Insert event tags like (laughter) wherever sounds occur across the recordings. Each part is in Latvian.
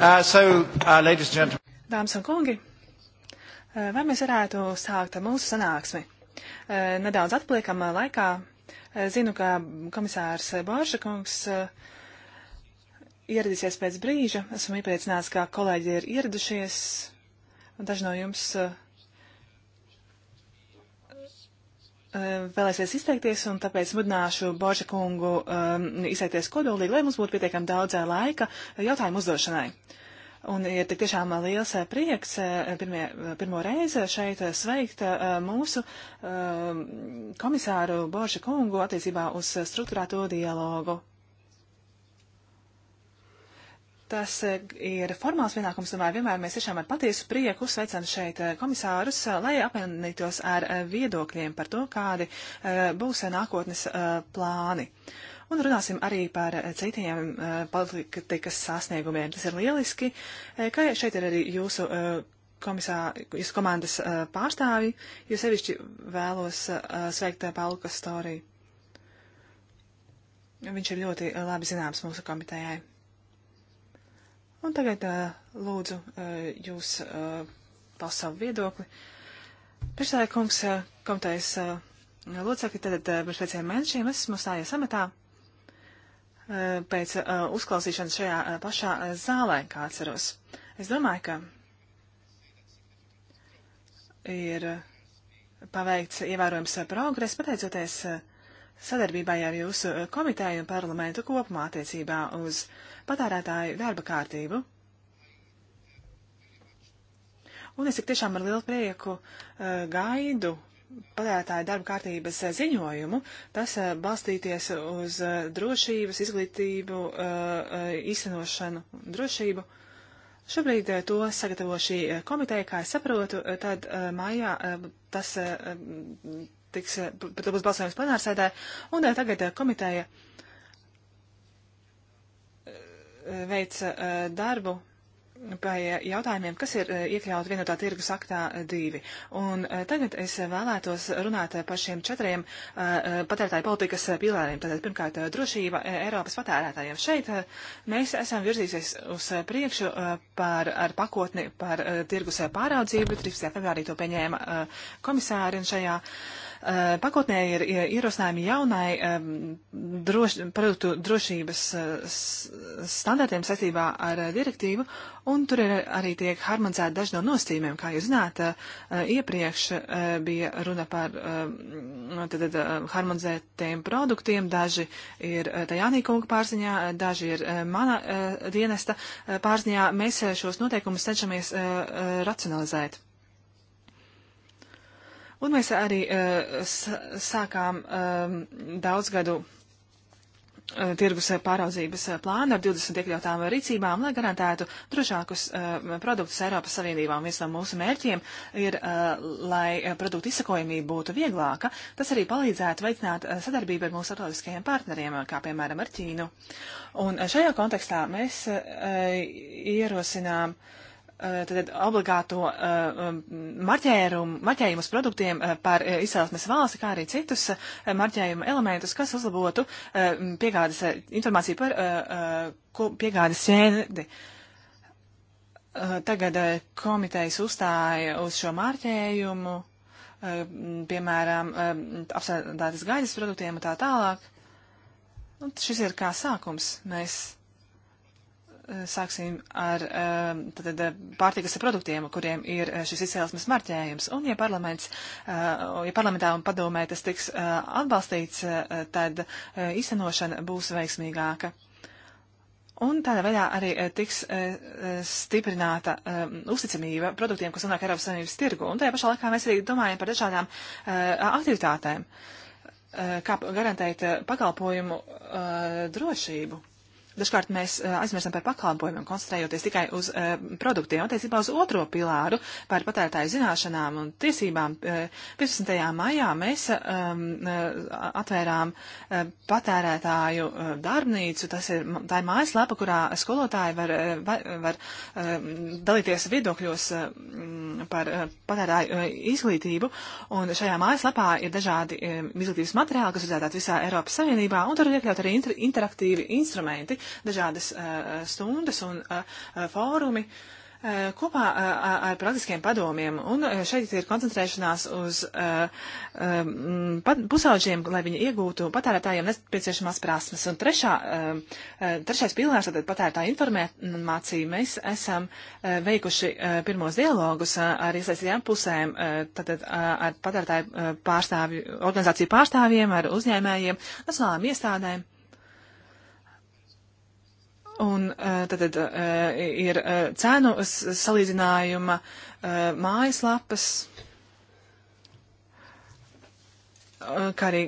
Uh, so, uh, ladies and gentlemen. Dāmas un kungi, uh, vai mēs varētu sākt mūsu sanāksmi? Uh, nedaudz atpaliekam uh, laikā. Zinu, ka komisārs Borša kungs ieradīsies pēc brīža. Esmu iepriecināts, ka kolēģi ir ieradušies. Daži no jums uh, Eh, vēlēsies izteikties, un tāpēc mudināšu Boža kungu um, izteikties kodolīgi, lai mums būtu pietiekami daudz eh, laika jautājumu uzdošanai. Un ir tik tiešām liels prieks pirmie, pirmo reizi šeit sveikt mūsu um, komisāru Boža kungu attiecībā uz struktūrēto dialogu. Tas e, ir formāls pienākums, tomēr vienmēr mēs tiešām ar patiesu prieku sveicam šeit e, komisārus, e, lai apvienītos ar viedokļiem par to, kādi būs nākotnes plāni. Un runāsim arī par citiem politikas sasniegumiem. Tas ir lieliski, ka šeit ir arī jūsu, komisā, jūsu komandas pārstāvi, jo sevišķi vēlos sveikt Paulu Kastoriju. Viņš ir ļoti labi zināms mūsu komitējai. Un tagad lūdzu jūs paust savu viedokli. Priekšstādā kungs, komitejas locekļi, tad pirms pieciem mēnešiem esmu stājies amatā pēc uzklausīšanas šajā pašā zālē, kā atceros. Es domāju, ka ir paveikts ievērojams progress, pateicoties uh, sadarbībai ar jūsu eh, komiteju un parlamentu kopumā attiecībā uz patērētāju darba kārtību. Un es tiešām ar lielu prieku uh, gaidu patērētāju darba kārtības eh, ziņojumu, tas balstīties uz drošības, izglītību, īstenošanu, drošību. Šobrīd to sagatavo šī komiteja, kā es saprotu, tad mājā tas tiks, eh, par to būs balsojums plenārsēdē, un eh, tagad eh, komiteja veica darbu pie jautājumiem, kas ir iekļauti vienotā tirgus aktā divi. Un tagad es vēlētos runāt par šiem četriem patērētāju politikas pilāriem. Tātad pirmkārt drošība Eiropas patērētājiem. Šeit mēs esam virzīsies uz priekšu par, ar pakotni par tirgus pāraudzību. 13. februārī to pieņēma komisāri un šajā Eh, pakotnē ir ierosinājumi jaunai droš, produktu drošības eh, standartiem saistībā ar eh, direktīvu, un tur ir arī tiek harmonizēti daži no nostīmiem. Kā jūs zināt, iepriekš bija runa par tad, tad, harmonizētiem produktiem, daži ir Tajānī kunga pārziņā, daži ir mana dienesta pārziņā. Mēs šos noteikumus cenšamies racionalizēt. Un mēs arī eh, sākām eh, daudzgadu eh, tirgus pāraudzības plānu ar 20 iekļautām rīcībām, lai garantētu drošākus uh, produktus Eiropas Savienībā. Un viens no mūsu mērķiem ir, uh, lai produktu izsakojamība būtu vieglāka. Tas arī palīdzētu veicināt uh, sadarbību ar mūsu starptautiskajiem partneriem, kā piemēram ar Ķīnu. Un šajā kontekstā mēs ierosinām uh, tātad eh, obligāto eh, um, marķējumu, marķējumu uz produktiem eh, par izcelsmes valsti, kā arī citus marķējumu elementus, kas uzlabotu piegādes informāciju par piegādes ķēdi. Tagad komitejas uzstāja uz šo marķējumu, piemēram, apsēdātas gaļas produktiem un tā tālāk. Un nu, šis ir kā sākums. Mēs Eh, sāksim ar eh, tātad, eh, pārtikas produktiem, kuriem ir šis izcēlesmes marķējums. Un, ja, ja parlamentā un padomē tas tiks atbalstīts, tad īstenošana būs veiksmīgāka. Un tādā veidā arī tiks stiprināta uzticamība produktiem, kas nonāk Eiropas Savienības tirgu. Un tajā pašā laikā mēs arī domājam par dažādām aktivitātēm, kā garantēt pakalpojumu drošību Dažkārt mēs eh, aizmirstam par pakalpojumiem, koncentrējoties tikai uz eh, produktiem. Attiecībā uz otro pilāru par patērētāju zināšanām un tiesībām 15. Eh, maijā mēs ehm, atvērām patērētāju darbnīcu. Tas ir, tā ir mājaslapa, kurā skolotāji var, var, var ehm, dalīties viedokļos ehm, par patērētāju izglītību. Un šajā mājaslapā ir dažādi izglītības materiāli, kas uzdētāti visā Eiropas Savienībā, un tur ir iekļaut arī inter interaktīvi instrumenti, dažādas eh, stundas un eh, eh, fórumi kopā ar praktiskiem padomiem. Un šeit ir koncentrēšanās uz pusauģiem, lai viņi iegūtu patērētājiem nepieciešamās prasmes. Un trešā, trešais pilārs, tātad patērētāja informācija, mēs esam veikuši pirmos dialogus ar iesaistītām pusēm, tātad ar patērētāju pārstāvju, organizāciju pārstāvjiem, ar uzņēmējiem, nacionālām iestādēm Un uh, tad, tad uh, ir uh, cēnu salīdzinājuma mājaslapas, kā arī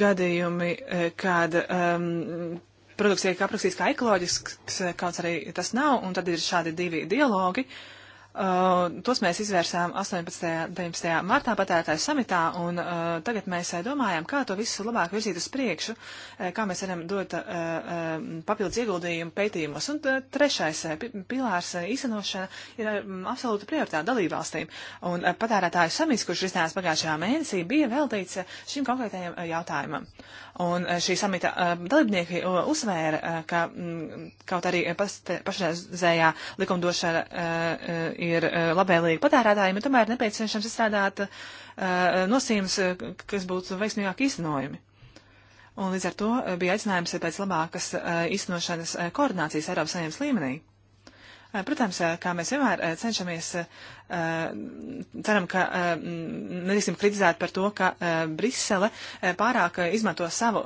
gadījumi, kad um, produkts tiek aprakstīts kā ekoloģisks, kāds arī tas nav, un tad ir šādi divi dialogi. Uh, Uh, tos mēs izvērsām 18. un 19. martā patērētāju samitā, un uh, tagad mēs uh, domājam, kā to visu labāk virzīt uz priekšu, uh, kā mēs varam dot uh, uh, papildus ieguldījumu pētījumos. Un uh, trešais uh, pilārs uh, īstenošana ir um, absolūta prioritāte dalībvalstīm. Un uh, patērētāju samits, kurš risinājās pagājušajā mēnesī, bija veltīts uh, šim konkrētajam uh, jautājumam. Uh, Un eh, šī samita eh, dalībnieki eh, uzsvēra, ka mm, kaut arī pašreizējā likumdošana ir labēlīga patērētājiem, ir tomēr nepieciešams izstrādāt nosīmes, kas būtu veiksmīgāk īstenojumi. Un līdz ar to bija aicinājums pēc labākas īstenošanas koordinācijas Eiropas saimnes līmenī. Eh, protams, eh, kā mēs vienmēr eh, cenšamies, ceram, ka nedrīkstam kritizēt par to, ka Brisele pārāk izmanto savu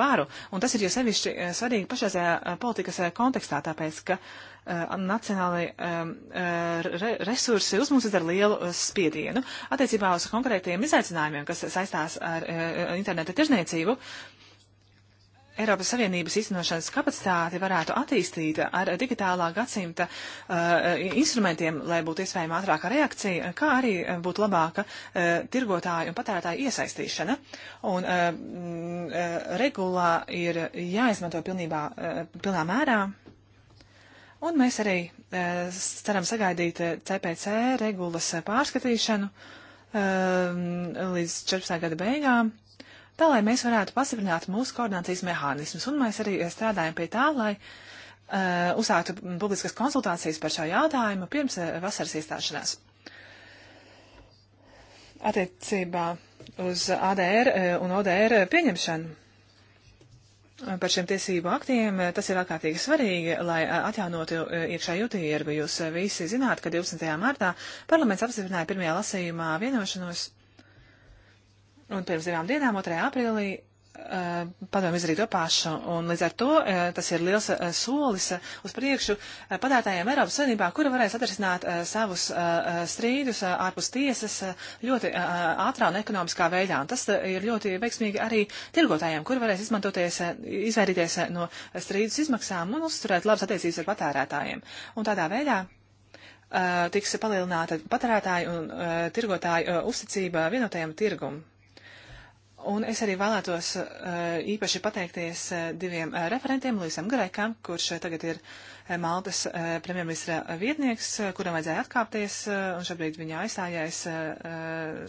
vāru, un tas ir jau sevišķi svarīgi pašreizējā politikas kontekstā, tāpēc, ka nacionālai um, re, resursi uz mums izdara lielu spiedienu attiecībā uz konkrētiem izaicinājumiem, kas saistās ar uh, interneta tirzniecību. Uh, Eiropas Savienības izcinošanas kapacitāti varētu attīstīt ar digitālā gadsimta uh, instrumentiem, lai būtu iespējama ātrāka reakcija, kā arī būtu labāka uh, tirgotāju un patērētāju iesaistīšana. Un uh, regulā ir jāizmanto pilnībā, pilnā mērā. Un mēs arī ceram sagaidīt CPC regulas pārskatīšanu līdz 14. gada beigām tā lai mēs varētu pastiprināt mūsu koordinācijas mehānismus. Un mēs arī eh, strādājam pie tā, lai uh, uzsāktu publiskas konsultācijas par šo jautājumu pirms uh, vasaras iestāšanās. Attiecībā uz ADR un ODR pieņemšanu par šiem tiesību aktiem, tas ir ārkārtīgi svarīgi, lai atjaunotu iekšējo tirgu. Jūs visi zināt, ka 12. martā parlaments apstiprināja pirmajā lasījumā vienošanos Un pirms divām dienām, 2. aprīlī, eh, padomu izdarīja to pašu. Un līdz ar to eh, tas ir liels eh, solis uz priekšu patērētājiem Eiropas Savienībā, kura varēs atrisināt savus strīdus ārpus tiesas ļoti ātrā un ekonomiskā veidā. Un tas ir ļoti veiksmīgi arī tirgotājiem, kuri varēs izmantoties, izvairīties no strīdus izmaksām un uzturēt labas attiecības ar patērētājiem. Un tādā veidā tiks palielināta patērētāju un tirgotāju uzticība vienotajam tirgumam. Un es arī vēlētos eh, īpaši pateikties eh, diviem eh, referentiem, Līsam Grekam, kurš tagad ir Maltas premjerministra vietnieks, kuram vajadzēja atkāpties, un šobrīd viņa aizstājais,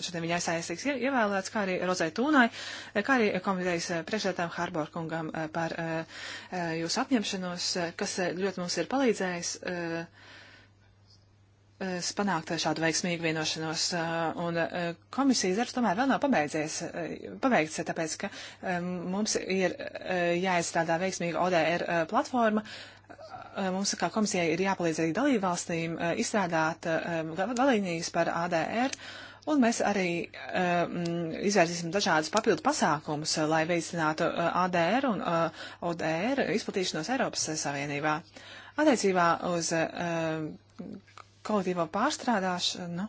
šodien viņa aizstājais tiks ievēlēts, kā arī Rozai Tūnai, kā arī komitejas priekšētām Harbor kungam par jūsu apņemšanos, kas ļoti mums ir palīdzējis panākt šādu veiksmīgu vienošanos. Uh, un uh, komisijas darbs tomēr vēl nav pabeidzies, uh, pabeigts, tāpēc, ka um, mums ir jāizstrādā veiksmīga ODR platforma. Mums, kā komisijai, ir jāpalīdz arī dalībvalstīm izstrādāt um, galvenīs par ADR. Un mēs arī um, izvērsīsim dažādas papildu pasākumus, lai veicinātu ADR un uh, ODR izplatīšanos Eiropas Savienībā. Attiecībā uz uh, kolektīvo pārstrādāšanu.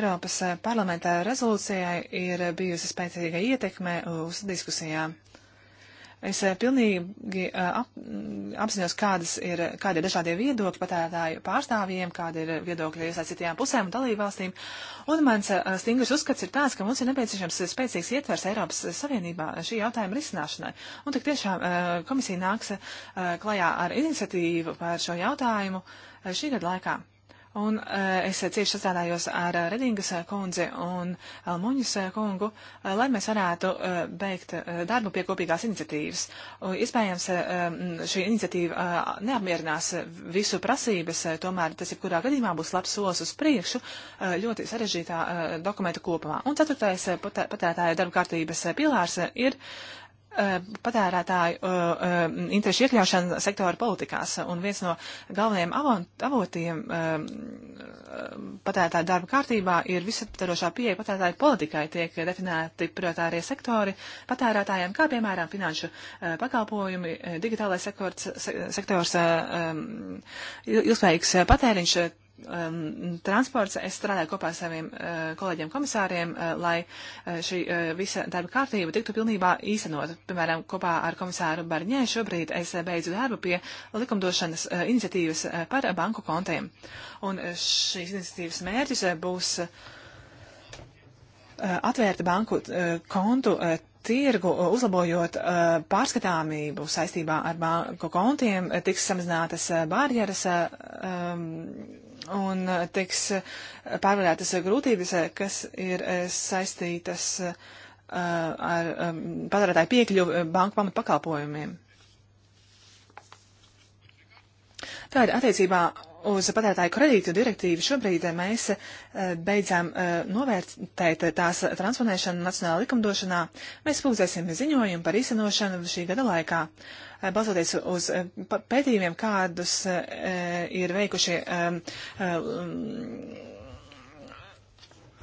Eiropas eh, parlamentā rezolūcijai ir bijusi spēcīga ietekme uz diskusijām. Es eh, pilnīgi eh, ap, mm, apzinos, kādas ir, kādi ir dažādie viedokļi patērētāju pārstāvjiem, kāda ir viedokļa iesaistītajām pusēm un dalībvalstīm. Un mans eh, stingrs uzskats ir tāds, ka mums ir nepieciešams spēcīgs ietvers Eiropas Savienībā šī jautājuma risināšanai. Un tik tiešām komisija nāks klajā ar iniciatīvu par šo jautājumu šī gada laikā. Un eh, es cieši sastrādājos ar eh, Redingas eh, kundzi un Almuņas kungu, lai mēs varētu beigt darbu pie kopīgās iniciatīvas. Un, iespējams, šī iniciatīva neapmierinās visu prasības, tomēr tas jebkurā gadījumā būs labs solis uz priekšu ļoti sarežģītā dokumenta kopumā. Un ceturtais patērētāja darba kārtības pilārs ir Eh, patērētāju eh, eh, interešu iekļaušana sektora politikās. Un viens no galvenajiem avotiem patērētāju darba kārtībā ir visaptarošā pieeja patērētāju politikai. Tiek definēti prioritārie sektori patērētājiem, kā piemēram finanšu pakalpojumi, digitālais sektors, sektors ilgspējīgs patēriņš um, transports. Es strādāju kopā ar saviem uh, kolēģiem komisāriem, uh, lai uh, šī uh, visa darba kārtība tiktu pilnībā īstenot. Piemēram, kopā ar komisāru Barņē šobrīd es beidzu darbu pie likumdošanas uh, iniciatīvas uh, par banku kontiem. Un uh, šīs iniciatīvas mērķis uh, būs uh, atvērt banku uh, kontu. Uh, tirgu, uh, uzlabojot uh, pārskatāmību saistībā ar banku kontiem, uh, tiks samazinātas barjeras um, un eh, tiks eh, pārvarētas eh, grūtības, kas ir saistītas ar patērētāju piekļuvi banku pamatu pakalpojumiem. Tātad attiecībā uz patērētāju kredītu direktīvu šobrīd mēs beidzām novērtēt tās transponēšanu nacionālā likumdošanā. Mēs publicēsim ziņojumu par īstenošanu šī gada laikā. Uh, Eh, balstoties uz eh, pētījumiem, kādus eh, ir veikuši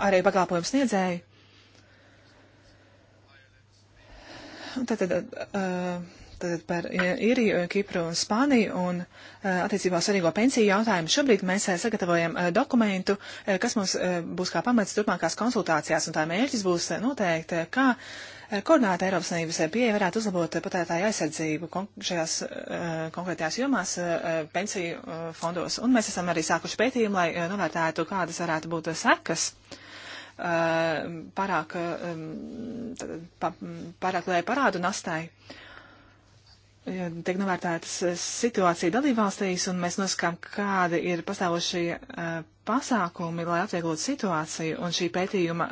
arī pakalpojumu sniedzēji. Tātad, tātad par Iriju, Kipru un Spāniju un attiecībā svarīgo pensiju jautājumu. Šobrīd mēs sagatavojam dokumentu, kas mums būs kā pamats turpmākās konsultācijās, un tā mērķis būs noteikt, kā Koordinēta Eiropas Savienības pieeja varētu uzlabot patērētāju aizsardzību šajās eh, konkrētajās jomās eh, pensiju eh, fondos. Un mēs esam arī sākuši pētījumu, lai novērtētu, kādas varētu būt sekas pārāk, pārāk lielai parādu nastai. Tiek novērtētas situācija dalībvalstīs, un mēs noskām, kādi ir pastāvošie pasākumi, lai atvieglotu situāciju, un šī pētījuma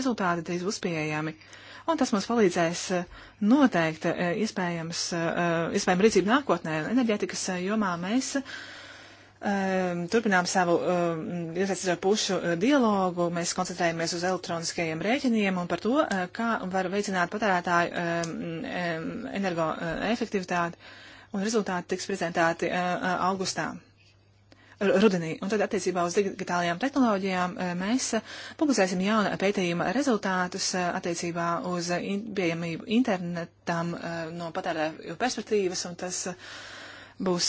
rezultāti drīz būs pieejami. Uh, un tas mums palīdzēs eh, noteikt eh, iespējams, eh, iespējams rīcību nākotnē. Enerģētikas jomā mēs turpinām savu iesaistīto pušu dialogu, mēs koncentrējamies uz elektroniskajiem rēķiniem un par to, kā var veicināt patērētāju energoefektivitāti, un rezultāti tiks prezentēti augustā rudenī. Un tad attiecībā uz digitālajām tehnoloģijām eh, mēs eh, publicēsim jaunu pētījuma rezultātus eh, attiecībā uz in pieejamību internetam no patērēju perspektīvas, un tas būs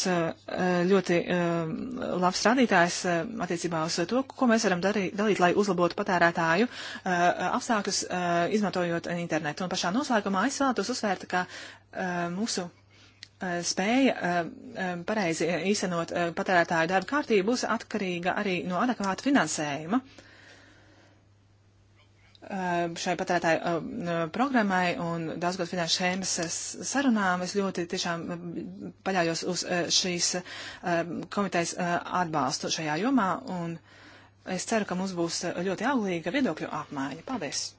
ļoti labs rādītājs attiecībā uz to, ko mēs varam darīt, dalīt, lai uzlabotu patērētāju apstākļus, izmantojot internetu. Un pašā noslēgumā es vēlētos uzsvērt, ka mūsu Eh, spēja eh, eh, pareizi īstenot patērētāju darba kārtību būs atkarīga arī no adekvāta finansējuma šai patērētāju programmai un daudzgad finanšu schēmas sarunām. Es ļoti tiešām paļaujos uz šīs komitejas atbalstu šajā jomā un es ceru, ka mums būs ļoti auglīga viedokļu apmaiņa. Paldies!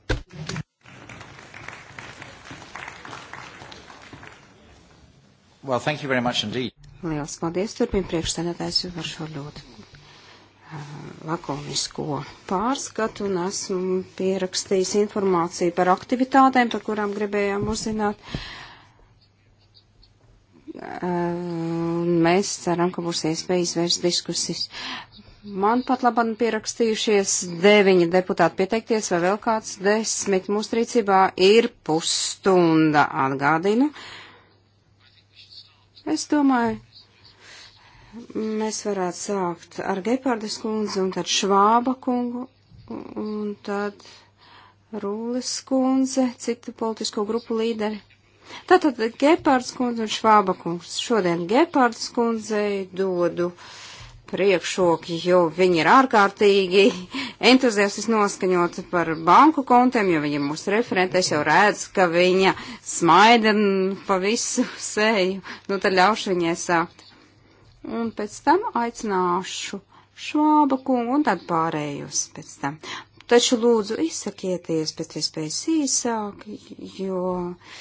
Well, thank you very much indeed. Lielas paldies, turpin priekšsēdētājs par šo ļoti uh, lakonisko pārskatu un esmu pierakstījis informāciju par aktivitātēm, par kurām gribējām uzzināt. Uh, mēs ceram, ka būs iespēja izvērst diskusijas. Man pat labam pierakstījušies deviņi deputāti pieteikties, vai vēl kāds desmit. Mūsu rīcībā ir pusstunda atgādinu. Uh, Es domāju, mēs varētu sākt ar Gepardas kundzi un tad Švāba kungu un tad Rūles kundze, citu politisko grupu līderi. Tātad Gepards kundze un Švāba kungs. Šodien Gepards kundzei dodu. Uh, priekšroki, jo viņi ir ārkārtīgi entuziastiski noskaņoti par banku kontiem, jo viņi mūsu referentēs jau redz, ka viņa smaida pa visu seju. Nu, tad ļaušu viņai sākt. Un pēc tam aicināšu švāba kungu un tad pārējos pēc tam. Taču lūdzu izsakieties pēc iespējas īsāk, jo. Uh,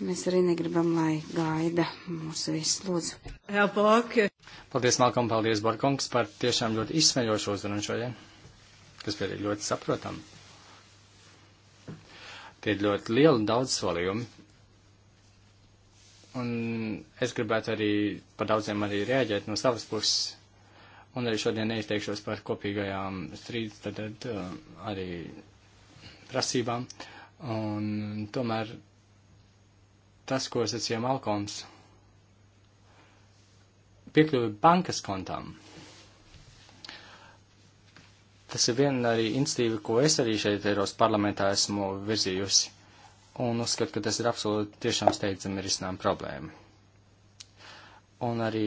Mēs arī negribam, lai gaida mūsu visus lūdzu. Jā, paldies. Paldies, Malkam, paldies, Barkungs, par tiešām ļoti izsmeļošu uzrunu šodien, kas bija ļoti saprotam. Tie ir ļoti lieli daudz solījumi. Un es gribētu arī par daudziem arī rēģēt no savas puses. Un arī šodien neizteikšos par kopīgajām strīdus, tad, tad eh, arī prasībām. Un tomēr tas, ko sacīja Malkoms, piekļuvi bankas kontām. Tas ir viena arī institīva, ko es arī šeit Eiros parlamentā esmu virzījusi, un uzskatu, ka tas ir absolūti tiešām steidzami risinām problēma. Un arī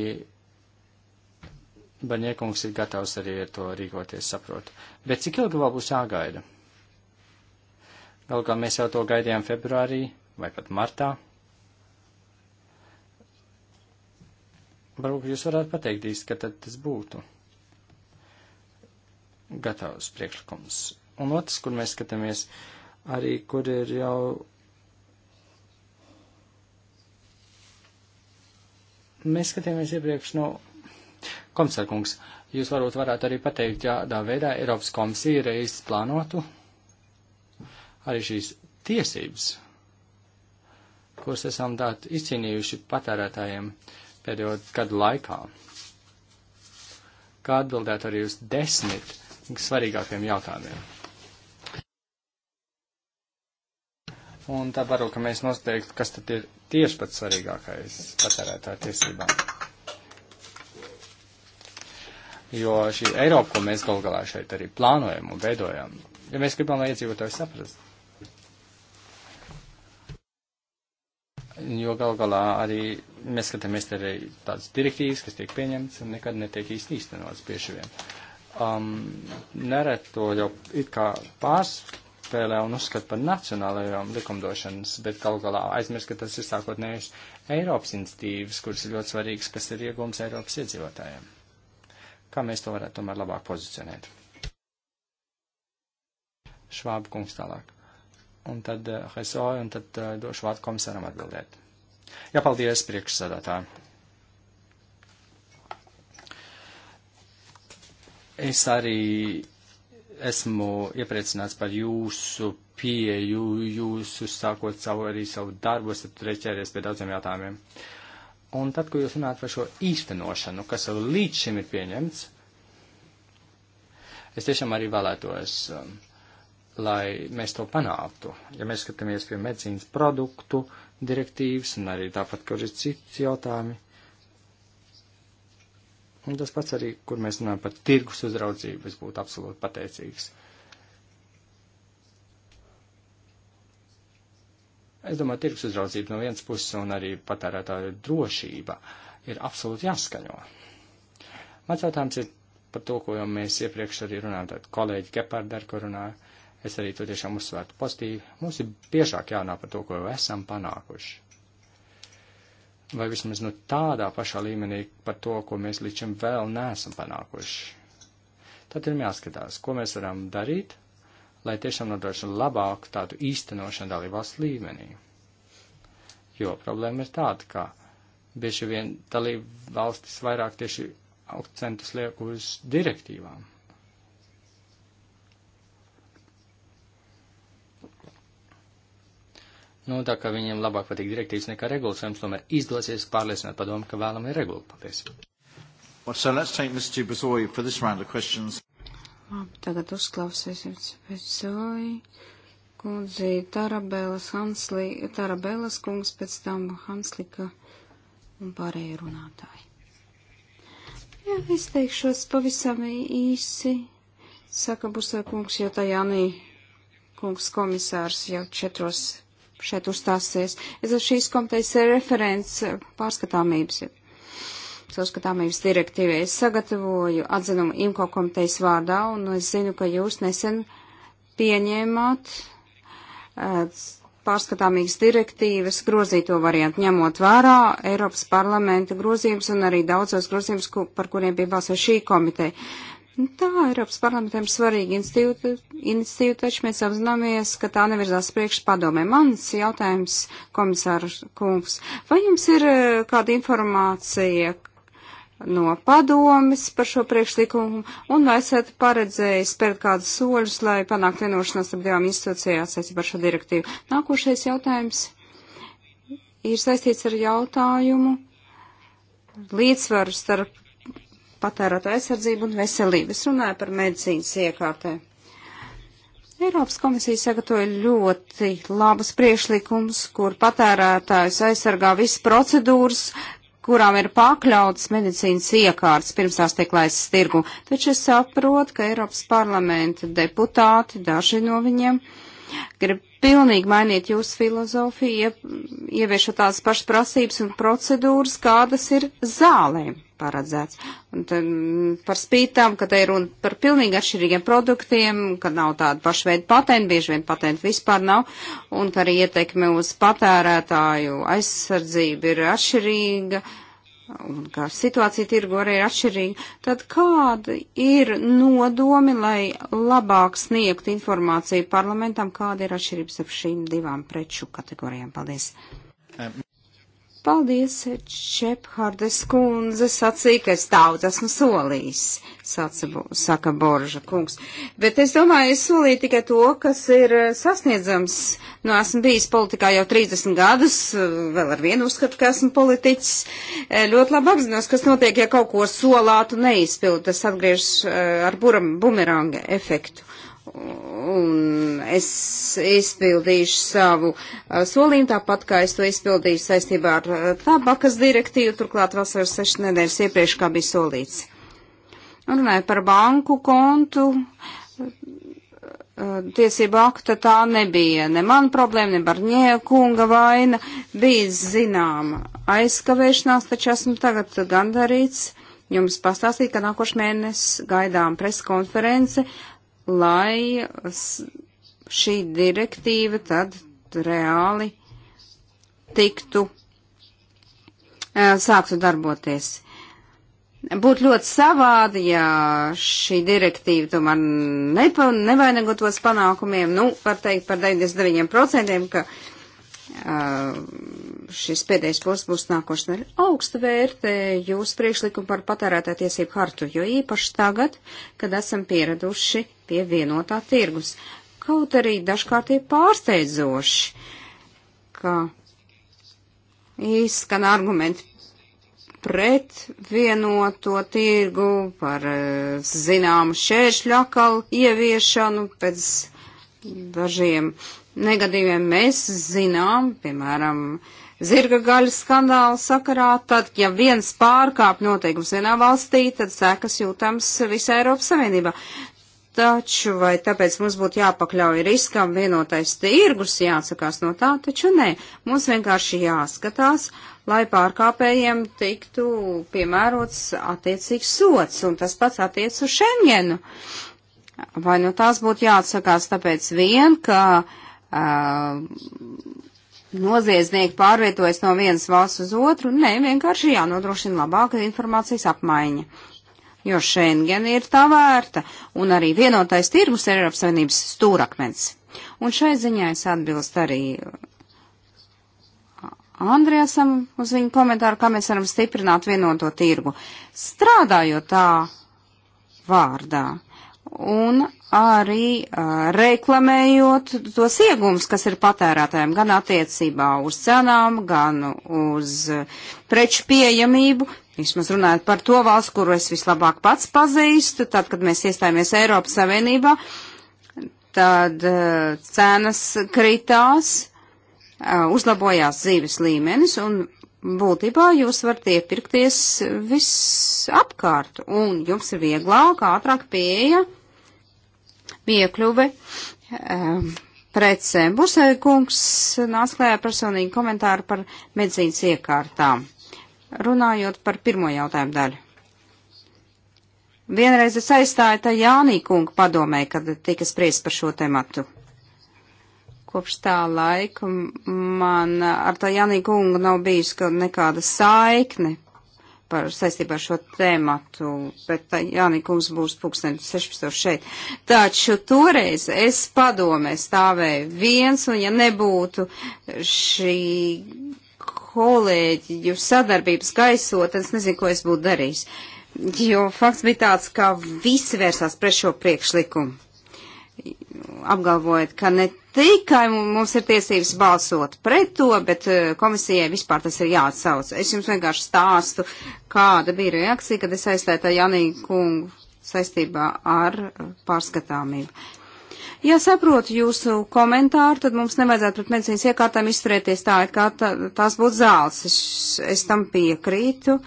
Barņiekungs ir gatavs arī ar to rīkoties, saprotu. Bet cik ilgi vēl būs jāgaida? Galu galā mēs jau to gaidījām februārī vai pat martā. Varbūt jūs varētu pateikt īsti, ka tad tas būtu gatavs priekšlikums. Un otrs, kur mēs skatāmies, arī kur ir jau mēs skatījāmies iepriekš, nu, komisārkungs, jūs varbūt varētu arī pateikt, ja tādā veidā Eiropas komisija reiz plānotu arī šīs tiesības, kuras esam tā izcīnījuši patērētājiem. Uh, pēdējo gadu laikā, kā atbildēt arī uz desmit svarīgākiem jautājumiem. Un tad varu, ka mēs noteikti, kas tad ir tieši pats svarīgākais patērētāju tiesībām. Jo šī Eiropa, ko mēs gal galā šeit arī plānojam un veidojam, ja mēs gribam, lai iedzīvotāji saprast, jo gal galā arī mēs skatāmies arī tādas direktīvas, kas tiek pieņemtas un nekad netiek īsti īstenotas bieži vien. Um, neret to jau it kā pārspēlē un uzskata par nacionālajām likumdošanas, bet gal galā aizmirst, ka tas ir sākotnējuši Eiropas institīvas, kuras ir ļoti svarīgas, kas ir iegums Eiropas iedzīvotājiem. Kā mēs to varētu tomēr labāk pozicionēt? Švāba kungs tālāk un tad eh, Hesoja, un tad eh, došu vārdu komisāram atbildēt. Jā, paldies, priekšsādātāji. Es arī esmu iepriecināts par jūsu pieju, jūsu sākot savu arī savu darbu, esat reķēries pie daudziem jautājumiem. Un tad, ko jūs runājat par šo īstenošanu, kas jau līdz šim ir pieņemts, es tiešām arī vēlētos. Um, lai mēs to panāktu. Ja mēs skatāmies pie medicīnas produktu direktīvas un arī tāpat, kur ir cits jautājumi, un tas pats arī, kur mēs runājam par tirgus uzraudzību, es būtu absolūti pateicīgs. Es domāju, tirgus uzraudzība no vienas puses un arī patērētāju drošība ir absolūti jāskaņo. Mans jautājums ir par to, ko jau mēs iepriekš arī runājām, tad kolēģi Gepardi, ar ko runāju Es arī to tiešām uzsvērtu pozitīvi. Mums ir biežāk jārunā par to, ko jau esam panākuši. Vai vismaz nu tādā pašā līmenī par to, ko mēs līdz šim vēl neesam panākuši. Tad ir jāskatās, ko mēs varam darīt, lai tiešām nodrošinātu labāku tādu īstenošanu dalībvalsts līmenī. Jo problēma ir tāda, ka bieži vien dalība valstis vairāk tieši akcentus liek uz direktīvām. Nu, tā kā viņiem labāk patīk direktīvas nekā regulas, jums tomēr izdosies pārliecināt padomu, ka vēlam ir regula. Paldies. Well, so let's take Mr. Bazoy for this round of questions. Labi, tagad uzklausīsim Bazoy. Kundzi Tarabēlas Hanslī, Tarabēlas kungs, pēc tam Hanslika un pārējie runātāji. Jā, es teikšos pavisam īsi, saka Busoja kungs, jo Tajānī kungs komisārs jau četros šeit uzstāsies. Es esmu šīs komitejas referents pārskatāmības, sauskatāmības direktīvai. Es sagatavoju atzinumu IMCO komitejas vārdā, un es zinu, ka jūs nesen pieņēmāt eh, pārskatāmības direktīvas grozīto variantu, ņemot vērā Eiropas parlamenta grozījums un arī daudzos grozījums, par kuriem bija balsoja šī komiteja. Tā Eiropas parlamentam ir svarīga iniciatīva, taču mēs apzināmies, ka tā nevirzās priekš padomē. Mans jautājums, komisārs kungs, vai jums ir eh, kāda informācija no padomes par šo priekšlikumu, un vai esat paredzējis spērt kādus soļus, lai panāktu vienošanos ar divām institūcijām saistībā ar šo direktīvu? Nākošais jautājums ir saistīts ar jautājumu līdzsvaru starp patērēta aizsardzība un veselības. Runāja par medicīnas iekārtē. Eiropas komisija sagatavoja ļoti labus priekšlikumus, kur patērētājs aizsargā visas procedūras, kurām ir pakļautas medicīnas iekārtas pirms tās tiek laistas tirgu. Taču es saprotu, ka Eiropas parlamenta deputāti, daži no viņiem, grib pilnīgi mainīt jūsu filozofiju, ie, ieviešot tādas pašas prasības un procedūras, kādas ir zālēm paredzēts. Un tad, mm, par spītām, ka te ir runa par pilnīgi atšķirīgiem produktiem, ka nav tāda paša veida patenta, bieži vien patenta vispār nav, un ka arī ietekme uz patērētāju aizsardzību ir atšķirīga, un ka situācija tirgo arī ir atšķirīga, tad kādi ir nodomi, lai labāk sniegtu informāciju parlamentam, kāda ir atšķirības ar šīm divām preču kategorijām? Paldies! Paldies, Čephardes kundze sacīja, ka es daudz esmu solījis, saca, saka Borža kungs. Bet es domāju, es solīju tikai to, kas ir eh, sasniedzams. Nu, esmu bijis politikā jau 30 gadus, eh, vēl ar vienu uzskatu, ka esmu politiķis. Eh, ļoti labi apzinos, kas notiek, ja kaut ko solātu neizpildu. Tas atgriež ar buram, bumeranga efektu un es izpildīšu savu uh, solījumu, tāpat kā es to izpildīju saistībā ar uh, tabakas direktīvu, turklāt vasaras sešas nedēļas iepriekš, kā bija solīts. Un runāju par banku kontu, uh, tiesību akta tā nebija ne man problēma, ne Barņēja kunga vaina, bija zināma aizkavēšanās, taču esmu tagad gandarīts jums pastāstīt, ka nākošais mēnesis gaidām preskonference lai šī direktīva tad reāli tiktu, sāktu darboties. Būtu ļoti savādi, ja šī direktīva tomēr nepa, nevainagotos panākumiem, nu, var teikt par 99%, ka uh, šis pēdējais posms būs nākošanai. Augstu vērtēju jūsu priekšlikumu par patērētā tiesību hartu, jo īpaši tagad, kad esam pieraduši pie vienotā tirgus. Kaut arī dažkārt ir pārsteidzoši, ka izskan argumenti pret vienoto tirgu, par e, zināmu šēršļu akalu ieviešanu pēc dažiem negadījumiem mēs zinām, piemēram, zirga gaļas skandāla sakarā, tad, ja viens pārkāp noteikums vienā valstī, tad sekas jūtams visā Eiropas Savienībā. Taču vai tāpēc mums būtu jāpakļauj riskam vienotais tirgus, jāatsakās no tā, taču nē, mums vienkārši jāskatās, lai pārkāpējiem tiktu piemērots attiecīgs sots, un tas pats attiec uz Schengenu. Vai no nu tās būtu jāatsakās tāpēc vien, ka uh, noziedznieki pārvietojas no vienas valsts uz otru. Nē, vienkārši jānodrošina labāka informācijas apmaiņa. Jo Schengen ir tā vērta, un arī vienotais tirgus ir Eiropas Savienības stūrakmens. Un šai ziņā es atbilstu arī uh, Andriasam uz viņu komentāru, kā mēs varam stiprināt vienoto tirgu. Strādājot tā vārdā, un arī uh, reklamējot tos iegums, kas ir patērētājiem gan attiecībā uz cenām, gan uz uh, preču pieejamību. Vismaz runājot par to valsts, kuru es vislabāk pats pazīstu, tad, kad mēs iestājāmies Eiropas Savienībā, tad uh, cenas kritās, uzlabojās dzīves līmenis un būtībā jūs varat iepirkties visapkārt un jums ir vieglāk, ātrāk pieeja piekļuve um, precēm. Busēja kungs nāc klējā personīgi komentāru par medzīnas iekārtām. Runājot par pirmo jautājumu daļu. Vienreiz es aizstāju tā Jānī kunga padomē, kad tika spriest par šo tematu. Kopš tā laika man ar tā Jānī kunga nav bijis nekāda saikne par saistībā ar šo tēmatu, bet Jānīkums būs pulksten 16 šeit. Taču toreiz es padomē stāvēju viens, un ja nebūtu šī kolēģiju sadarbības gaisot, tad es nezinu, ko es būtu darījis. Jo fakts bija tāds, ka visi vērsās pret šo priekšlikumu, apgalvojot, ka ne tikai mums ir tiesības balsot pret to, bet eh, komisijai vispār tas ir jāatsauc. Es jums vienkārši stāstu, kāda bija reakcija, kad es aizstāju Janīku kungu saistībā ar eh, pārskatāmību. Ja saprotu jūsu komentāru, tad mums nevajadzētu pret medicīnas iekārtām izturēties tā, it kā tā, tās būtu zāles. Es, es tam piekrītu.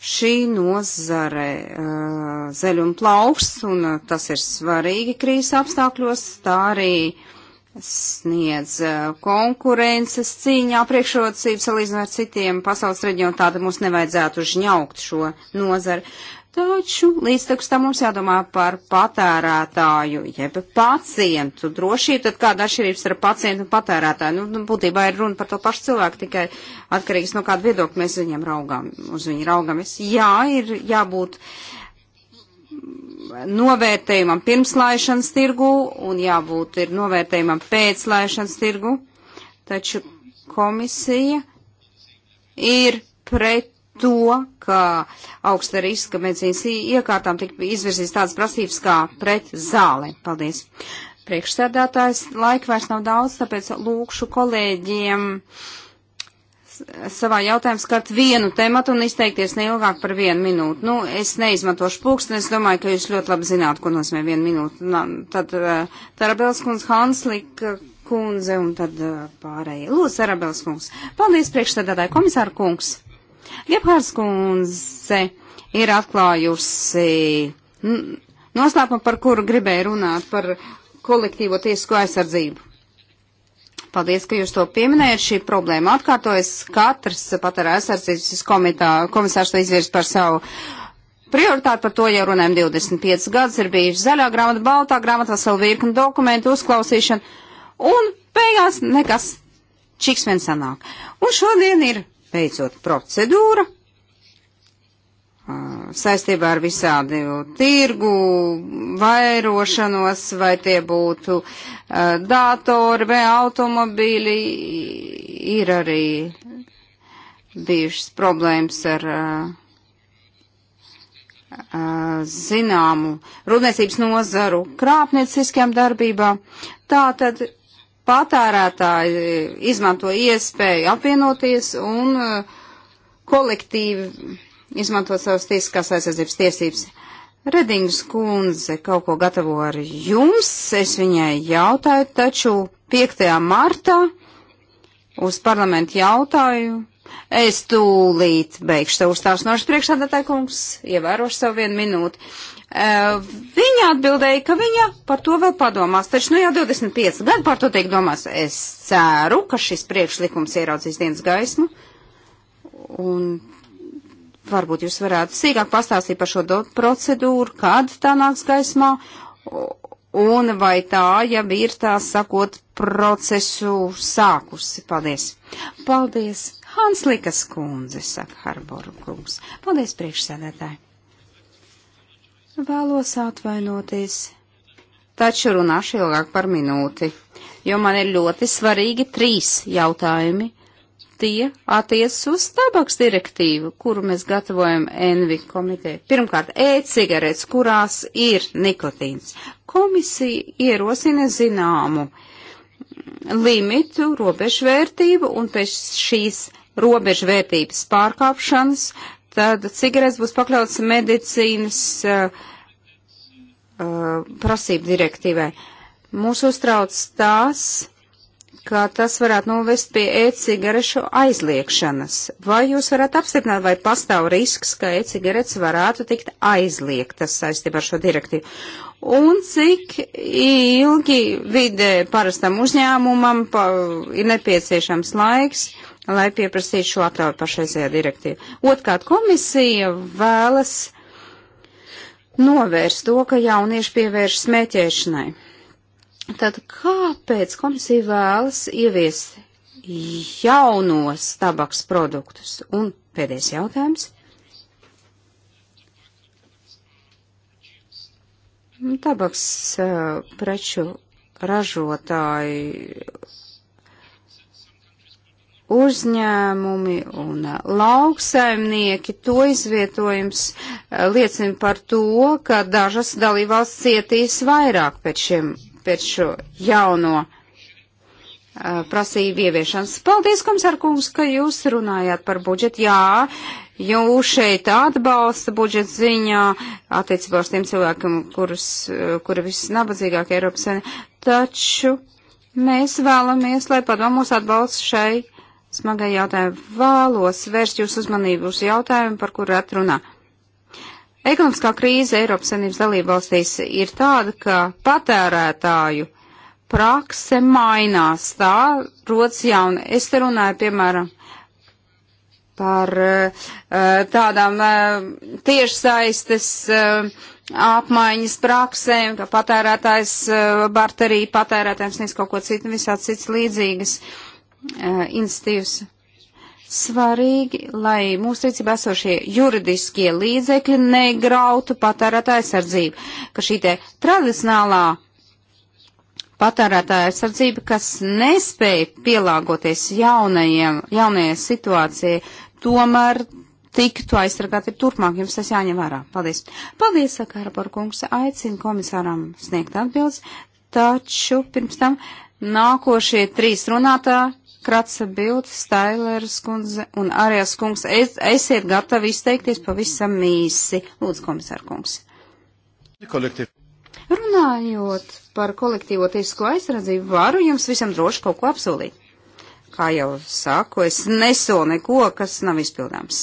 Šī nozare uh, zeļ un plauks, un uh, tas ir svarīgi krīzes apstākļos, tā arī uh, sniedz eh, konkurences cīņā priekšrocības salīdzinot ar citiem pasaules reģionu, tāda mums nevajadzētu žņaukt šo nozari. Taču līdztekus tam mums jādomā par patērētāju, jeb pacientu drošību, tad kāda atšķirības ar pacientu un patērētāju. Nu, nu, būtībā ir runa par to pašu cilvēku, tikai atkarīgs no kāda viedokļa mēs viņiem raugām, uz viņu raugamies. Jā, ir jābūt uh, novērtējumam pirmslaišanas tirgu un jābūt ir novērtējumam pēclaišanas tirgu, taču komisija ir pret to, ka augsta riska medicīnas iekārtām tika izvirzīts tādas prasības kā pret zāli. Paldies. Priekšsēdētājs laika vairs nav daudz, tāpēc lūkšu kolēģiem uh, savā jautājumā skart vienu tematu un izteikties neilgāk par vienu minūtu. Nu, es neizmantošu pūksteni, es domāju, ka jūs ļoti labi zināt, ko nozīmē viena minūte. Na, tad uh, Tarabels kundze, Hanslika eh, kundze un tad uh, pārējie. Lūdzu, Tarabels kungs. Paldies priekšstādātāji komisāru kungs. Gebhārs kundze ir atklājusi noslēpumu, par kuru gribēja runāt, par kolektīvo tiesisko aizsardzību. Paldies, ka jūs to pieminējat. Šī problēma atkārtojas. Katrs patērē aizsardzības komisārs to izvirs par savu. Prioritāti par to jau runājam 25 gadus ir bijuši zaļā grāmata, baltā grāmata, vesela virkni dokumentu uzklausīšana un beigās nekas čiks vien sanāk. Un šodien ir beidzot procedūra, saistībā ar visādi tirgu, vairošanos, vai tie būtu datori vai automobīļi, ir arī bijušas problēmas ar zināmu rūpniecības nozaru krāpnieciskiem darbībām. Tātad patērētāji izmanto iespēju apvienoties un kolektīvi izmantot savas tiesiskās aizsardzības tiesības. Redings kundze kaut ko gatavo ar jums, es viņai jautāju, taču 5. martā uz parlamentu jautāju. Es tūlīt beigšu savu stāstnošu priekšsādātāju kungs, ievērošu savu vienu minūti. Uh, viņa atbildēja, ka viņa par to vēl padomās, taču nu jau 25 gadu par to tiek domās. Es ceru, ka šis priekšlikums ieraudzīs dienas gaismu, un Varbūt jūs varētu sīkāk pastāstīt par šo procedūru, kad tā nāks gaismā, un vai tā jau ir tā sakot procesu sākusi. Paldies! Paldies! Hanslikas kundze, saka Harboru kungs. Paldies, priekšsēdētāji! Vēlos atvainoties, taču runāšu ilgāk par minūti, jo man ir ļoti svarīgi trīs jautājumi tie attiecas uz tabaks direktīvu, kuru mēs gatavojam Envi komiteja. Pirmkārt, e-cigaretes, kurās ir nikotīns. Komisija ierosina zināmu limitu, robežvērtību, un pēc šīs robežvērtības pārkāpšanas, tad cigaretes būs pakļauts medicīnas uh, uh, prasību direktīvai. Mūs uztrauc tās, ka tas varētu novest pie e-cigarešu aizliekšanas. Vai jūs varat apstiprināt, vai pastāv risks, ka e-cigaretes varētu tikt aizliegtas saistībā ar šo direktīvu? Un cik ilgi vidē parastam uzņēmumam pa, ir nepieciešams laiks, lai pieprasītu šo aptauju pašreizējā direktīvu? Otkārt, komisija vēlas novērst to, ka jaunieši pievērš smēķēšanai. Tad kāpēc komisija vēlas ieviest jaunos tabaks produktus? Un pēdējais jautājums. Tabaks uh, preču ražotāji uzņēmumi un eh, lauksaimnieki, to izvietojums eh, liecina par to, ka dažas dalībvalsts cietīs vairāk pēc šiem pēc šo jauno prasību ieviešanas. Paldies, komisār kungs, ka jūs runājāt par budžetu. Jā, jūs šeit atbalsta budžeta ziņā attiecībā uz tiem cilvēkiem, kurus, kuri visnabadzīgāk Eiropas Savienībā. Taču mēs vēlamies, lai padomus atbalsts šai smagai jautājumai. Vēlos vērst jūsu uzmanību uz jautājumu, par kuru atrunā. Ekonomiskā krīze Eiropas Savienības dalībvalstīs ir tāda, ka patērētāju prakse mainās, tā rodas jauna. Es te runāju, piemēram, par eh, tādām eh, tiešsaistes eh, apmaiņas praksēm, ka patērētājs barterī patērētājiem sniedz kaut ko citu, visāds cits līdzīgas institīvas svarīgi, lai mūsu rīcībā esošie juridiskie līdzekļi negrautu patērētāja aizsardzību, ka šī te tradicionālā patērētāja aizsardzība, kas nespēja pielāgoties jaunajiem, jaunajai situācijai, tomēr tiktu aizsargāti turpmāk. Jums tas jāņem vērā. Paldies. Paldies, saka Harbor kungs, aicinu komisāram sniegt atbildes, taču pirms tam nākošie trīs runātāji Kratsa Bilt, Stailers kundze un Arijas kungs, es, esiet gatavi izteikties pavisam īsi. Lūdzu, komisār kungs. Kolektīvi. Runājot par kolektīvo tiesisko aizsardzību, varu jums visam droši kaut ko apsolīt. Kā jau saku, es nesolu neko, kas nav izpildāms.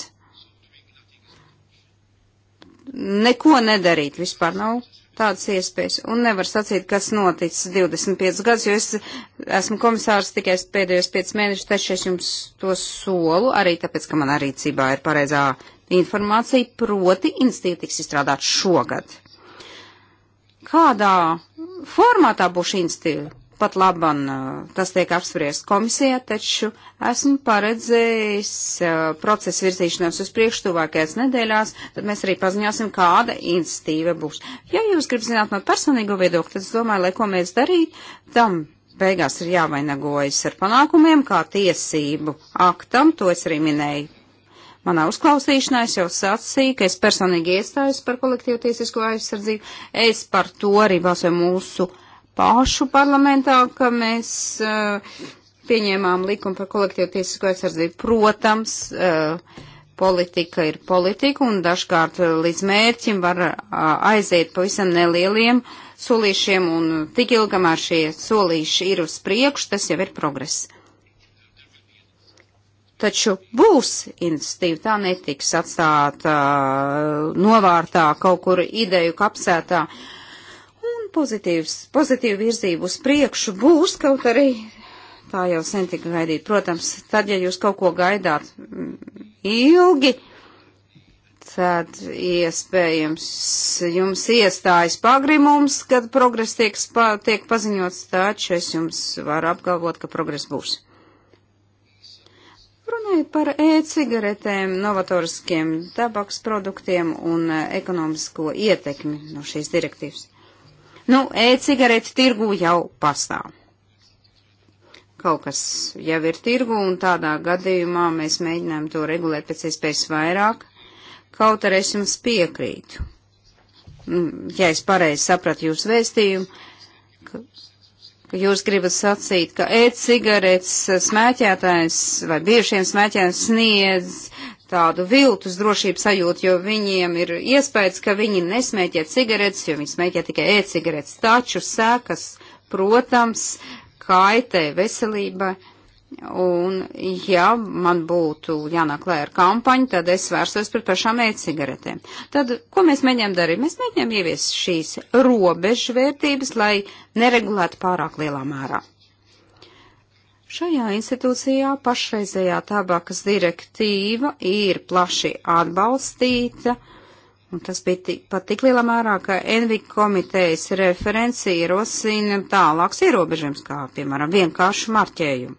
Neko nedarīt vispār nav tādas iespējas. Un nevar sacīt, kas noticis 25 gadus, jo es esmu komisārs tikai pēdējos 5 mēnešus, taču es jums to solu, arī tāpēc, ka man arī cībā ir pareizā informācija, proti institīvi tiks izstrādāt šogad. Kādā formātā būs šī institīva? pat laban tas tiek apspriest komisijā, taču esmu paredzējis procesu virzīšanos uz priekšu tuvākajās nedēļās, tad mēs arī paziņosim, kāda institīva būs. Ja jūs gribat zināt man personīgo viedokli, tad es domāju, lai ko mēs darīt, tam beigās ir jāvainagojas ar panākumiem, kā tiesību aktam, to es arī minēju. Manā uzklausīšanā es jau sacīju, ka es personīgi iestājos par kolektīvu tiesisko aizsardzību, es par to arī balsoju mūsu pašu parlamentā, ka mēs eh, pieņēmām likumu par kolektīvu tiesisko aizsardzību. Protams, eh, politika ir politika un dažkārt līdz mērķim var eh, aiziet pavisam nelieliem solīšiem un tik ilgamēr šie solīši ir uz priekšu, tas jau ir progress. Taču būs institīva, tā netiks atstāta novārtā kaut kur ideju kapsētā. Uh, Pozitīvs, pozitīva virzība uz priekšu būs, kaut arī tā jau sen tika gaidīt. Protams, tad, ja jūs kaut ko gaidāt mm, ilgi, tad iespējams jums iestājas pagrimums, kad progress tiek, pa, tiek paziņots, taču es jums varu apgalvot, ka progress būs. Runājot par e-cigaretēm, novatoriskiem tabaks produktiem un e, ekonomisko ietekmi no šīs direktīvas. Nu, e-cigareti tirgu jau pastāv. Kaut kas jau ir tirgu, un tādā gadījumā mēs mēģinām to regulēt pēc iespējas vairāk. Kaut arī es jums piekrītu. Nu, ja es pareizi sapratu jūsu vēstījumu, ka, ka jūs gribat sacīt, ka e-cigaretes smēķētājs vai biežiem smēķētājiem sniedz tādu viltus drošības sajūtu, jo viņiem ir iespējas, ka viņi nesmēķē cigaretes, jo viņi smēķē tikai e-cigaretes. Taču sekas, protams, kaitē veselībai. Un, ja man būtu jānāk klē ar kampaņu, tad es vērstos pret pašām e-cigaretēm. Tad, ko mēs mēģinām darīt? Mēs mēģinām ievies šīs robežvērtības, lai neregulētu pārāk lielā mērā. Šajā institūcijā pašreizējā tabakas direktīva ir plaši atbalstīta, un tas bija tik, pat tik lielā mērā, ka Envi komitejas referenci ierosina tālāks ierobežams, kā, piemēram, vienkāršu marķējumu.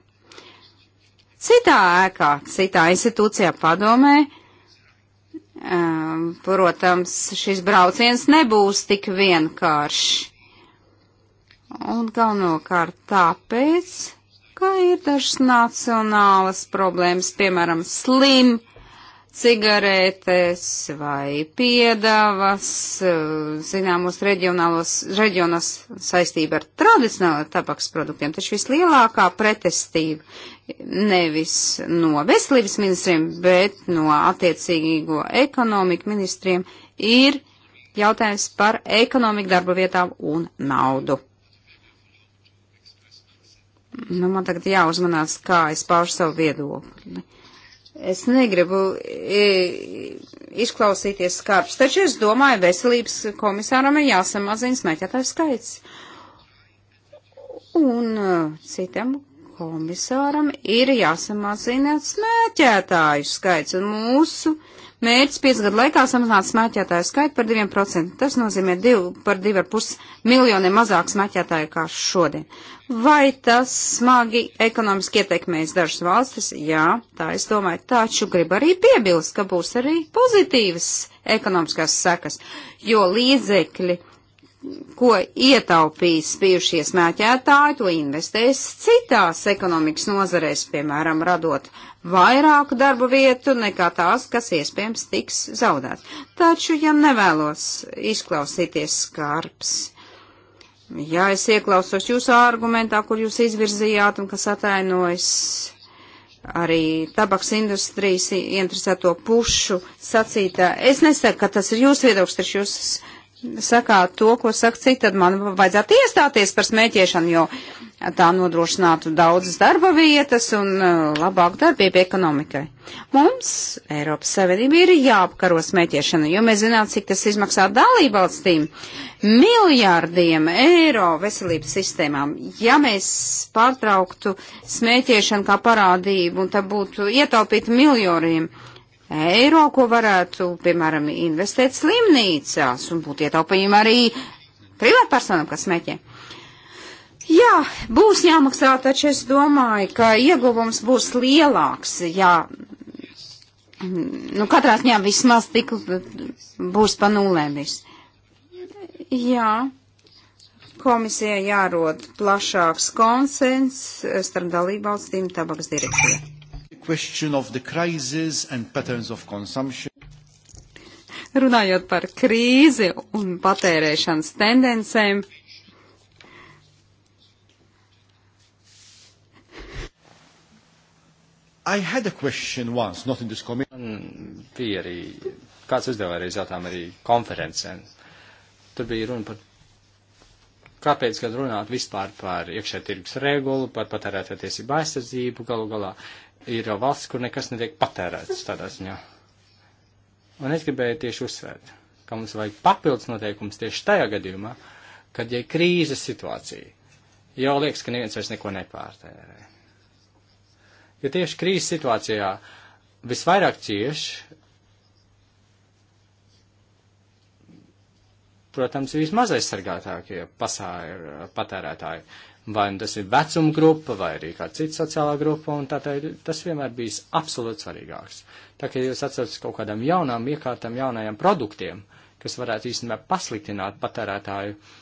Citā ēkā, citā institūcijā padomē, um, protams, šis brauciens nebūs tik vienkāršs. Un galvenokārt tāpēc, ka ir dažas nacionālas problēmas, piemēram, slim cigaretes vai piedavas, zināmos reģionālos, reģionos saistība ar tradicionālajiem tabaks produktiem, taču vislielākā pretestība nevis no veselības ministriem, bet no attiecīgo ekonomiku ministriem ir jautājums par ekonomiku darba vietām un naudu. Nu, man tagad jāuzmanās, kā es paušu savu viedokli. Es negribu e, izklausīties skarbs, taču es domāju, veselības komisāram ir jāsamazina smēķētāju skaits. Un e, citam komisāram ir jāsamazina smēķētāju skaits. Un mūsu uh, mērķis 5 gadu laikā samazināt smēķētāju skaitu par 2%. Tas nozīmē divu, par 2,5 miljoniem mazāk smēķētāju kā šodien. Vai tas smagi ekonomiski ietekmēs dažas valstis? Jā, tā es domāju. Taču gribu arī piebilst, ka būs arī pozitīvas ekonomiskās sekas, jo līdzekļi ko ietaupīs bijušie smēķētāji, to investēs citās ekonomikas nozarēs, piemēram, radot vairāk darba vietu nekā tās, kas iespējams tiks zaudēt. Taču, ja nevēlos izklausīties skarps, ja es ieklausos jūsu argumentā, kur jūs izvirzījāt un kas atainojas arī tabaks industrijas interesēto pušu sacītā, es nesaku, ka tas ir jūsu viedoklis, taču jūs sakāt to, ko saka citi, tad man vajadzētu iestāties par smēķēšanu, jo tā nodrošinātu daudzas darba vietas un uh, labāku darbību ekonomikai. Mums Eiropas Savienība ir jāapkaro smēķēšana, jo mēs zinām, cik tas izmaksā dalībvalstīm miljārdiem eiro veselības sistēmām. Ja mēs pārtrauktu smēķēšanu kā parādību, un tā būtu ietaupīta miljoniem eiro, ko varētu, piemēram, investēt slimnīcās un būtu ietaupījumi arī privātpersonām, kas smēķē. Jā, būs jāmaksā, taču es domāju, ka ieguvums būs lielāks, jā. Nu, katrā ziņā vismaz tik būs pa nulēm viss. Jā, komisijai jārod plašāks konsens starp dalībvalstīm tabaks direktīvā. Runājot par krīzi un patērēšanas tendencēm I had a question once, not in this committee. Man bija arī, kāds uzdeva arī jautājumu arī konferencē. Tur bija runa par, kāpēc gan runāt vispār par iekšē tirgus regulu, par patērētā tiesību aizsardzību, galu galā ir jau valsts, kur nekas netiek patērēts tādā ziņā. Un es gribēju tieši uzsvērt, ka mums vajag papildus noteikums tieši tajā gadījumā, kad ja ir krīzes situācija, jau liekas, ka neviens vairs neko nepārtērē jo tieši krīzes situācijā visvairāk cieši, protams, vismaz aizsargātākie pasāri, patērētāji. Vai nu tas ir vecuma grupa, vai arī kāda cita sociālā grupa, un tātad tas vienmēr bijis absolūti svarīgāks. Tā kā jūs atsaucaties kaut kādam jaunām iekārtām, jaunajiem produktiem, kas varētu īstenībā pasliktināt patērētāju uh,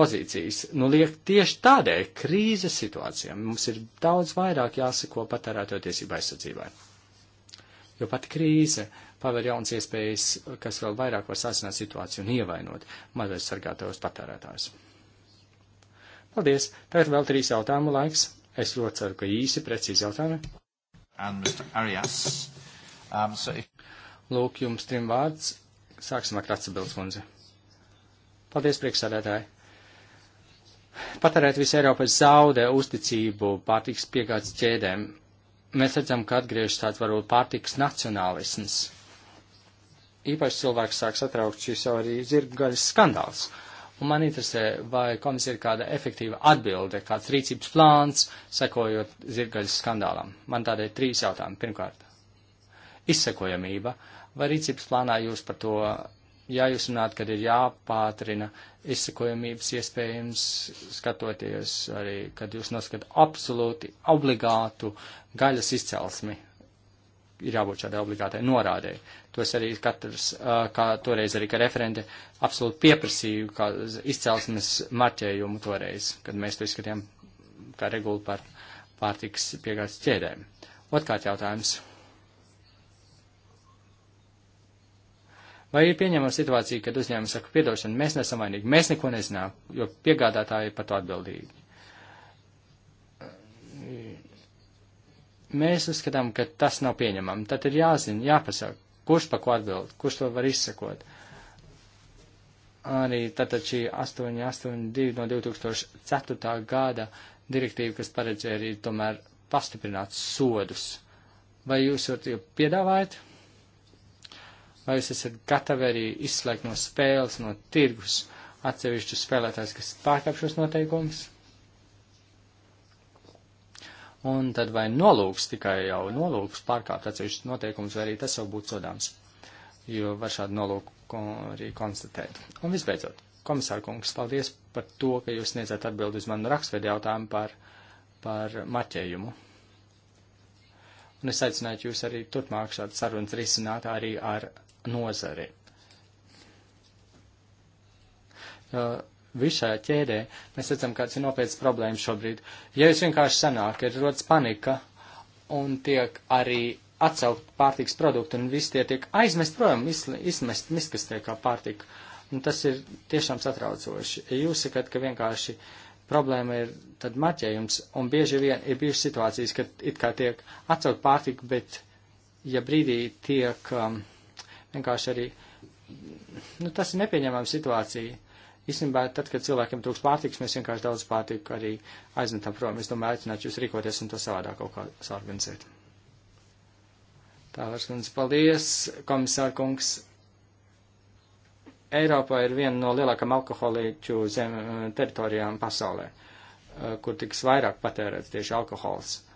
pozīcijas. Nu, liek tieši tādēļ krīzes situācijām mums ir daudz vairāk jāsako patērēto tiesību aizsardzībai. Jo pat krīze paver jauns iespējas, kas vēl vairāk var sāsināt situāciju un ievainot mazais sargātajos patērētājus. Paldies! Tā ir vēl trīs jautājumu laiks. Es ļoti ceru, ka īsi, precīzi jautājumi. Um, so if... Lūk, jums trim vārds. Sāksim ar Kratsabils kundzi. Paldies, priekšsādētāji! Patērēt visu Eiropu zaudē uzticību pārtiks piegādes ķēdēm. Mēs redzam, ka atgriežas tāds varbūt pārtiks nacionālisms. Īpaši cilvēks sāk satraukt šis jau arī zirgaļas skandāls. Un man interesē, vai komisija ir kāda efektīva atbilde, kāds rīcības plāns, sekojot zirgaļas skandālam. Man tādēļ trīs jautājumi. Pirmkārt, izsekojamība. Vai rīcības plānā jūs par to ja jūs runājat, kad ir jāpātrina izsakojamības iespējams, skatoties arī, kad jūs noskat absolūti obligātu gaļas izcelsmi, ir jābūt šādai obligātai norādē. To es arī katrs, kā toreiz arī kā referente, absolūti pieprasīju, kā izcelsmes marķējumu toreiz, kad mēs to izskatījām kā regulu par pārtiks piegādes ķēdēm. Otkārt jautājums Vai ir pieņemama situācija, kad uzņēmums saka, piedošana, mēs nesam vainīgi, mēs neko nezinām, jo piegādātāji ir par to atbildīgi? Mēs uzskatām, ka tas nav pieņemam. Tad ir jāzina, jāpasaka, kurš pa ko atbild, kurš to var izsakot. Arī tātad šī 882 no 2004. gada direktīva, kas paredzēja arī tomēr pastiprināt sodus. Vai jūs jau piedāvājat? vai jūs esat gatavi arī izslēgt no spēles, no tirgus atsevišķu spēlētājs, kas pārkāp šos noteikumus. Un tad vai nolūks tikai jau nolūks pārkāpt atsevišķus noteikumus, vai arī tas jau būtu sodāms, jo var šādu nolūku arī konstatēt. Un visbeidzot, komisārkungs, paldies par to, ka jūs sniedzat atbildi uz manu rakstveidu jautājumu par, par marķējumu. Un es aicinātu jūs arī turpmāk šādu sarunu risināt arī ar nozari. Uh, visā ķēdē mēs redzam, kāds ir nopietns problēma šobrīd. Ja es vienkārši sanāk, ir rodas panika un tiek arī atcelt pārtiks produktu un visi tie tiek aizmest prom, izmest miskastē kā pārtika. Un tas ir tiešām satraucoši. Ja jūs sakat, ka vienkārši problēma ir tad marķējums un bieži vien ir bijušas situācijas, kad it kā tiek atcelt pārtika, bet ja brīdī tiek. Um, vienkārši arī, nu, tas ir nepieņemama situācija. Īstenībā, tad, kad cilvēkiem trūks pārtiks, mēs vienkārši daudz pārtiku arī aizmetam prom. Es domāju, aicinātu jūs rīkoties un to savādāk kaut kā sorganizēt. Tālāk, kundze, paldies, komisār kungs. Eiropa ir viena no lielākām alkoholiķu zem eh, teritorijām pasaulē, eh, kur tiks vairāk patērēts tieši alkohols. Uh,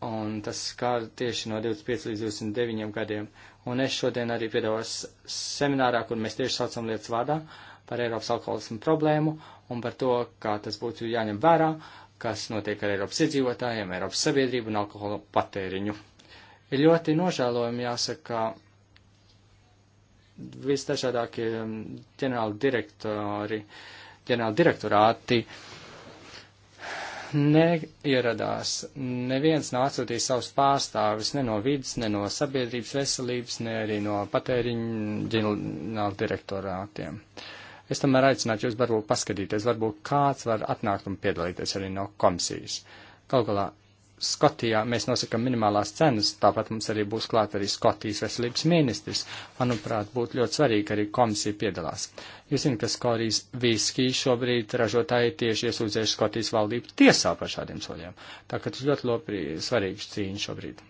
un tas skar tieši no 25 līdz 29 gadiem. Un es šodien arī piedalos seminārā, kur mēs tieši saucam lietas vārdā par Eiropas alkoholismu problēmu un par to, kā tas būtu jāņem vērā, kas notiek ar Eiropas iedzīvotājiem, Eiropas sabiedrību un alkohola patēriņu. Ir ļoti nožēlojami jāsaka, ka visdažādākie um, ģenerāli direktori, ģenerāli direktorāti uh, neieradās, neviens nācotīja savus pārstāvis ne no vidas, ne no sabiedrības veselības, ne arī no patēriņu ģenerāla direktorātiem. Es tomēr aicinātu jūs varbūt paskatīties, varbūt kāds var atnākt un piedalīties arī no komisijas. Kaut galā Skotijā mēs nosakam minimālās cenas, tāpat mums arī būs klāt arī Skotijas veselības ministrs. Manuprāt, būtu ļoti svarīgi, ka arī komisija piedalās. Jūs zināt, ka Skotijas viskī šobrīd ražotāji tieši iesūdzējuši Skotijas valdību tiesā par šādiem soļiem. Tā ka tas ļoti lopri svarīgs cīņa šobrīd.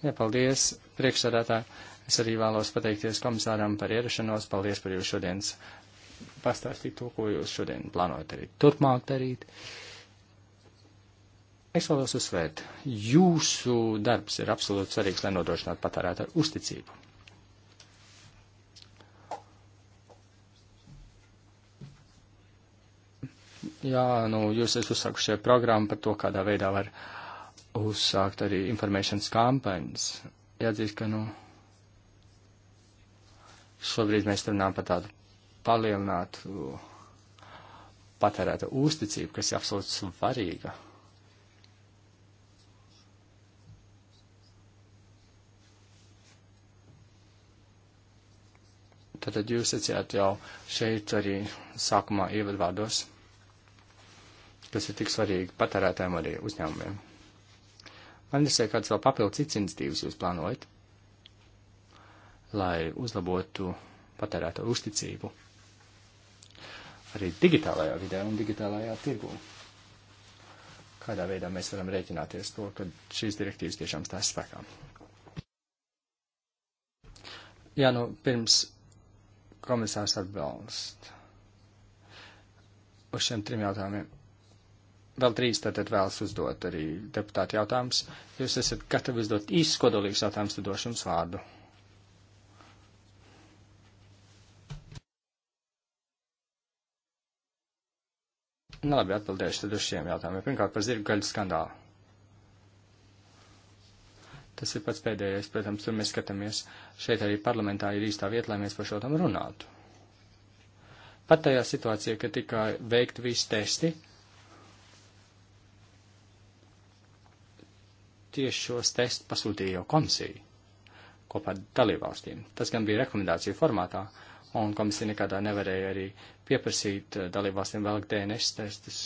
Jā, paldies, priekšsādātāji. Es arī vēlos pateikties komisāram par ierašanos. Paldies par jūsu šodienas pastāstīt to, ko jūs šodien plānojat arī turpmāk darīt. Es vēlos uzsvērt, jūsu darbs ir absolūti svarīgs, lai nodrošinātu patērētāju uzticību. Jā, nu, jūs esat uzsākušie programmu par to, kādā veidā var uzsākt arī informēšanas kampaņas. Jāatzīst, ka, nu, šobrīd mēs runājam par tādu palielinātu patērēta uzticību, kas ir absolūti svarīga. Tātad jūs sacījāt jau šeit arī sākumā ievadvārdos, kas ir tik svarīgi patērētājiem arī uzņēmumiem. Man interesē, kādas vēl papildus citas iniciatīvas jūs plānojat? lai uzlabotu patērētāju uzticību arī digitālajā vidē un digitālajā tirgū. Kādā veidā mēs varam rēķināties to, ka šīs direktīvas tiešām stāsta spēkā? Jā, nu, pirms komisārs atbalst uz šiem trim jautājumiem. Vēl trīs tātad vēlas uzdot arī deputāti jautājums. Jūs esat gatavi uzdot īsts kodolīgs jautājums, tad došu jums vārdu. Nu, labi, atbildēšu tad uz šiem jautājumiem. Pirmkārt, par zirgu gaļu skandālu. Tas ir pats pēdējais, protams, tur mēs skatāmies. Šeit arī parlamentā ir īstā vieta, lai mēs par šo tam runātu. Pat tajā situācijā, kad tika veikti visi testi, tieši šos testus pasūtīja jau komisija kopā ar dalībvalstīm. Tas gan bija rekomendāciju formātā, uh, un komisija nekādā nevarēja arī pieprasīt eh, dalībvalstīm vēl DNS testus.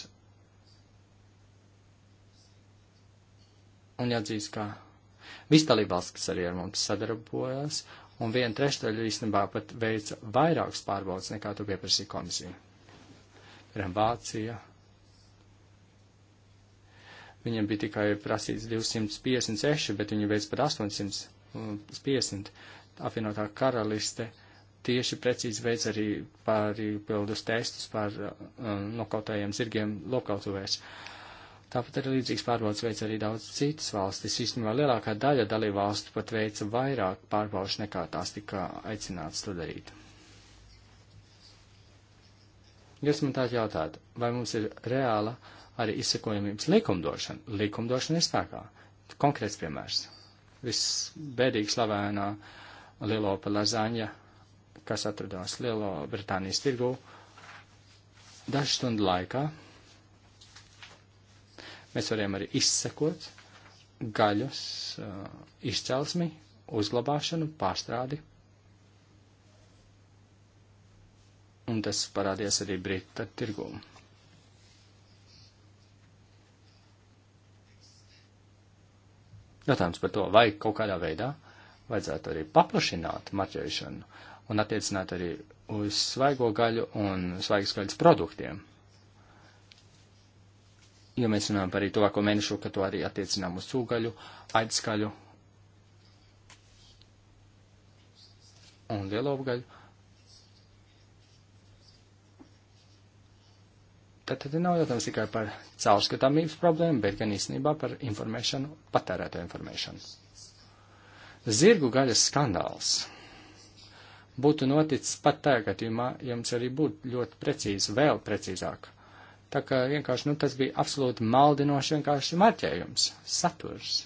Un jāatzīst, ka visi dalībvalsts, kas arī ar mums sadarbojas, un viena trešdaļa īstenībā pat veica vairākas pārbaudas, nekā to pieprasīja komisija. Piemēram, Vācija. Viņiem bija tikai prasīts 256, bet viņi veica pat 850. Apvienotā karaliste tieši precīzi veids arī pārpildus testus pār uh, um, nokautējiem zirgiem lokautuvēs. Tāpat arī līdzīgs pārbaudas veids arī daudz citas valstis. Īstenībā lielākā daļa dalībvalstu pat veica vairāk pārbaudas nekā tās tika aicināts to darīt. Jūs man tā jautājat, vai mums ir reāla arī izsekojamības likumdošana? Likumdošana ir spēkā. Konkrēts piemērs. Viss bēdīgi slavēnā Lilopa Lazāņa kas atradās Lielo Britānijas tirgu, dažu stundu laikā mēs varējām arī izsekot gaļas uh, izcelsmi, uzglabāšanu, pārstrādi. Un tas parādījās arī Brita tirgū. Jautājums par to, vai kaut kādā veidā vajadzētu arī paplašināt marķēšanu, un attiecināt arī uz svaigo gaļu un svaigas gaļas produktiem. Jo mēs runājam par arī tuvāko mēnešu, ka to arī attiecinām uz cūgaļu, aizskaļu un lielovgaļu. Tad, tad nav jautājums tikai par caurskatāmības problēmu, bet gan īstenībā par informēšanu, patērēto informēšanu. Zirgu gaļas skandāls būtu noticis pat tajā gadījumā, ja mums arī būtu ļoti precīzi, vēl precīzāk. Tā kā vienkārši, nu, tas bija absolūti maldinoši vienkārši marķējums, saturs.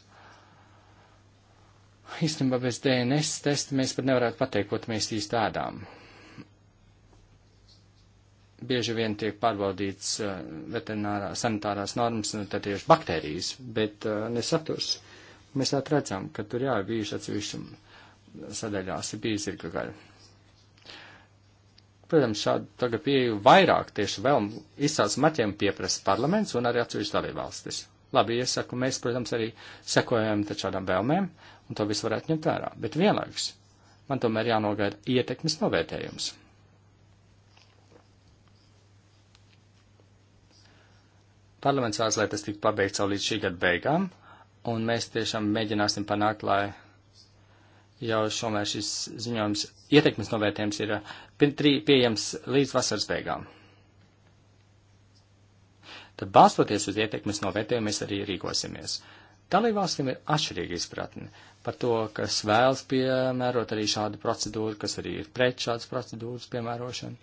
Īstenībā bez DNS testa mēs pat nevarētu pateikt, ko mēs īsti ēdām. Bieži vien tiek pārbaudīts eh, veterinārā sanitārās normas, nu, tad tieši baktērijas, bet uh, eh, nesaturs. Mēs tā redzam, ka tur jā, bijuši atsevišķi sadaļās ir bijis ir kaut kāda Protams, šādu tagad pieeju vairāk tieši vēl izcels matiem pieprasa parlaments un arī atsevišķi dalībvalstis. Labi, iesaku, mēs, protams, arī sekojam šādām vēlmēm, un to visu varētu ņemt vērā. Bet vienlaikus man tomēr jānogaida ietekmes novērtējums. Parlaments vēlas, lai tas tiktu pabeigts jau līdz šī gada beigām, un mēs tiešām mēģināsim panākt, lai jau šomēr šis ziņojums ietekmes novērtējums ir uh, pieejams līdz vasaras beigām. Tad balstoties uz ietekmes novērtējumu mēs arī rīkosimies. Dalībvalstīm ir atšķirīga izpratne par to, kas vēlas piemērot arī šādu procedūru, kas arī ir pret šādas procedūras piemērošanu.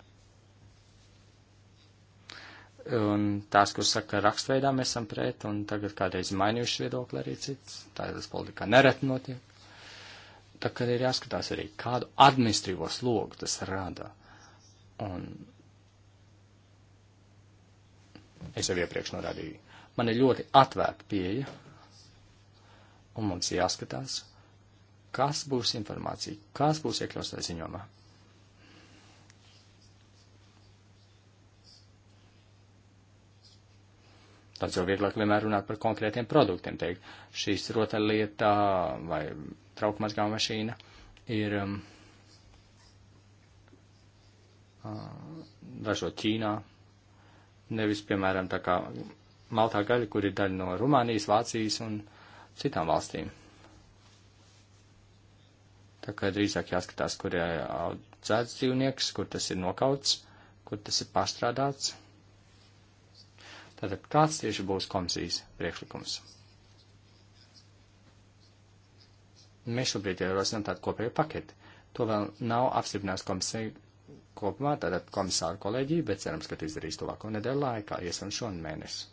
Un tās, kuras saka, rakstveidā mēs esam pret, un tagad kādreiz mainījuši viedokli arī cits, tā tas politikā nereti notiek tā kā ir jāskatās arī, kādu administrīvo slogu tas rada. Un es jau iepriekš norādīju, man ir ļoti atvērta pieeja, un mums jāskatās, kas būs informācija, kas būs iekļauts tajā ziņomā. Tāds jau vieglāk vienmēr runāt par konkrētiem produktiem, teikt, šīs rotaļlietā vai trauku mazgā mašīna ir um, ražot Ķīnā, nevis, piemēram, tā kā maltā gaļa, kur ir daļa no Rumānijas, Vācijas un citām valstīm. Tā kā drīzāk jāskatās, kur ir audzēts dzīvnieks, kur tas ir nokauts, kur tas ir pārstrādāts. Tātad kāds tieši būs komisijas priekšlikums? Mēs šobrīd ierosinām tādu kopēju paketi. To vēl nav apstiprinājis komisija kopumā, tātad komisāra kolēģija, bet cerams, ka to izdarīs tuvāko nedēļu laikā, iesam šonu mēnesi.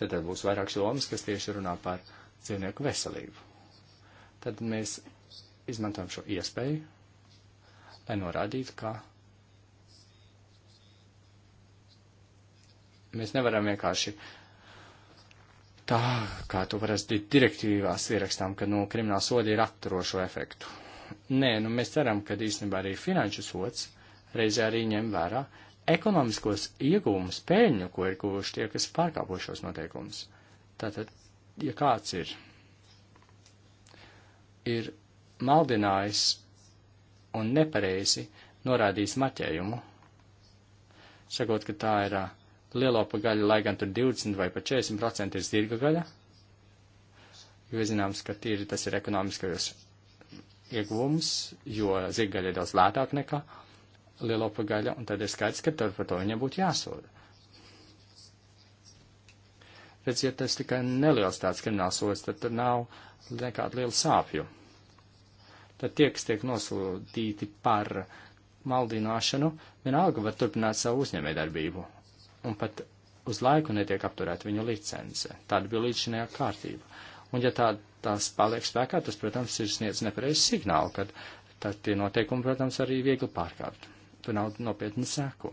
Tad, tad būs vairākas lomas, kas tieši runā par dzīvnieku veselību. Tad mēs izmantojam šo iespēju, lai norādītu, ka mēs nevaram vienkārši tā, kā tu varēsi direktīvās ierakstām, ka, nu, krimināla sodi ir apturošo efektu. Nē, nu, mēs ceram, ka īstenībā arī finanšu sots reizē arī ņem vērā ekonomiskos iegūmus, peļņu, ko ir guvuši tie, kas pārkāpo šos noteikumus. Tātad, ja kāds ir, ir maldinājis un nepareizi norādījis maķējumu, sakot, ka tā ir uh, lielopu gaļu, lai gan tur 20 vai pat 40% ir zirga gaļa, jo zināms, ka tīri tas ir ekonomiskajos ieguvums, jo zirga gaļa ir daudz lētāk nekā lielopu gaļa, un tad ir skaidrs, ka tur par to viņai būtu jāsoda. Redziet, tas tikai neliels tāds krimināls sods, tad tur nav nekāda liela sāpju. Tad tie, kas tiek nosūdīti par maldināšanu, vienalga var turpināt savu uzņēmējdarbību un pat uz laiku netiek apturēta viņa licence. Tāda bija līdzinājā kārtība. Un ja tā, tās paliek spēkā, tas, protams, ir sniedz nepareizi signālu, kad tad tie noteikumi, protams, arī viegli pārkārt. Tu nav nopietni sēko.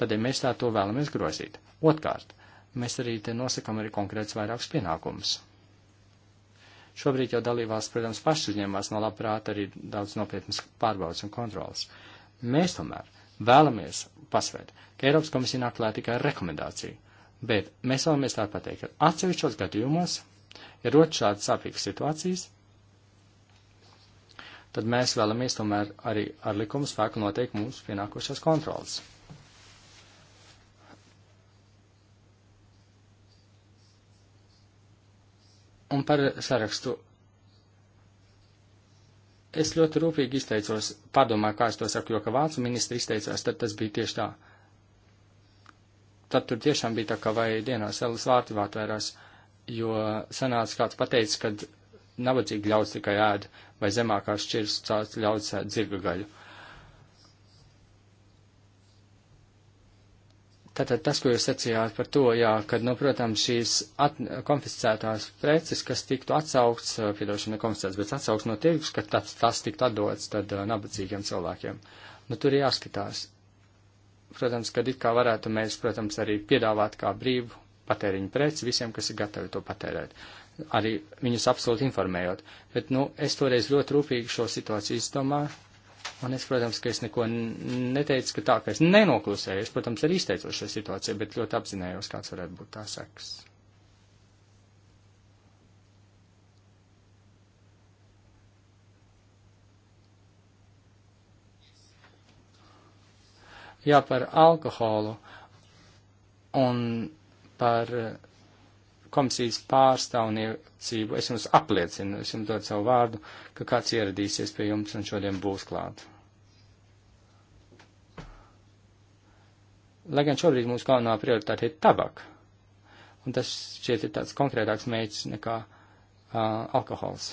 Tādēļ ja mēs tā to vēlamies grozīt. Otkārt, mēs arī te nosakam arī konkrēts vairākus pienākumus. Šobrīd jau dalībās, protams, pašas uzņēmās no labprāt arī daudz nopietnas pārbaudas un kontrolas. Mēs tomēr vēlamies pasvērt, ka Eiropas komisija nāk klāt tikai ar rekomendāciju, bet mēs vēlamies tā pateikt, ka atsevišķos gadījumos, ja rot šādas sāpīgas situācijas, tad mēs vēlamies tomēr arī ar likumu spēku noteikt mums pienākošās kontrolas. Un par sarakstu es ļoti rūpīgi izteicos, padomāju, kā es to saku, jo, ka vācu ministri izteicās, tad tas bija tieši tā. Tad tur tiešām bija tā, ka vai dienās elas vārti vārtvērās, jo sanāca kāds pateicis, kad nabadzīgi ļauts tikai ēd, vai zemākās čirs cāls ļauts ēd zirga gaļu. Uh, Tātad tas, ko jūs sacījāt par to, jā, kad, nu, protams, šīs at, konfiscētās preces, kas tiktu atsaukts, eh, piedošana konfiscēts, bet atsaukts no tirgus, ka tas, tas tiktu atdots tad eh, nabadzīgiem cilvēkiem. Nu, tur jāskatās. Protams, kad it kā varētu mēs, protams, arī piedāvāt kā brīvu patēriņu preci visiem, kas ir gatavi to patērēt. Arī viņus absolūti informējot. Bet, nu, es toreiz ļoti rūpīgi šo situāciju izdomāju Un es, protams, ka es neko neteicu, ka tā, ka es nenoklusēju, es, protams, arī izteicos šajā situācijā, bet ļoti apzinājos, kāds varētu būt tā seks. Jā, par alkoholu un par eh, komisijas pārstāvniecību. Es jums apliecinu, es jums dodu savu vārdu, ka kāds ieradīsies pie jums un šodien būs klāt. Lai gan šobrīd mūsu galvenā prioritāte ir tabaka, un tas šķiet ir tāds konkrētāks mērķis nekā uh, alkohols.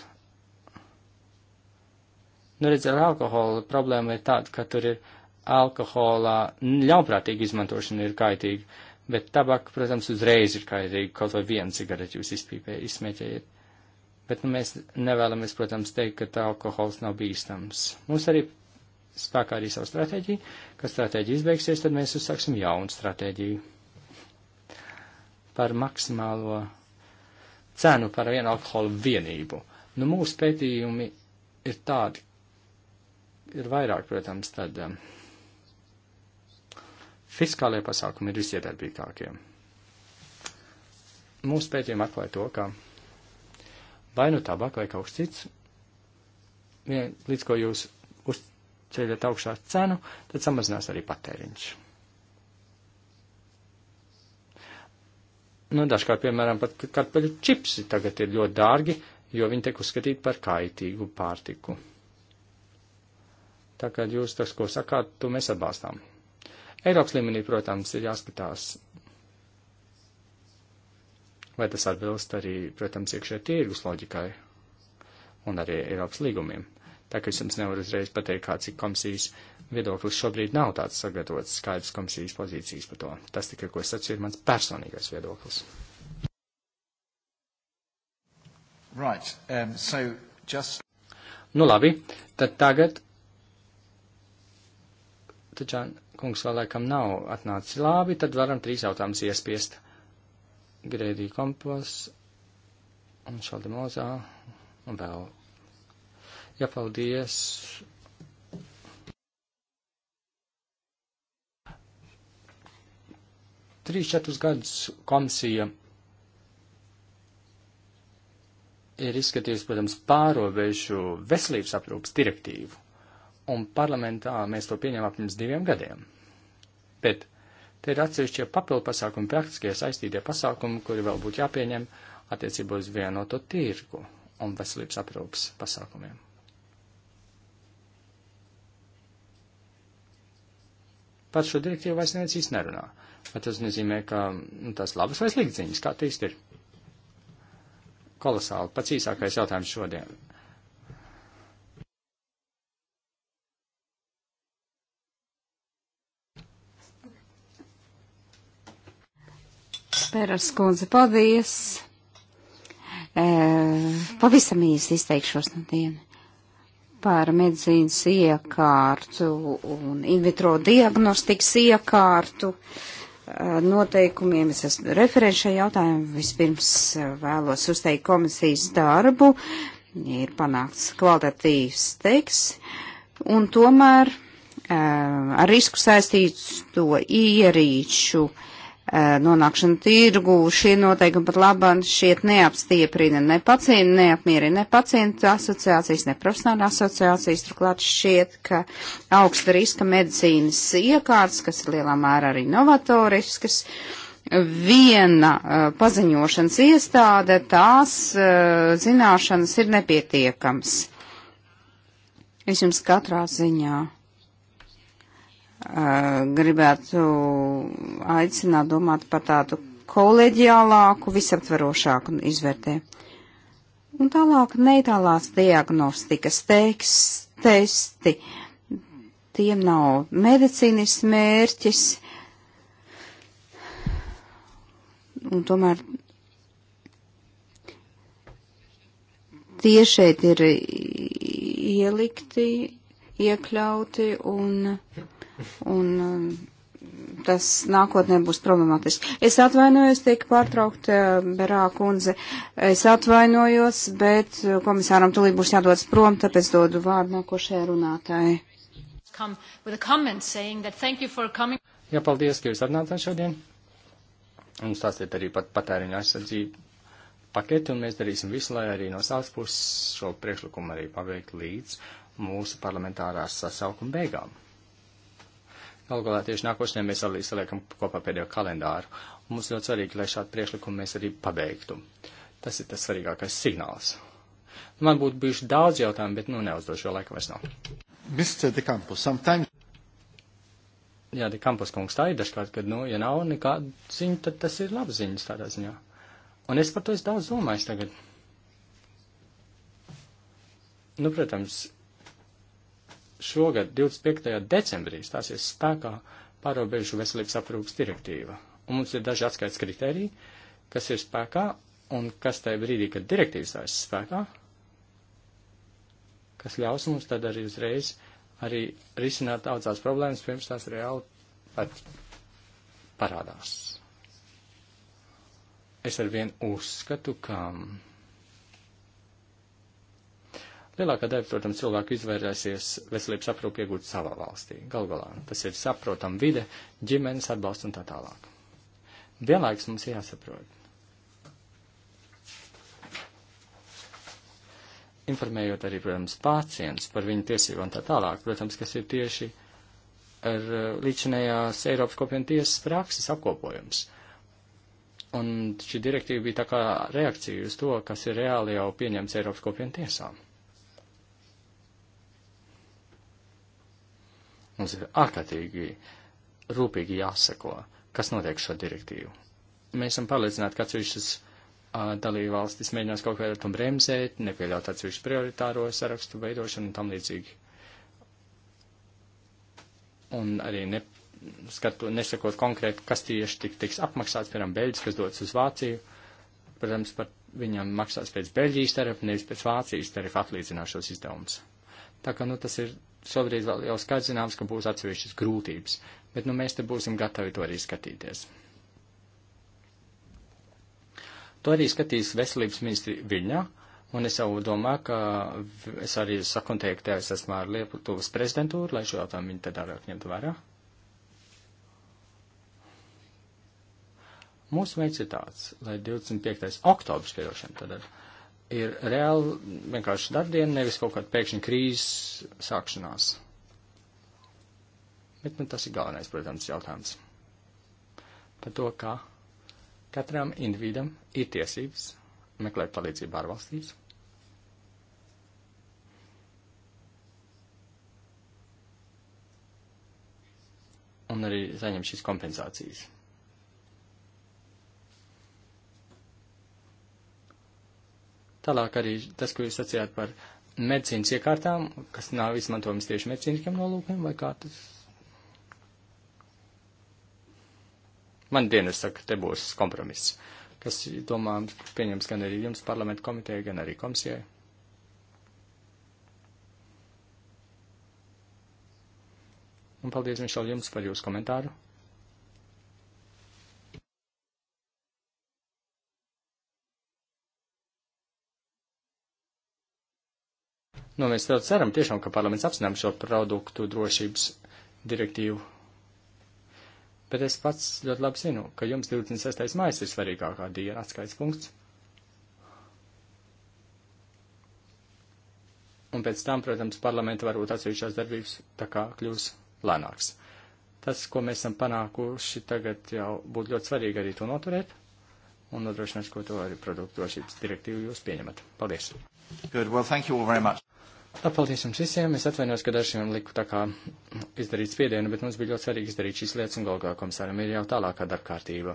Nu, redz, ar alkoholu problēma ir tāda, ka tur ir alkoholā ļaunprātīga izmantošana ir kaitīga, bet tabaka, protams, uzreiz ir kaitīga, kaut vai viena cigareti jūs izpīpējat, izsmēķējat. Bet nu, mēs nevēlamies, protams, teikt, ka alkohols nav bīstams. Mums arī spēkā arī savu stratēģiju, kad stratēģija izbeigsies, tad mēs uzsāksim jaunu stratēģiju par maksimālo cenu par vienu alkoholu vienību. Nu, mūsu pētījumi ir tādi, ir vairāk, protams, tad um, fiskālie pasākumi ir visiedarbīgākie. Mūsu pētījumi atklāja to, ka vai nu tabaka vai kaut kas cits, vien, līdz ko jūs uz, ceļat augšā cenu, tad samazinās arī patēriņš. Nu, dažkārt, piemēram, pat kartupeļu čipsi tagad ir ļoti dārgi, jo viņi tiek uzskatīti par kaitīgu pārtiku. Tā kā jūs tas, ko sakāt, to mēs atbalstām. Eiropas līmenī, protams, ir jāskatās, vai tas atbilst arī, protams, iekšē tirgus loģikai un arī Eiropas līgumiem. Tā ka es jums nevaru uzreiz pateikt, kāds ir komisijas viedoklis. Šobrīd nav tāds sagatavots skaidrs komisijas pozīcijas par to. Tas tikai, ko es sacīju, ir mans personīgais viedoklis. Right, um, so just... Nu labi, tad tagad. Taču kungs vēl laikam nav atnācis labi, tad varam trīs jautājumus iespiest. Grēdī kompos un šaldimozā un vēl Jā, paldies. Trīs, četrus gadus komisija ir izskatījusi, protams, pārobežu veselības aprūpas direktīvu, un parlamentā mēs to pieņēmām pirms diviem gadiem. Bet te ir atsevišķie papildu pasākumi, praktiskie saistītie pasākumi, kuri vēl būtu jāpieņem attiecībā uz vienoto tirgu un veselības aprūpas pasākumiem. Par šo direktīvu vairs neviens īsti nerunā. Vai tas nozīmē, ka nu, tās labas vai sliktas ziņas, kā tas īsti ir? Kolosāli, pats īsākais jautājums šodien. Pēras kundze, paldies! E, pavisam īsi izteikšos no dienu par medicīnas iekārtu un in vitro diagnostikas iekārtu uh, noteikumiem. Es esmu referents šajā jautājumā. Vispirms uh, vēlos uzteikt komisijas darbu. Ir panākts kvalitatīvs teksts. Un tomēr uh, ar risku saistīts to ierīču uh, Eh, nonākšanu tirgu, šie noteikumi pat labam šiet neapstieprina ne pacientu, neapmierina ne pacientu asociācijas, ne profesionāla asociācijas, turklāt šiet, ka augsta riska medicīnas iekārtas, kas ir lielā mērā arī novatoriskas, viena uh, paziņošanas iestāde, tās uh, zināšanas ir nepietiekams. Es jums katrā ziņā gribētu aicināt domāt par tādu koleģiālāku, visaptverošāku izvērtē. Un tālāk neitālās diagnostikas teiks, testi. Tiem nav medicīnas mērķis. Un tomēr tie šeit ir ielikti, iekļauti un Un um, tas nākotnē būs problemātiski. Es atvainojos, tiek pārtraukt uh, Berā kundze. Es atvainojos, bet uh, komisāram tulīt būs jādodas prom, tāpēc dodu vārdu nākošajai runātājai. Jā, paldies, ka jūs atnācāt šodien. Un stāstiet arī pat patēriņu aizsardzību paketi, un mēs darīsim visu, lai arī no savas puses šo priekšlikumu arī pabeigtu līdz mūsu parlamentārās sasaukuma beigām. Galu galā tieši nākošajā mēs arī saliekam kopā pēdējo kalendāru. Un mums ļoti svarīgi, lai šādu priekšlikumu mēs arī pabeigtu. Tas ir tas svarīgākais signāls. Man būtu bijuši daudz jautājumu, bet nu neuzdošu, jo laika vairs nav. Mr. De Campos, sometimes. Jā, De Campos kungs, tā ir dažkārt, kad, nu, ja nav nekāda ziņa, tad tas ir laba ziņas tādā ziņā. Un es par to es daudz domāju tagad. Nu, protams, šogad 25. decembrī stāsies spēkā pārobežu veselības aprūpas direktīva. Un mums ir daži atskaits kriteriji, kas ir spēkā un kas tajā brīdī, kad direktīva stāsies spēkā, kas ļaus mums tad arī uzreiz arī risināt daudzās problēmas, pirms tās reāli pat parādās. Es ar vienu uzskatu, ka Lielākā daļa, protams, cilvēku izvairēsies veselības aprūpi iegūt savā valstī. Gal galā tas ir saprotam vide, ģimenes atbalsts un tā tālāk. Vienlaiks mums jāsaprot. Informējot arī, protams, pacients par viņu tiesību un tā tālāk, protams, kas ir tieši ar eh, līdzinējās Eiropas kopienu tiesas prakses apkopojums. Un šī direktīva bija tā kā reakcija uz to, kas ir reāli jau pieņemts Eiropas kopienu tiesām. Mums ir ārkārtīgi rūpīgi jāseko, kas notiek šo direktīvu. Mēs esam pārliecināti, ka atsevišķas dalībvalstis mēģinās kaut kādā tam bremzēt, nepieļaut atsevišķu prioritāro sarakstu veidošanu un tam līdzīgi. Un arī ne, skatu, nesakot konkrēti, kas tieši tik, tiks apmaksāts, piemēram, Beļģis, kas dodas uz Vāciju. Protams, par viņam maksās pēc Beļģijas tarifa, nevis pēc Vācijas tarifa atlīdzināšos izdevumus. Tā kā, nu, tas ir šobrīd vēl jau skaidrs zināms, ka būs atsevišķas grūtības, bet nu mēs te būsim gatavi to arī skatīties. To arī skatīs veselības ministri Viļņā, un es jau domāju, ka es arī sakontaktējos esmu ar Lietuvas prezidentūru, lai šo jautājumu viņi tad vairāk ņemtu vērā. Mūsu veids ir tāds, lai 25. oktobrs piedošana tad ir ir reāli vienkārši darbdiena, nevis kaut kāda pēkšņa krīzes sākšanās. Bet nu, tas ir galvenais, protams, jautājums. Par to, kā katram individam ir tiesības meklēt palīdzību ārvalstīs. Un arī saņemt šīs kompensācijas. Tālāk arī tas, ko jūs sacījāt par medicīnas iekārtām, kas nav izmantojamas tieši medicīniskiem nolūkiem, vai kā tas? Man dienas saka, te būs kompromiss, kas, domājam, pieņems gan arī jums parlamentu komiteja, gan arī komisijai. Un paldies, Mišel, jums par jūsu komentāru. Nu, mēs ļoti ceram tiešām, ka parlaments apzinām šo produktu drošības direktīvu. Bet es pats ļoti labi zinu, ka jums 26. mājas ir svarīgākā diena atskaits punkts. Un pēc tam, protams, parlamenta varbūt atsevišķās darbības tā kā kļūs lēnāks. Tas, ko mēs esam panākuši tagad, jau būtu ļoti svarīgi arī to noturēt un nodrošināt, ko to arī produktu drošības direktīvu jūs pieņemat. Paldies! Good. Well, thank you all very much. Labi, paldies jums visiem. Es atvainojos, ka dažiem liku tā kā izdarīt spiedienu, bet mums bija ļoti svarīgi izdarīt šīs lietas, un galvā komisāram ir jau tālākā darbkārtība.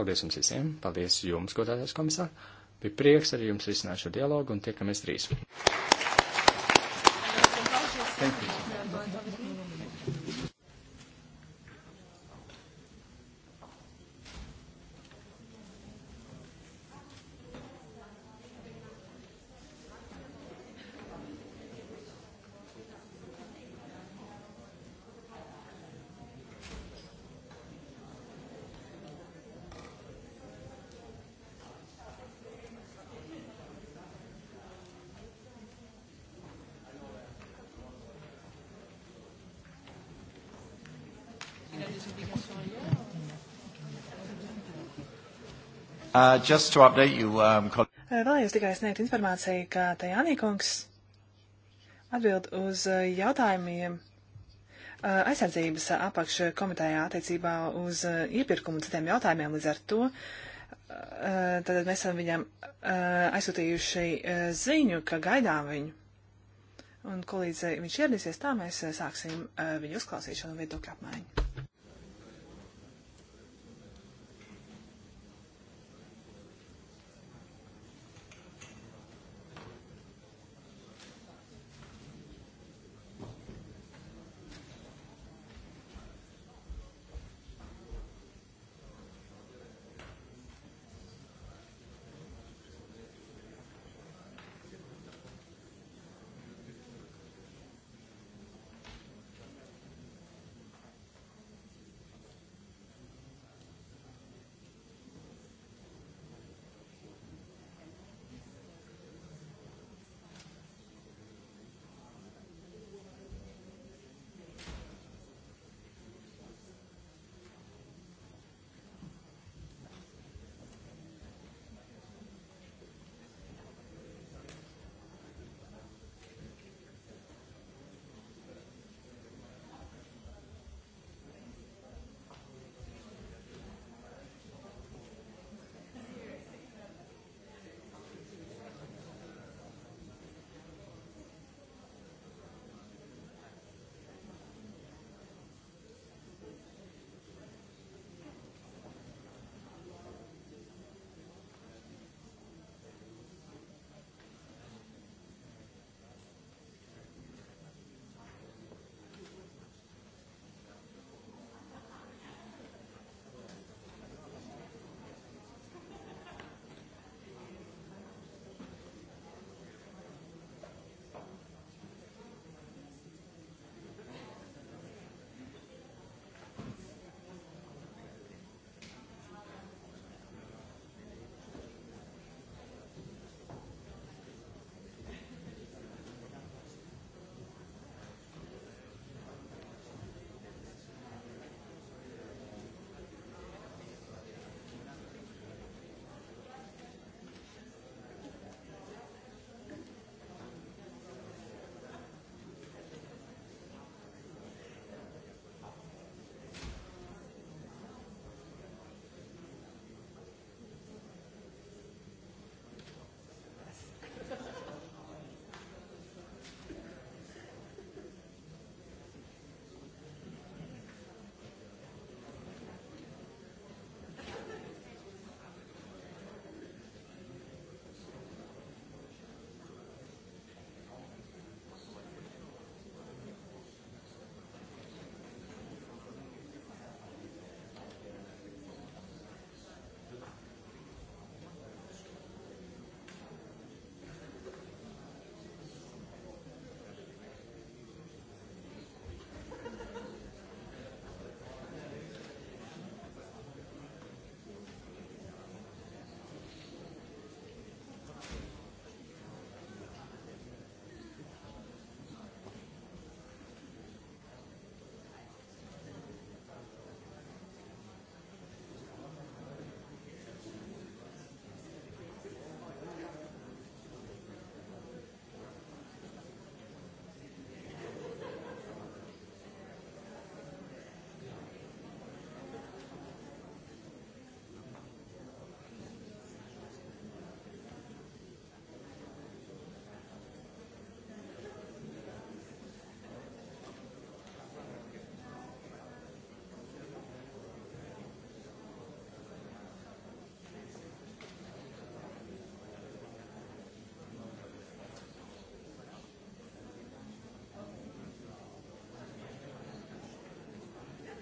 Paldies jums visiem. Paldies jums, godātais komisār. Bija prieks arī jums risināt šo dialogu, un tiekamies drīz. Thank you. Uh, just to update you, um, uh, Vēlējos tikai sniegt informāciju, ka Tajānī kungs atbild uz uh, jautājumiem uh, aizsardzības apakškomitējā attiecībā uz iepirkumu citiem jautājumiem līdz ar to. Tad mēs esam viņam aizsūtījuši ziņu, ka gaidām viņu. Un, kolīdz viņš ieradīsies, tā mēs sāksim viņu uzklausīšanu un viedokļu apmaiņu.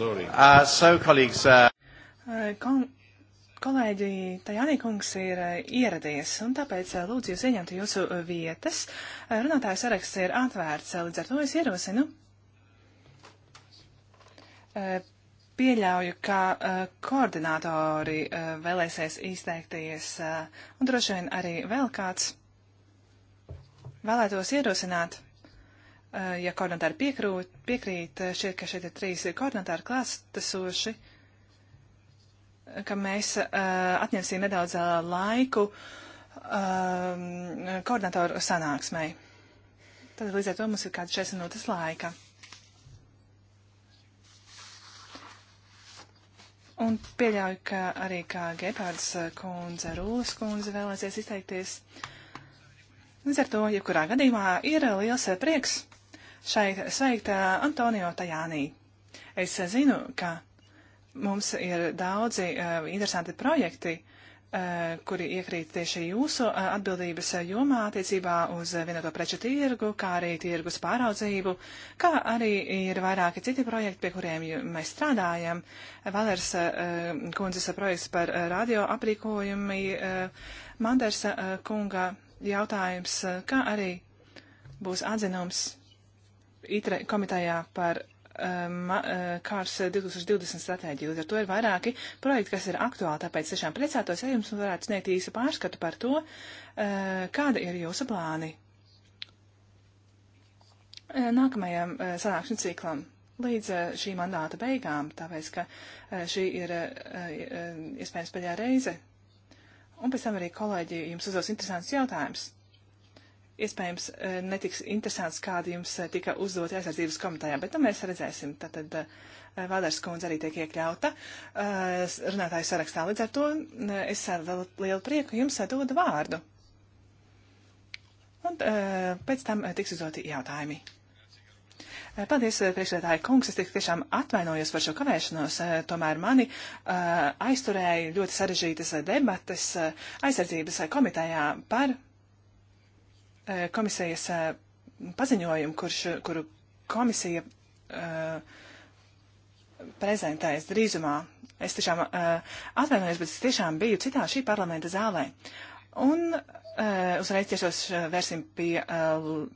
Uh, so, colleagues, uh... Kol kolēģi Tajānī kungs ir uh, ieradies, un tāpēc uh, lūdzu jūs ieņemtu jūsu uh, vietas. Runātājs saraksts ir atvērts, līdz ar to es ierosinu. Pieļauju, ka koordinātori vēlēsies izteikties, un droši vien arī vēl kāds vēlētos ierosināt, ja koordinātori piekrūt, piekrīt, eh, šķiet, ka šeit ir trīs koordinatāri klātesoši, ka mēs uh, atņemsim nedaudz uh, laiku uh, koordinatoru sanāksmai. Tad līdz ar to mums ir kāds 40 minūtes laika. Un pieļauju, ka arī kā Gepārds kundze, Rūlas kundze vēlēsies izteikties. Līdz ar to, jebkurā gadījumā, ir liels prieks šeit sveikt Antonio Tajānī. Es zinu, ka mums ir daudzi eh, interesanti projekti, eh, kuri iekrīt tieši jūsu eh, atbildības jomā attiecībā uz vienoto preču tirgu, kā arī tirgus pāraudzību, kā arī ir vairāki citi projekti, pie kuriem mēs strādājam. Valers kundzes projekts par radio aprīkojumi, Mandersa kunga jautājums, kā arī būs atzinums ITRE komitējā par um, kārs 2020 stratēģiju. Līdz ar to ir vairāki projekti, kas ir aktuāli, tāpēc tiešām priecātos, ja jums varētu sniegt īsu pārskatu par to, uh, eh, kāda ir jūsu plāni eh, nākamajam eh, sanākšanu ciklam līdz šī mandāta beigām, tāpēc, ka šī ir iespējams pēdējā reize. Un pēc tam arī kolēģi jums uzdos interesants jautājums iespējams eh, netiks interesants, kādi jums eh, tika uzdoti aizsardzības komitejā, bet nu mēs redzēsim. Tātad eh, Vādars kundze arī tiek iekļauta runātāju sarakstā. Līdz ar to es ar lielu prieku jums dodu vārdu. Un pēc tam tiks uzdoti jautājumi. Paldies, priekšsēdētāji kungs, es tiešām atvainojos par šo kavēšanos, tomēr mani aizturēja ļoti sarežģītas debates aizsardzības komitējā par E, komisijas e, paziņojumu, kurš, kuru komisija e, prezentēs drīzumā. Es tiešām atvainojos, bet es tiešām biju citā šī parlamenta zālē. Un uzreiz tiešos vērsim pie,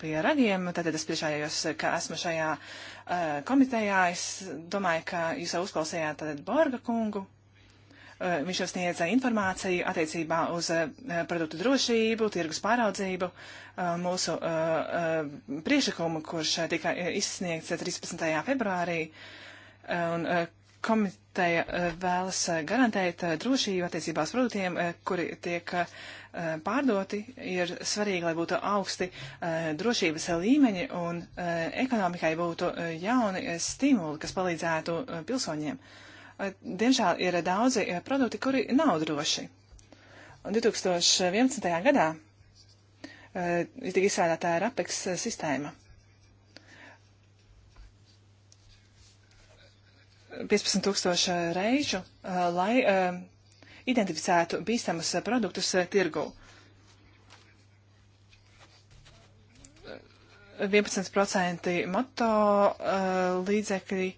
pie radiem, tad es priešājos, ka esmu šajā komitejā. Es domāju, ka jūs jau uzklausījāt tad Borga kungu, Uh, viņš jau sniedza informāciju attiecībā uz uh, produktu drošību, tirgus pāraudzību, uh, mūsu priešakumu, kurš tika izsniegts 13. februārī. Un komiteja vēlas garantēt drošību attiecībā uz produktiem, kuri tiek pārdoti. Ir svarīgi, lai būtu augsti drošības līmeņi un ekonomikai būtu jauni stimuli, kas palīdzētu pilsoņiem. Uh, diemžēl ir daudzi produkti, kuri nav droši. Un 2011. gadā ir eh, tik izstrādātā RAPEX sistēma. 15 tūkstoši reižu, eh, lai eh, identificētu bīstamus produktus tirgū. 11% moto līdzekļi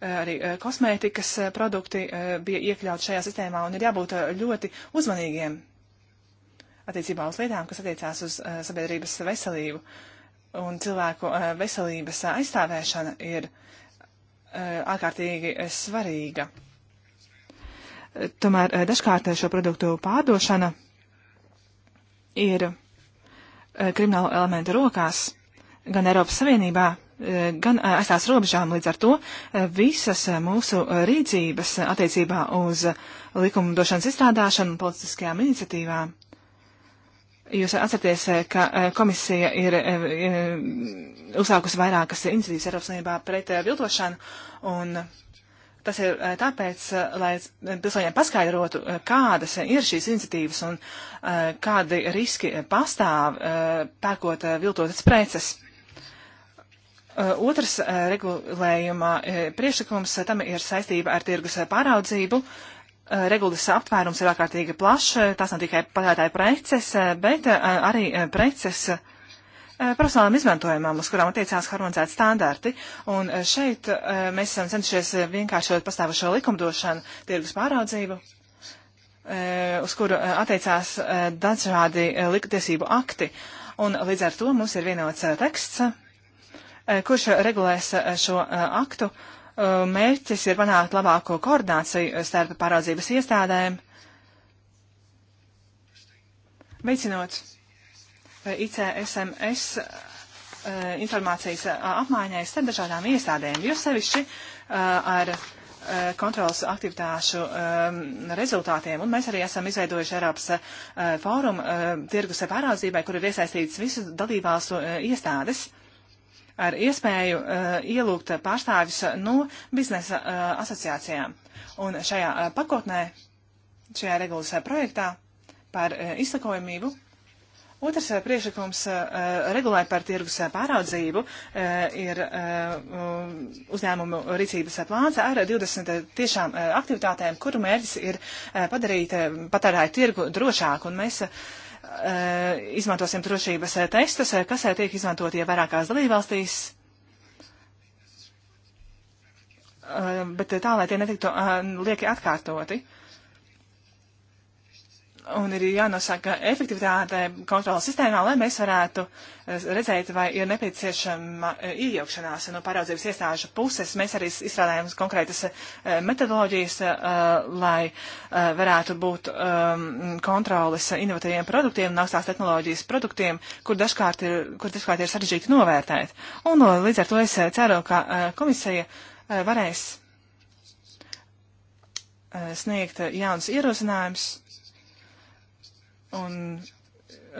Eh, arī eh, kosmētikas eh, produkti bija iekļauti šajā sistēmā un ir jābūt ļoti uzmanīgiem attiecībā uz lietām, kas attiecās uz sabiedrības veselību. Un cilvēku veselības aizstāvēšana ir ārkārtīgi svarīga. Tomēr dažkārt šo produktu pārdošana ir kriminālu elementu rokās gan Eiropas Savienībā, gan eh, aizstās robežām, līdz ar to eh, visas eh, mūsu rīcības attiecībā uz likumdošanas izstrādāšanu un politiskajām iniciatīvām. Jūs atcerieties, ka komisija ir uzsākusi vairākas iniciatīvas Eiropas Savienībā pret viltošanu, un tas ir tāpēc, lai pilsoņiem paskaidrotu, kādas ir šīs iniciatīvas un kādi riski pastāv pērkot viltotas preces. Eh, otrs eh, regulējuma eh, priekšlikums tam ir saistība ar tirgus pāraudzību. Regulas aptvērums ir ārkārtīgi plašs, tās nav tikai patērētāja preces, bet arī preces profesionālām izmantojumam, uz kurām attiecās harmonizēti standarti. Un šeit mēs esam centušies vienkāršot pastāvošo likumdošanu, tirgus pāraudzību, uz kuru attiecās dažādi liktiesību akti. Un līdz ar to mums ir vienots teksts Eh, kurš regulēs eh, šo eh, aktu. Mērķis ir panākt labāko koordināciju starp pāraudzības iestādēm, veicinot ICSMS informācijas apmaiņai starp dažādām iestādēm, jo sevišķi ar kontrolas aktivitāšu rezultātiem. Un mēs arī esam izveidojuši Eiropas fórumu tirgus pārādzībai, kur ir iesaistīts visas dalībvalstu iestādes ar iespēju uh, ielūgt pārstāvis eh, no biznesa uh, asociācijām. Un šajā uh, pakotnē, šajā regulas projektā par uh, izsakojamību. Otrs uh, priekšlikums uh, regulē par tirgus pāraudzību uh, ir uzņēmumu rīcības plāns ar 20 tiešām aktivitātēm, kuru mērķis ir padarīt patērēju tirgu drošāku. Un mēs uh, Eh, izmantosim drošības eh, testus, eh, kas tiek izmantotie vairākās dalībvalstīs, bet tā, lai tie netiktu lieki atkārtoti. Un ir jānosaka efektivitāte kontrolas sistēmā, lai mēs varētu eh, redzēt, vai ir nepieciešama eh, iejaukšanās no pāraudzības iestāžu puses. Mēs arī izstrādājam konkrētas eh, metodoloģijas, lai varētu būt ehm, kontrolas inovatīviem produktiem un augstās tehnoloģijas produktiem, kur dažkārt ir, kur dažkārt ir sarežģīti novērtēt. Un līdz ar to es ceru, ka komisija varēs sniegt jaunas ierosinājumus un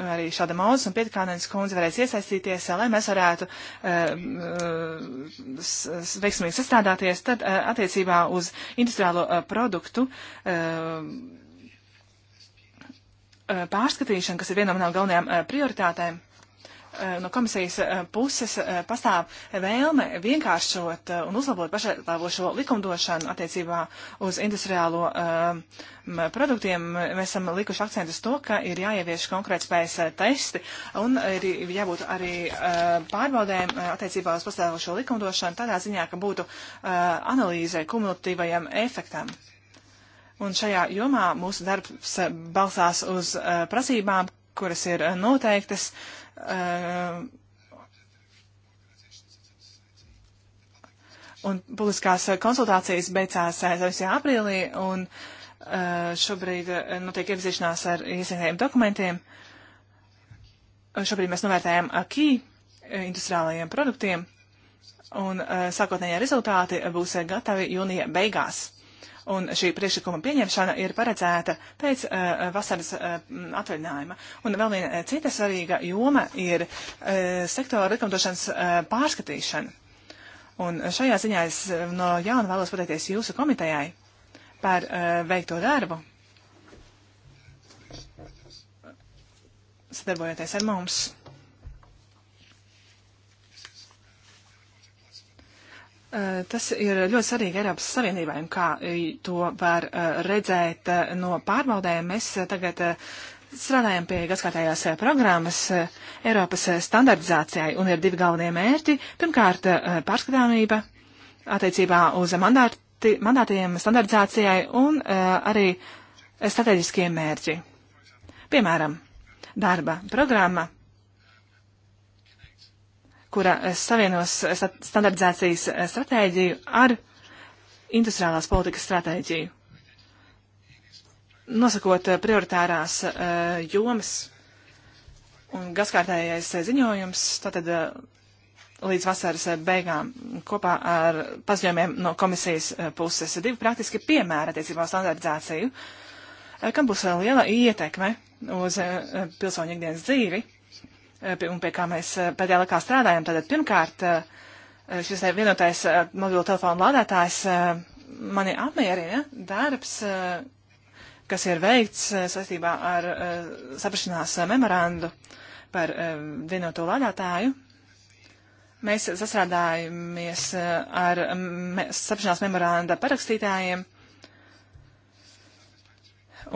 arī Šāda Mauzes un Pietkānenes kundze varēs iesaistīties, lai mēs varētu ehm, eh, veiksmīgi sastādāties. Tad eh, attiecībā uz industriālo eh, produktu ehm, pārskatīšanu, kas ir viena no manām galvenajām prioritātēm, Eh, no komisijas eh, puses eh, pastāv vēlme vienkāršot un uzlabot pašreizlāvošo likumdošanu attiecībā uz industriālo um, produktiem. Mēs esam likuši akcentu uz to, ka ir jāievieš konkrētspējas testi un ir jābūt arī uh, pārbaudēm attiecībā uz pastāvošo likumdošanu tādā ziņā, ka būtu uh, analīze kumulatīvajam efektam. Un šajā jomā mūsu darbs balsās uz uh, prasībām, kuras ir noteiktas Uh, un publiskās konsultācijas beidzās 6. Eh, aprīlī, un eh, šobrīd eh, notiek iepazīšanās ar iesniegtajiem dokumentiem. Šobrīd mēs novērtējam akī industriālajiem produktiem, un sākotnējie rezultāti būs gatavi jūnija beigās un šī priekšlikuma pieņemšana ir paredzēta pēc uh, vasaras uh, atvaļinājuma. Un vēl viena uh, cita svarīga joma ir uh, sektora likumdošanas uh, pārskatīšana. Un šajā ziņā es uh, no jauna vēlos pateikties jūsu komitejai par uh, veikto darbu, sadarbojoties ar mums. Eh, tas ir ļoti svarīgi Eiropas Savienībai, un kā eh, to var eh, redzēt no pārbaudēm, mēs tagad strādājam pie gadskārtējās programmas Eiropas standartizācijai, un ir divi galvenie mērķi. Pirmkārt, pārskatāmība attiecībā uz mandāti, mandātiem standartizācijai un arī strateģiskie mērķi. Piemēram, darba programma kura eh, savienos eh, standardizācijas eh, stratēģiju ar industriālās politikas stratēģiju. Nosakot prioritārās jomas un gaskārtējais ziņojums, tātad līdz vasaras beigām kopā ar paziņojumiem no komisijas puses divi praktiski piemēri attiecībā uz standardizāciju, kam būs liela ietekme uz pilsoņu ikdienas dzīvi Eh, un pie kā mēs eh, pēdējā laikā strādājam. Tātad pirmkārt, eh, šis vienotais mobilo telefonu lādētājs mani apmierina darbs, kas ir veikts saistībā ar saprašanās memorandu par vienoto lādētāju. Mēs sastrādājamies ar saprašanās memoranda parakstītājiem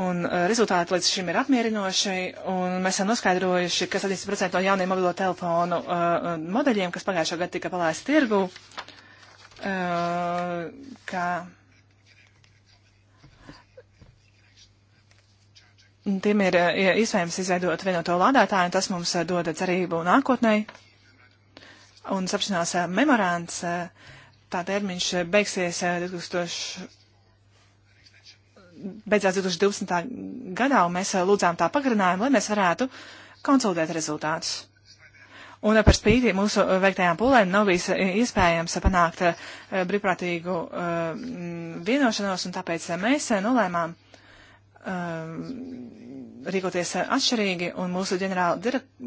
Un uh, rezultāti līdz šim ir apmierinoši, un mēs esam noskaidrojuši, ka 70% no jauniem mobilo telefonu uh, modeļiem, kas pagājušā gada tika palaisti tirgu, uh, ka tiem ir ja, uh, iespējams izveidot vienoto lādētāju, un tas mums uh, dod cerību nākotnē. Un sapšanās memorāns, tā termiņš beigsies 2000 beidzās 2012. gadā, un mēs eh, lūdzām tā pagarinājumu, lai mēs varētu konsolidēt rezultātus. Un eh, par spīti mūsu eh, veiktajām pūlēm nav bijis iespējams panākt brīvprātīgu vienošanos, un tāpēc mēs nolēmām rīkoties atšķirīgi, un mūsu ģenerāla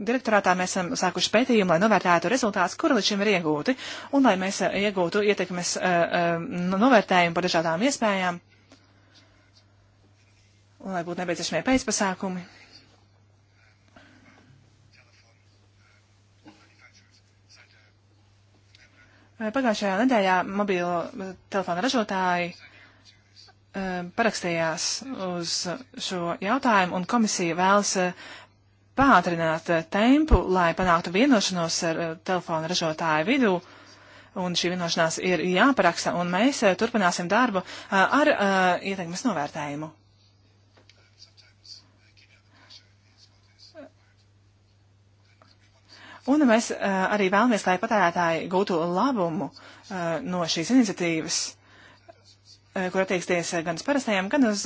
direktorātā mēs esam sākuši pētījumu, lai novērtētu rezultātus, kuri līdz šim ir iegūti, un lai mēs iegūtu ietekmes novērtējumu par dažādām iespējām un lai būtu nepieciešamie pēcpasākumi. Pagājušajā nedēļā mobīlo telefonu ražotāji eh, parakstījās uz šo jautājumu, un komisija vēlas eh, pātrināt eh, tempu, lai panāktu vienošanos ar telefonu ražotāju vidū un šī vienošanās ir jāparaksta, un mēs turpināsim darbu ar, ar, ar ietekmes novērtējumu. Un mēs eh, arī vēlamies, lai patērētāji gūtu labumu eh, no šīs iniciatīvas, eh, kur attieksties gan uz parastajiem, gan uz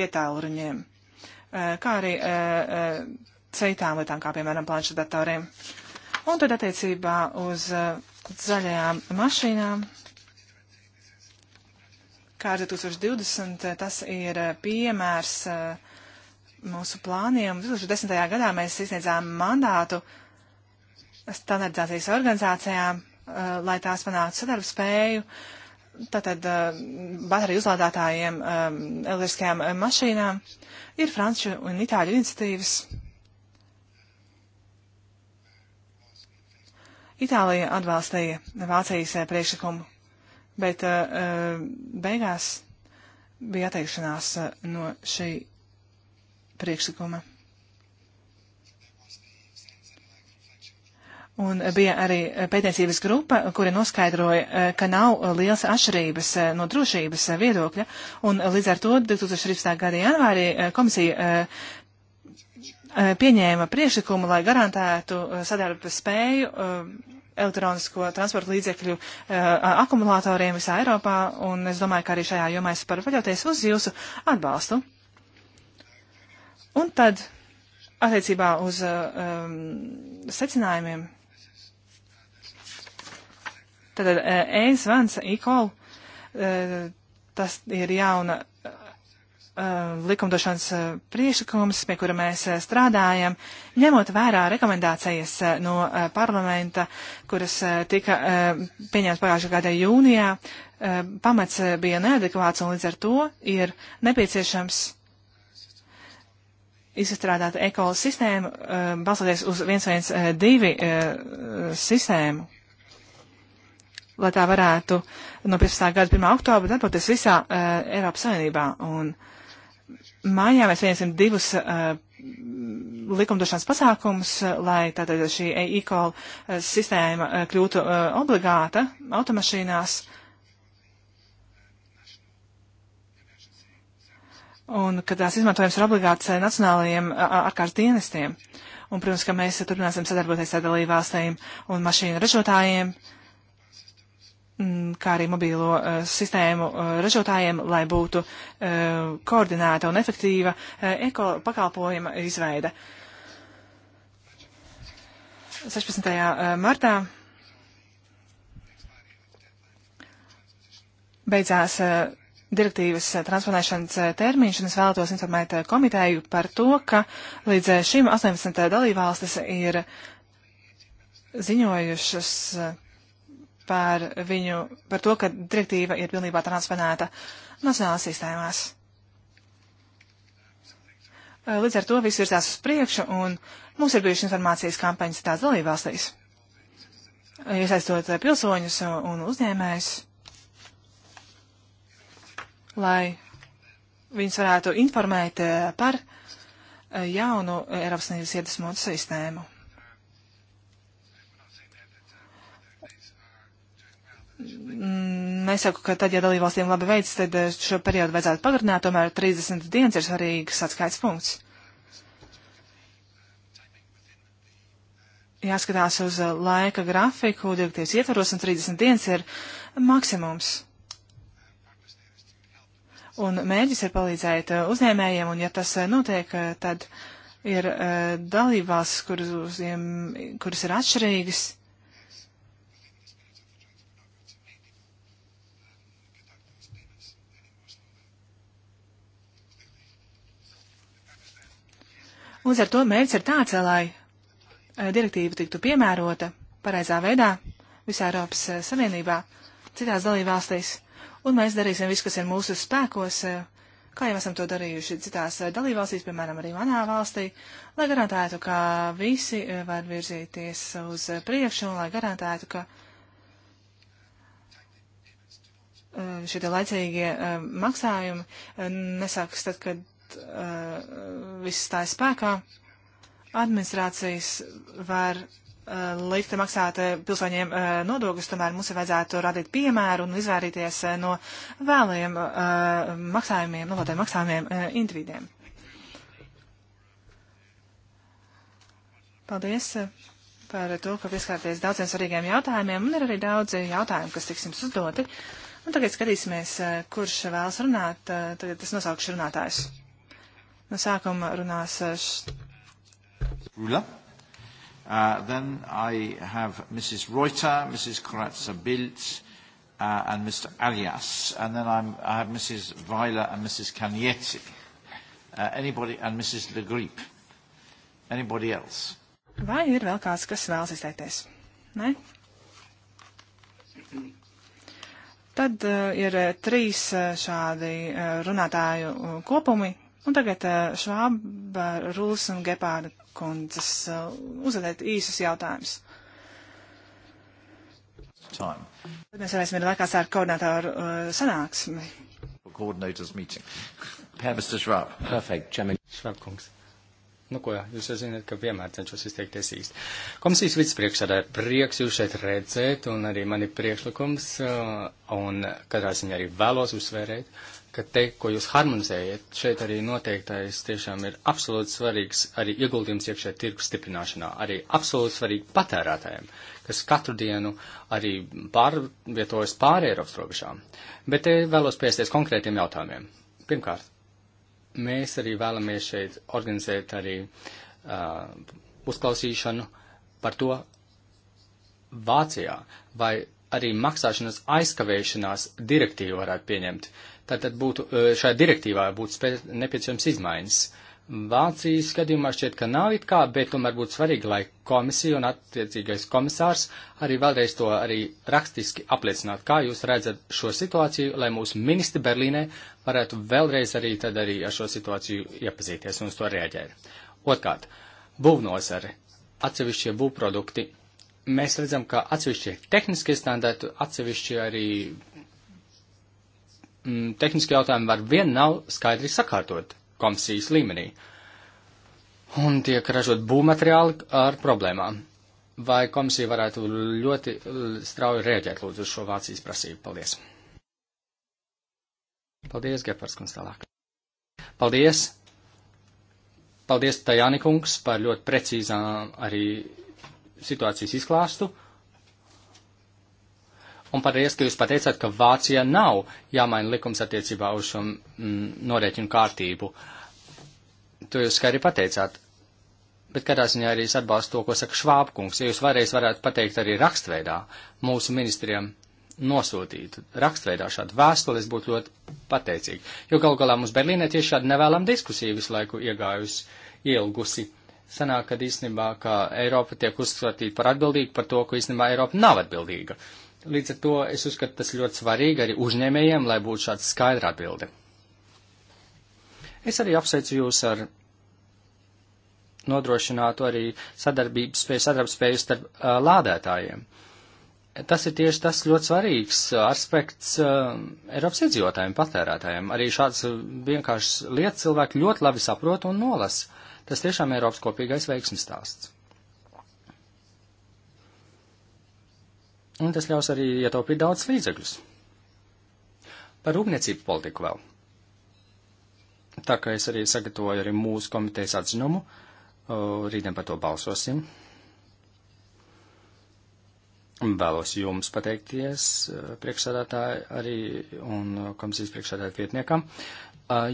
vietāluruņiem, kā arī citām lietām, kā piemēram planšu datoriem. Un tad attiecībā uz zaļajām mašīnām. Kā ar 2020, tas ir piemērs mūsu plāniem. 2010. gadā mēs izniedzām mandātu uh, standartizācijas organizācijām, eh, lai tās panāktu sadarbu spēju. Tātad eh, bateriju uzlādētājiem, eh, elektriskajām mašīnām ir franču un itāļu iniciatīvas. Itālija atbalstīja Vācijas priekšlikumu, bet beigās bija atteikšanās no šī priekšlikuma. Un bija arī eh, pētniecības grupa, kura noskaidroja, eh, ka nav eh, liels atšķirības no drošības viedokļa, un līdz ar to 2013. gada janvārī komisija pieņēma priekšlikumu, lai garantētu sadarbības spēju elektronisko transporta līdzekļu akumulatoriem visā Eiropā, un es domāju, ka arī šajā jomā es varu paļauties uz jūsu atbalstu. Un tad attiecībā uz um, secinājumiem Tātad e-zvans, eh, e-call, eh, tas ir jauna eh, likumdošanas priekšlikums, pie kura mēs strādājam, ņemot vērā rekomendācijas no parlamenta, kuras tika pieņemtas pagājušā gada jūnijā. Pamats bija neadekvāts un līdz ar to ir nepieciešams izstrādāt ekoloģijas sistēmu, balstoties uz 112 sistēmu lai tā varētu no 15. gada 1. oktobra darboties visā uh, Eiropas Savienībā. Un mājā mēs pieņemsim divus uh, likumdošanas pasākumus, uh, lai tātad šī e-call uh, sistēma uh, kļūtu uh, obligāta automašīnās. Un kad tās izmantojums ir obligāts uh, nacionālajiem uh, ārkārtas dienestiem. Un, protams, ka mēs uh, turpināsim sadarboties ar dalībvalstīm un mašīnu ražotājiem. Uh, Mm, kā arī mobīlo uh, sistēmu uh, ražotājiem, lai būtu uh, koordinēta un efektīva eko pakalpojuma izveida. 16. martā beidzās direktīvas transponēšanas termiņš, un es vēlētos informēt komiteju par to, ka līdz šim 18 dalībvalstis ir ziņojušas par, viņu, par to, ka direktīva ir pilnībā transponēta nacionālās sistēmās. Līdz ar to viss virzās uz priekšu, un mums ir bijušas informācijas kampaņas tās dalībvalstīs, iesaistot pilsoņus un uzņēmējus, lai viņus varētu informēt par jaunu Eiropas Savienības iedvesmotu sistēmu. nesaku, mm, ka tad, ja dalībvalstīm labi veids, tad eh, šo periodu vajadzētu pagarināt, tomēr 30 dienas ir svarīgs atskaits punkts. Jāskatās uz eh, laika grafiku, direktīvas ietvaros, un 30 dienas ir maksimums. Un mērķis ir palīdzēt eh, uzņēmējiem, un ja tas notiek, tad ir dalībvalsts, kuras, kuras ir atšķirīgas Līdz ar to mērķis ir tāds, lai eh, direktīva tiktu piemērota pareizā veidā visā Eiropas eh, Savienībā, citās dalībvalstīs, un mēs darīsim visu, kas ir mūsu spēkos, eh, kā jau esam to darījuši citās dalībvalstīs, piemēram, arī manā valstī, lai garantētu, ka visi var virzīties uz priekšu un lai garantētu, ka šie laicīgie maksājumi nesāks tad, kad uh, viss tā spēkā, administrācijas var uh, likt maksāt uh, pilsoņiem uh, nodokļus, tomēr mums vajadzētu radīt piemēru un izvairīties uh, no vēliem uh, maksājumiem, novotiem maksājumiem uh, individiem. Paldies uh, par to, ka pieskārties daudziem svarīgiem jautājumiem, un ir arī daudzi jautājumi, kas tiks jums uzdoti. Un tagad skatīsimies, uh, kurš vēlas runāt. Uh, tagad es nosaukšu runātājus. No nu, sākuma runās. Eh, Rula. Uh, then I have Mrs. Reuter, Mrs. Corazza-Bildt, uh, and Mr. Arias. And then I'm, I have Mrs. Weiler and Mrs. Cagnetti. Uh, anybody, and Mrs. Le Grip. Anybody else? Vai ir vēl kāds, kas vēlas izteikties? Nē? Tad uh, ir eh, trīs eh, šādi runātāju kopumi, Un tagad eh, Švāba, Rūs un Gepāda kundzes eh, uzdodiet īsus jautājumus. Tad mēs varēsim ir laikā sākt koordinātoru eh, sanāksmi. Coordinators meeting. Pēvesta (laughs) Švāba. Perfect. Čemin. Švāba kungs. Nu, ko, jūs jau zināt, ka vienmēr cenšos izteikties īsti. Komisijas vicepriekšsādāja prieks jūs šeit redzēt, un arī man ir priekšlikums, un katrā ziņā arī vēlos uzsvērēt, ka te, ko jūs harmonizējat, šeit arī noteiktais tiešām ir absolūti svarīgs arī ieguldījums iekšē tirku stiprināšanā, arī absolūti svarīgi patērētājiem, kas katru dienu arī pārvietojas pāri Eiropas robežām. Bet te vēlos piesties konkrētiem jautājumiem. Pirmkārt, mēs arī vēlamies šeit organizēt arī uh, uzklausīšanu par to Vācijā, vai arī maksāšanas aizkavēšanās direktīvu varētu pieņemt. Uh, Tātad būtu e, šajā direktīvā būtu nepieciešams izmaiņas. Vācijas skatījumā šķiet, ka nav it kā, bet tomēr būtu svarīgi, lai komisija un attiecīgais komisārs arī vēlreiz to arī rakstiski apliecinātu, kā jūs redzat šo situāciju, lai mūsu ministri Berlīnē varētu vēlreiz arī tad arī ar šo situāciju iepazīties un uz to reaģēt. Otkārt, būvnosare, atsevišķie būvprodukti. Mēs redzam, ka atsevišķie tehniskie standarti, atsevišķie arī mm, tehniski jautājumi var vien nav skaidri sakārtot komisijas līmenī. Un tiek ražot būvmateriāli ar problēmām. Vai komisija varētu ļoti strauji rēģēt lūdzu uz šo Vācijas prasību? Paldies. Paldies, Gepars kungs tālāk. Paldies. Paldies, Tajāni kungs, par ļoti precīzām arī situācijas izklāstu. Un pareizi, ka jūs pateicāt, ka Vācija nav jāmaina likums attiecībā uz šo mm, norēķinu kārtību. To jūs skaidri pateicāt. Bet kādā ziņā arī es atbalstu to, ko saka Švābkungs. Ja jūs varēs varētu pateikt arī rakstveidā mūsu ministriem nosūtītu rakstveidā šādu vēstuli, es būtu ļoti pateicīgi. Jo gal galā mums Berlīnē tieši šāda nevēlama diskusija visu laiku iegājusi, ielgusi. Sanāk, ka īstenībā, ka Eiropa tiek uzskatīta par atbildīgu par to, ka īstenībā Eiropa nav atbildīga. Uh, Līdz ar to es uzskatu, tas ļoti svarīgi arī uzņēmējiem, lai būtu šāds skaidra atbilde. Es arī apsveicu jūs ar nodrošinātu arī sadarbības spēju, sadarbības spēju starp uh, lādētājiem. Tas ir tieši tas ļoti svarīgs aspekts uh, Eiropas iedzīvotājiem, patērētājiem. Arī šāds vienkāršs lietas cilvēki ļoti labi saprot un nolas. Tas tiešām ir Eiropas kopīgais veiksmes stāsts. un tas ļaus arī ietaupīt daudz līdzekļus. Par rūpniecību politiku vēl. Tā kā es arī sagatavoju arī mūsu komitejas atzinumu, rītdien par to balsosim. Vēlos jums pateikties, priekšsādātāji arī un komisijas priekšsādātāju vietniekam.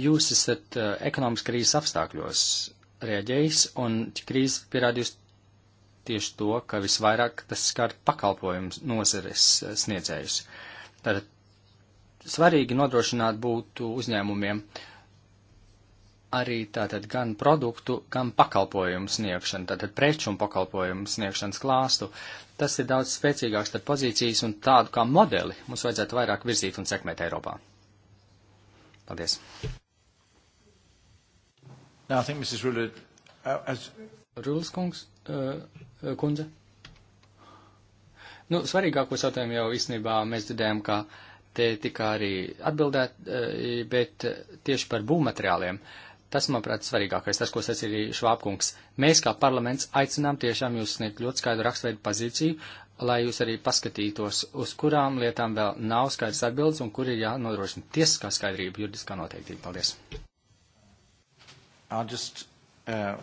Jūs esat ekonomikas krīzes apstākļos rēģējis un krīze pierādījusi tieši to, ka visvairāk tas skar pakalpojums nozares eh, sniedzējus. Tātad svarīgi nodrošināt būtu uzņēmumiem arī tātad gan produktu, gan pakalpojumu sniegšanu, tātad preču un pakalpojumu sniegšanas klāstu. Tas ir daudz spēcīgāks tad pozīcijas un tādu kā modeli mums vajadzētu vairāk virzīt un sekmēt Eiropā. Paldies. Nā, I think Mrs. Rulid, uh, as... Rulis kungs kundze. Nu, svarīgākos jautājumus jau īstenībā mēs dzirdējām, ka te tika arī atbildēt, bet tieši par būvmateriāliem. Tas, manuprāt, svarīgākais, tas, ko sacīja arī Švābkungs. Mēs kā parlaments aicinām tiešām jūs sniegt ļoti skaidru rakstveidu pozīciju, lai jūs arī paskatītos, uz kurām lietām vēl nav skaidrs atbildes un kur ir jānodrošina tiesiskā skaidrība, juridiskā noteiktība. Paldies! I'll just, uh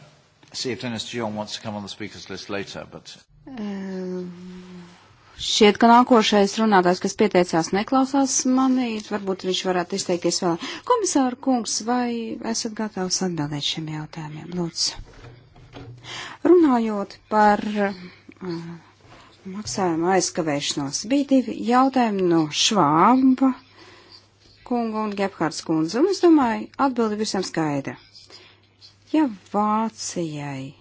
see if Dennis Dion wants to come on the speakers list later, but... Um, šķiet, ka nākošais runātājs, kas pieteicās, neklausās manī, varbūt viņš varētu izteikties vēl. Komisāra kungs, vai esat gatavs atbildēt šiem jautājumiem? Lūdzu. Runājot par uh, maksājuma aizkavēšanos, bija divi jautājumi no Švāba kunga un Gephards kundze, un es domāju, atbildi visam skaidra. Ja Vācijai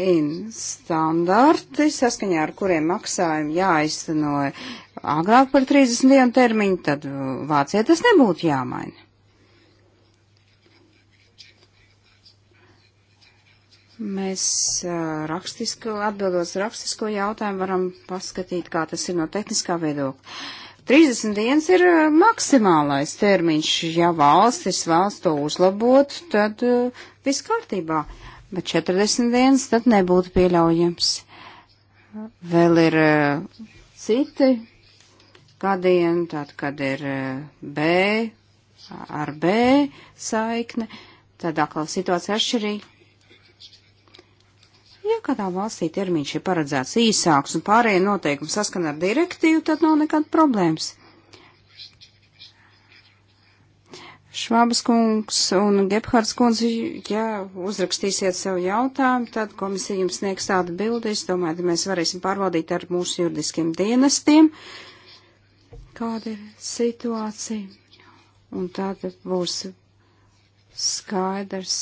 in standarti, saskaņā ar kuriem maksājumi jāizteno agrāk par 30 dienu termiņu, tad Vācijai tas nebūtu jāmaina. Mēs rakstisko, atbildot rakstisko jautājumu varam paskatīt, kā tas ir no tehniskā viedokļa. 30 dienas ir eh, maksimālais termiņš. Ja valstis vēlas to uzlabot, tad eh, viss kārtībā. Bet 40 dienas tad nebūtu pieļaujams. Vēl ir eh, citi gadiem, tad, kad ir B ar B saikne, tad atkal situācija atšķirīga. Ja kādā valstī termiņš ir paredzēts īsāks un pārējie noteikumi saskan ar direktīvu, tad nav nekāda problēmas. Švabas kungs un Gebhards kungs, ja uzrakstīsiet sev jautājumu, tad komisija jums sniegs tādu bildi. Es domāju, ka mēs varēsim pārvaldīt ar mūsu juridiskiem dienestiem, kāda ir situācija. Un tad būs skaidrs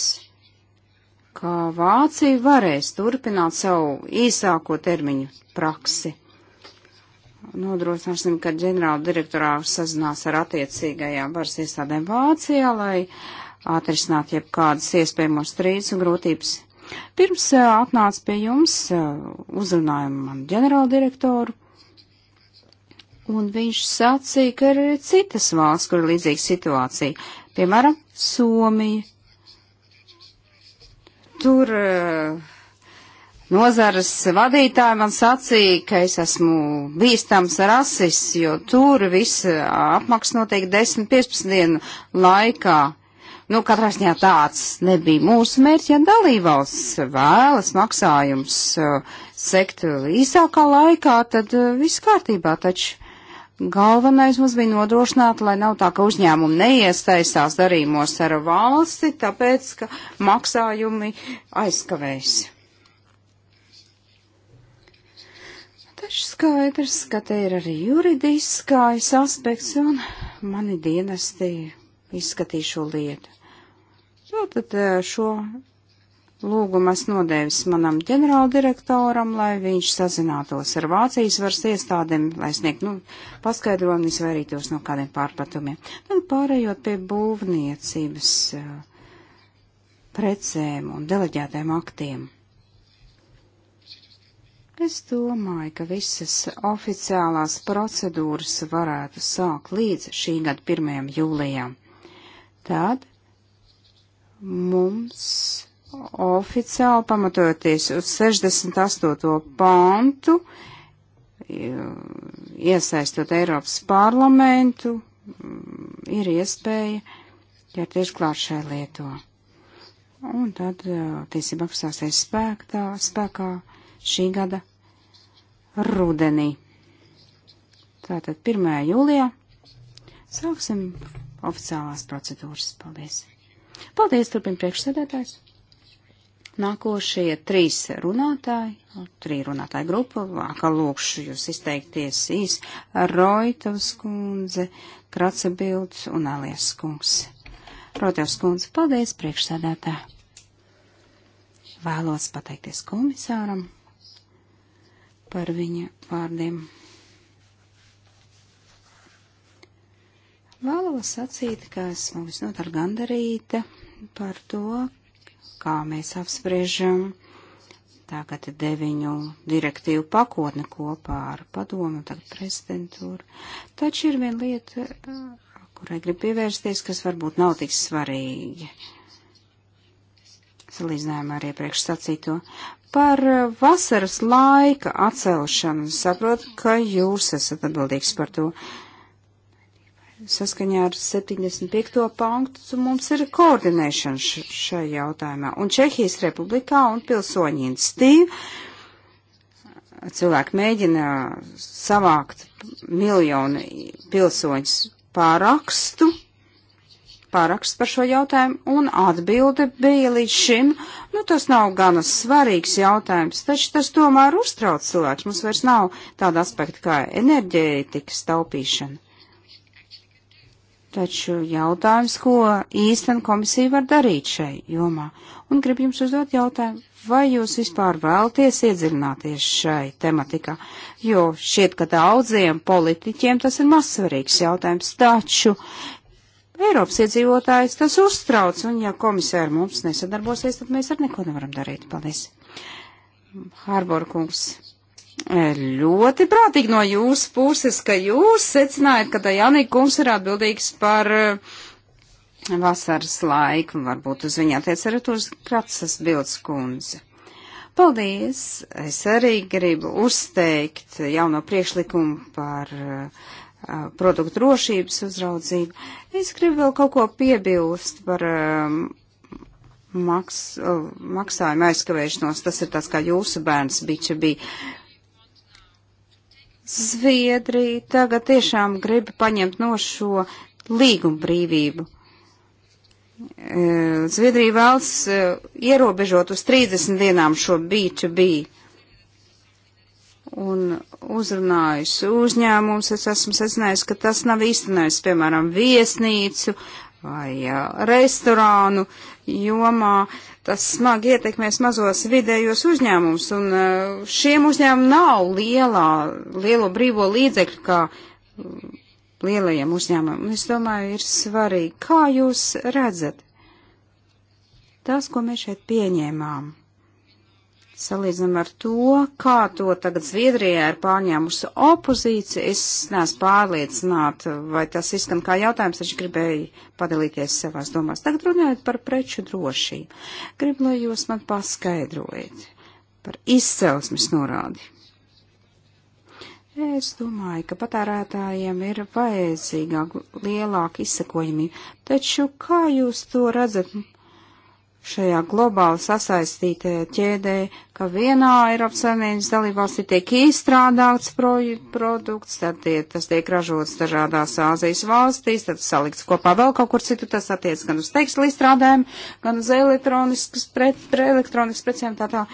ka Vācija varēs turpināt savu īsāko termiņu praksi. Nodrošināsim, ka ģenerāla direktorā sazinās ar attiecīgajām varas iestādēm Vācijā, lai atrisināt jebkādas iespējamos strīdus un grūtības. Pirms atnāca pie jums uzrunājuma man ģenerāldirektoru, un viņš sacīja, ka ir citas valsts, kur ir līdzīga situācija, piemēram, Somija, Tur eh, nozares vadītāji man sacīja, ka es esmu bīstams rasis, jo tur viss eh, apmaks notiek 10-15 dienu laikā. Nu, katrā ziņā tāds nebija mūsu mērķi, ja dalībvalsts vēlas maksājums eh, sekt īsākā laikā, tad viss kārtībā taču Galvenais mums bija nodrošināt, lai nav tā, ka uzņēmumi neiesaistās darījumos ar valsti, tāpēc, ka maksājumi aizkavēs. Taču skaidrs, ka te ir arī juridiskais aspekts un mani dienestī izskatīšu lietu. Tātad eh, šo lūgumu esmu nodevis manam ģenerāldirektoram, lai viņš sazinātos ar Vācijas varas iestādēm, lai sniegtu nu, paskaidrojumu, izvairītos no kādiem pārpratumiem. Tad pārējot pie būvniecības eh, precēm un deleģētiem aktiem. Es domāju, ka visas oficiālās procedūras varētu sākt līdz šī gada 1. jūlijam. Tad mums oficiāli pamatojoties uz 68. pantu, iesaistot Eiropas parlamentu, ir iespēja ķerties klāt šai lieto. Un tad tiesība apstāsies spēktā, spēkā šī gada rudenī. Tātad 1. jūlijā sāksim oficiālās procedūras. Paldies! Paldies, turpin priekšsēdētājs! Nākošie trīs runātāji, nu, trī runātāja grupa, atkal lūkšu jūs izteikties īs, Roitovs kundze, Kracebilds un Alies kungs. Roitovs kundze, paldies priekšsādātā. Vēlos pateikties komisāram par viņa vārdiem. Vēlos sacīt, ka esmu visnotaļ gandarīta par to, kā mēs apspriežam tagad deviņu direktīvu pakotni kopā ar padomu, tagad prezidentūru. Taču ir viena lieta, kurai grib pievērsties, kas varbūt nav tik svarīgi. Salīdzinājumā ar iepriekš sacīto. Par vasaras laika atcelšanu saprot, ka jūs esat atbildīgs par to. Uh, saskaņā ar 75. punktu mums ir koordinēšana šajā jautājumā. Un Čehijas republikā un pilsoņi instīvi cilvēki mēģina savākt miljonu pilsoņus pārakstu, pārakstu par šo jautājumu, un atbilde bija līdz šim, nu tas nav gana svarīgs jautājums, taču tas tomēr uztrauc cilvēks, mums vairs nav tāda aspekta kā enerģētikas taupīšana. Taču jautājums, ko īsten komisija var darīt šai jomā. Un gribu jums uzdot jautājumu, vai jūs vispār vēlties iedzināties šai tematikā? Jo šķiet, ka daudziem politiķiem tas ir mazsvarīgs jautājums, taču Eiropas iedzīvotājs tas uztrauc, un ja komisāri mums nesadarbosies, tad mēs ar neko nevaram darīt. Paldies. Harbor kungs. Ļoti prātīgi no jūsu puses, ka jūs secinājat, ka Tajānī kungs ir atbildīgs par eh, vasaras laiku, varbūt uz viņu attiec arī uz Kratsas bildes kundzi. Paldies! Es arī gribu uzteikt jauno priekšlikumu par uh, produktu drošības uzraudzību. Es gribu vēl kaut ko piebilst par um, maks, uh, maksājumu aizkavēšanos. Tas ir tāds kā jūsu bērns biča bija. Zviedrija tagad tiešām grib paņemt no šo līgumu brīvību. E, Zviedrija vēlas e, ierobežot uz 30 dienām šo B2B. Un uzrunājusi uzņēmums, es esmu secinājusi, ka tas nav īstenājis, piemēram, viesnīcu vai e, restorānu jomā. Uh, tas smagi ietekmēs mazos vidējos uzņēmumus, un uh, šiem uzņēmumiem nav lielā, lielo brīvo līdzekļu kā lielajiem uzņēmumiem. Es domāju, ir svarīgi, kā jūs redzat tas, ko mēs šeit pieņēmām. Salīdzinām ar to, kā to tagad Zviedrijā ir pārņēmusi opozīcija, es neesmu pārliecināta, vai tas izskan kā jautājums, taču gribēju padalīties savās domās. Tagad runājot par preču drošību. Gribu, lai jūs man paskaidrojat par izcelsmes norādi. Es domāju, ka patērētājiem ir vajadzīgāk lielāka izsakojamība, taču kā jūs to redzat? šajā globāli sasaistītajā ķēdē, ka vienā Eiropas Savienības dalībvalstī tiek izstrādāts pro, produkts, tad tie, tas tiek ražots dažādās Āzijas valstīs, tad salikts kopā vēl kaut kur citur, tas attiec gan uz tekstilu izstrādājumu, gan uz elektroniskas pret, pre, elektronikas precēm tā tā.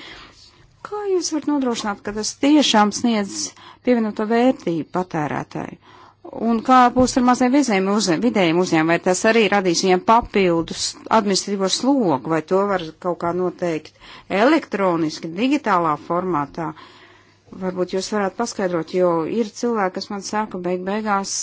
Kā jūs varat nodrošināt, ka tas tiešām sniedz pievienoto vērtību patērētāju? Un kā būs ar maziem vizēm, uzē, vidējiem uzņēmumiem, vai tas arī radīs viņiem papildus administratīvo slogu, vai to var kaut kā noteikt elektroniski, digitālā formātā? Varbūt jūs varētu paskaidrot, jo ir cilvēki, kas man saka, beig beigās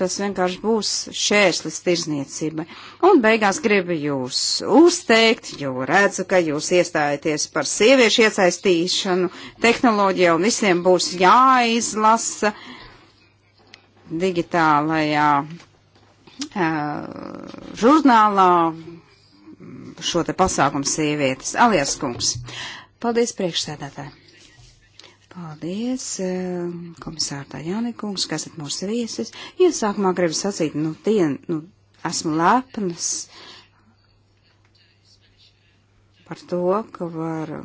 tas vienkārši būs šērslis tirzniecība. Un beigās gribu jūs uzteikt, jo redzu, ka jūs iestājaties par sieviešu iesaistīšanu, tehnoloģija un visiem būs jāizlasa digitālajā uh, žurnālā šo te pasākumu sievietes. Alies kungs. Paldies priekšsēdētāji. Paldies, uh, komisārtā Janikungs, kas esat mūsu viesis. Iesākumā gribu sacīt, nu, tie, nu, esmu lepnas par to, ka varu,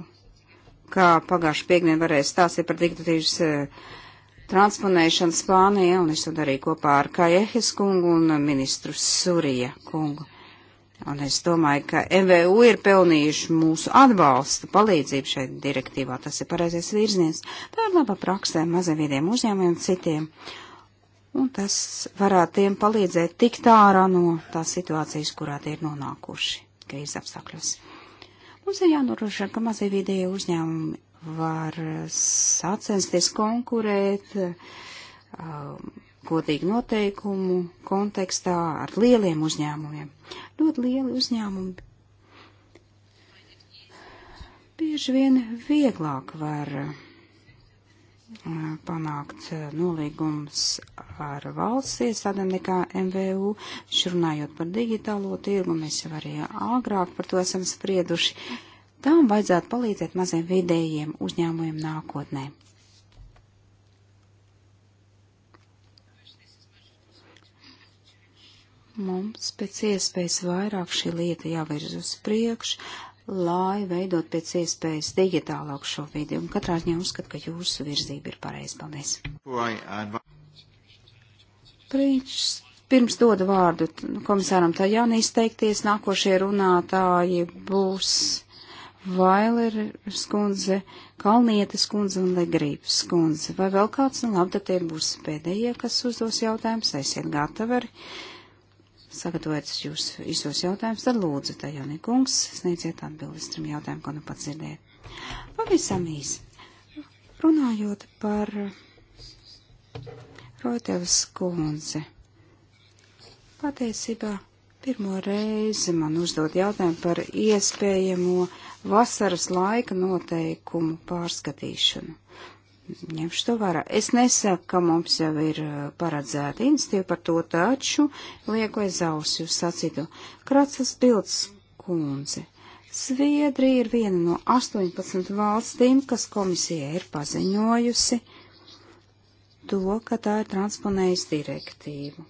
kā pagājuši piekdien varēja stāstīt par diktatīvas uh, transponēšanu Spānijā, un es to darīju kopā ar Kajehes kungu un ministru Surija kungu. Un es domāju, ka MVU ir pelnījuši mūsu atbalstu, palīdzību šeit direktīvā. Tas ir pareizais virziens. Tā ir laba praksē mazavīdiem uzņēmumiem citiem. Un tas varētu tiem palīdzēt tikt ārā no tās situācijas, kurā tie ir nonākuši krīzes apstākļos. Mums ir jānorošina, ka mazavīdējie uzņēmumi var eh, sacensties konkurēt eh, um, godīgi noteikumu kontekstā ar lieliem uzņēmumiem. Ļoti lieli uzņēmumi bieži vien vieglāk var eh, panākt nolīgums ar valsts iestādēm nekā MVU. Šrunājot par digitālo tirgu, mēs jau arī agrāk par to esam sprieduši. Uh, Tām vajadzētu palīdzēt maziem vidējiem uzņēmumiem nākotnē. Mums pēc iespējas vairāk šī lieta jāvirz uz priekšu, lai veidot pēc iespējas digitālāku šo vidi. Un katrā ziņā uzskat, ka jūsu virzība ir pareiza. Paldies! Prīčs pirms dodu vārdu komisāram Tajāni izteikties, nākošie runātāji būs Vaileres kundze, Kalnietes kundze un Legrības kundze. Vai vēl kāds? Nu, labi, tad tie būs pēdējie, kas uzdos jautājumus. Esiet gatavi arī. Sagatavojiet jūs visos jautājumus, tad lūdzu, tā jau nekungs, sniedziet atbildes trim jautājumiem, ko nu pats dzirdēt. Pavisam īsi. Runājot par Rotevas kundze. Patiesībā pirmo reizi man uzdod jautājumu par iespējamo vasaras laika noteikumu pārskatīšanu. Ņemšu to vērā. Es nesaku, ka mums jau ir uh, paredzēta institīva par to taču, lieku aiz ausi uz sacīto. Kracas bildes kundze. Zviedrija ir viena no 18 valstīm, kas komisijai ir paziņojusi to, ka tā ir transponējusi direktīvu.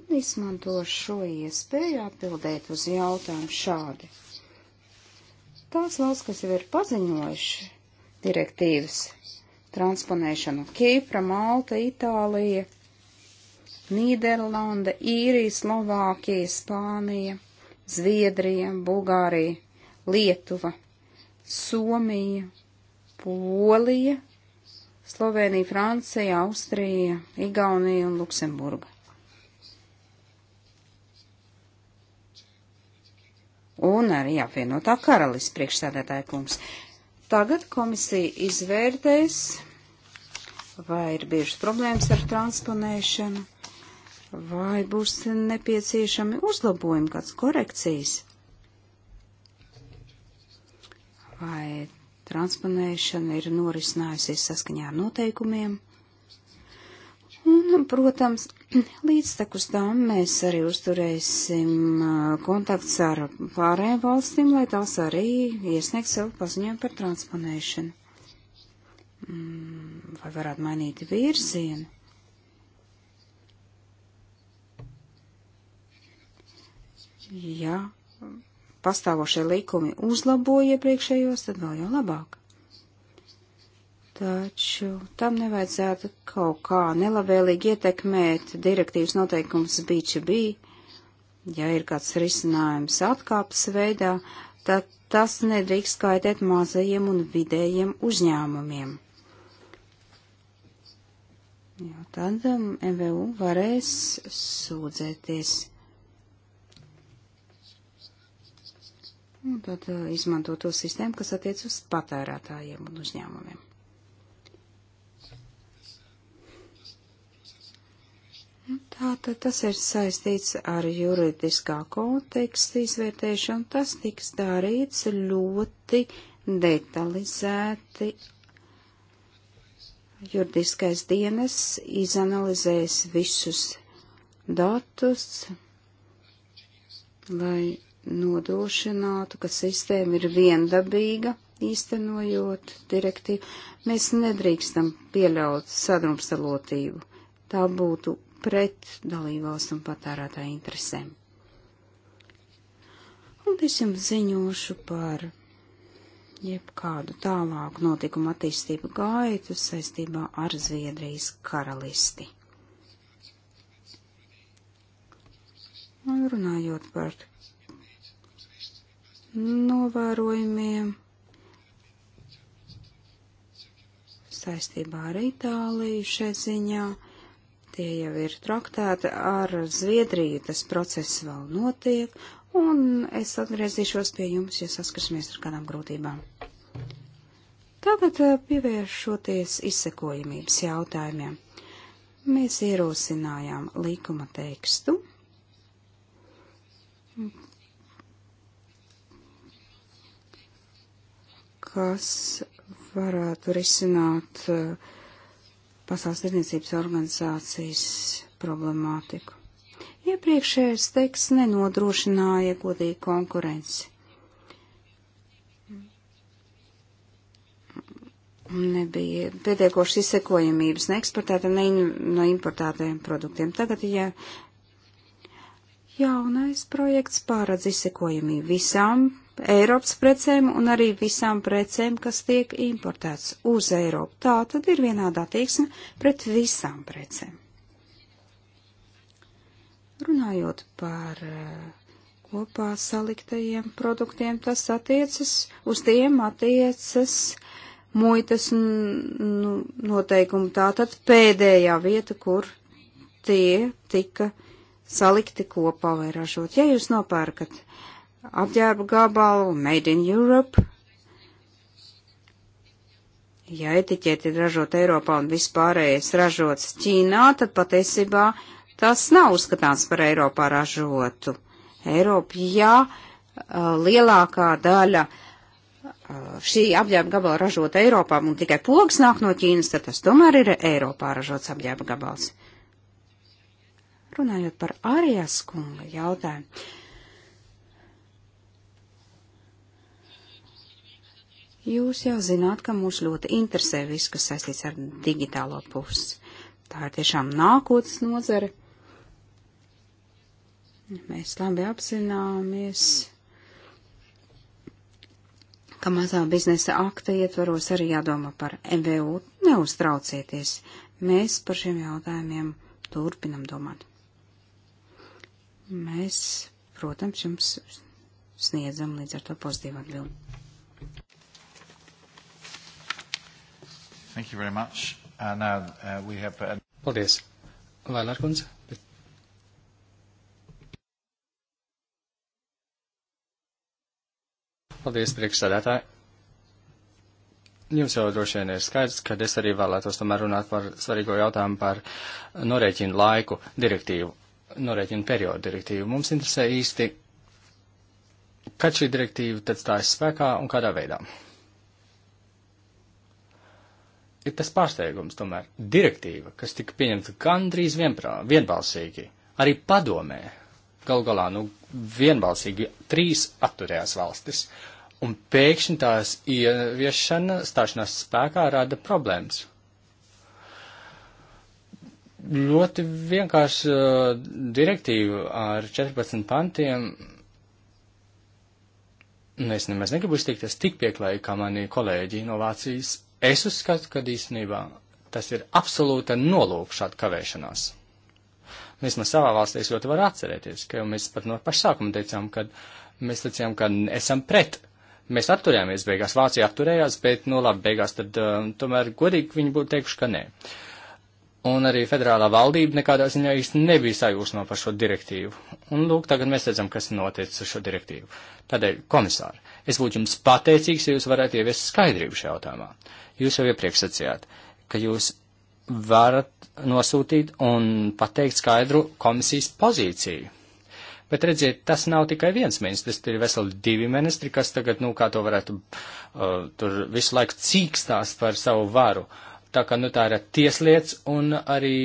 Un izmantošu šo iespēju atbildēt uz jautājumu šādi Tās valsts, kas jau ir paziņojuši direktīvas transponēšanu - Kīpra, Malta, Itālija, Nīderlanda, Īrija, Slovākija, Spānija, Zviedrija, Bulgārija, Lietuva, Somija, Polija, Slovenija, Francija, Austrija, Igaunija un Luksemburga. un arī apvienotā karalis priekšstādētāja kungs. Tagad komisija izvērtēs, vai ir biežas problēmas ar transponēšanu, vai būs nepieciešami uzlabojumi, kāds korekcijas, vai transponēšana ir norisinājusies saskaņā ar noteikumiem. Un, protams, (clears throat) līdztekus tam mēs arī uzturēsim kontakts ar pārējām valstīm, lai tās arī iesniegtu savu paziņojumu par transponēšanu. Mm, vai varētu mainīt virzienu? Ja pastāvošie likumi uzlaboja iepriekšējos, tad vēl jau labāk. Taču tam nevajadzētu kaut kā nelabvēlīgi ietekmēt direktīvas noteikums B2B. Ja ir kāds risinājums atkāpes veidā, tad tas nedrīkst kaitēt mazajiem un vidējiem uzņēmumiem. Jo tad MVU um, varēs sūdzēties. Un tad uh, izmanto to sistēmu, kas attiec uz patērētājiem un uzņēmumiem. Tātad tas ir saistīts ar juridiskā konteksta izvērtēšanu. Tas tiks darīts ļoti detalizēti. Juridiskais dienas izanalizēs visus datus, lai nodrošinātu, ka sistēma ir viendabīga īstenojot direktīvu. Mēs nedrīkstam pieļaut sadrumstalotību. Tā būtu pret dalībvalstu un patērētāju interesēm. Un es jums ziņošu par jebkādu tālāku notikumu attīstību gaitu saistībā ar Zviedrijas karalisti. Un runājot par novērojumiem saistībā ar Itāliju šai ziņā. Tie jau ir traktēti ar Zviedriju, tas process vēl notiek, un es atgriezīšos pie jums, ja saskarsimies ar kādām grūtībām. Tagad eh, pievēršoties izsekojamības jautājumiem. Mēs ierosinājām likuma tekstu, kas varētu risināt uh, pasaules tirniecības organizācijas problemātiku. Iepriekšējais teksts nenodrošināja godīgu konkurenci. Nebija pietiekoši izsekojamības ne eksportētiem, ne no importētiem produktiem. Tagad, ja jaunais projekts pārādz izsekojamību visām Eiropas precēm un arī visām precēm, kas tiek importētas uz Eiropu. Tā tad ir vienāda attieksme pret visām precēm. Runājot par eh, kopā saliktajiem produktiem, tas attiecas, uz tiem attiecas muitas nu, noteikumi. Tā tad pēdējā vieta, kur tie tika salikti kopā vai ražot. Ja jūs nopērkat apģērba gabalu Made in Europe. Ja etiķeti ir ražot Eiropā un vispārējais ražots Ķīnā, tad patiesībā tas nav uzskatāms par Eiropā ražotu. Eiropa, jā, uh, lielākā daļa uh, šī apģērba gabala ražota Eiropā un tikai pogas nāk no Ķīnas, tad tas tomēr ir Eiropā ražots apģērba gabals. Runājot par Arijas kunga jautājumu Jūs jau zināt, ka mūs ļoti interesē viss, kas saistīts ar digitālo pusi. Tā ir tiešām nākotnes nozare. Mēs labi apzināmies, ka mazā biznesa akta ietvaros arī jādomā par MVU. Neuztraucieties, mēs par šiem jautājumiem turpinam domāt. Mēs, protams, jums sniedzam līdz ar to pozitīvu atbildi. Thank you very much. Uh, now uh, we have... Uh... Paldies. Vēlērkundze. Bet... Paldies, priekšsādātāji. Jums jau droši vien ir skaidrs, ka es arī vēlētos tomēr runāt par svarīgo jautājumu par norēķinu laiku direktīvu, norēķinu periodu direktīvu. Mums interesē īsti, kad šī direktīva tad stājas spēkā un kādā veidā ir tas pārsteigums tomēr. Direktīva, kas tika pieņemta gandrīz vienprā, vienbalsīgi, arī padomē, gal galā, nu, vienbalsīgi trīs atturējās valstis, un pēkšņi tās ieviešana stāšanās spēkā rada problēmas. Ļoti vienkārši uh, direktīva ar 14 pantiem nu, es nemaz negribu izteikties tik pieklājīgi, kā mani kolēģi no Vācijas Es uzskatu, ka īstenībā tas ir absolūta nolūk šāda kavēšanās. Mēs no savā valstī ļoti varam atcerēties, ka mēs pat no paša sākuma teicām, ka mēs teicām, ka esam pret. Mēs atturējāmies beigās, Vācija atturējās, bet, nu labi, beigās tad um, tomēr godīgi viņi būtu teikuši, ka nē. Uh, Un arī federālā valdība nekādā ziņā īsti nebija sajūsmā par šo direktīvu. Un lūk, tagad mēs redzam, kas noticis ar šo direktīvu. Tādēļ, komisāri, es būtu jums pateicīgs, ja jūs varētu ieviest skaidrību šajā jautājumā. Jūs jau iepriekš sacījāt, ka jūs varat nosūtīt un pateikt skaidru komisijas pozīciju. Bet redziet, tas nav tikai viens ministrs, tas ir veseli divi ministri, kas tagad, nu, kā to varētu uh, tur visu laiku cīkstās par savu varu. Uh, Tā kā nu, tā ir tieslietas un arī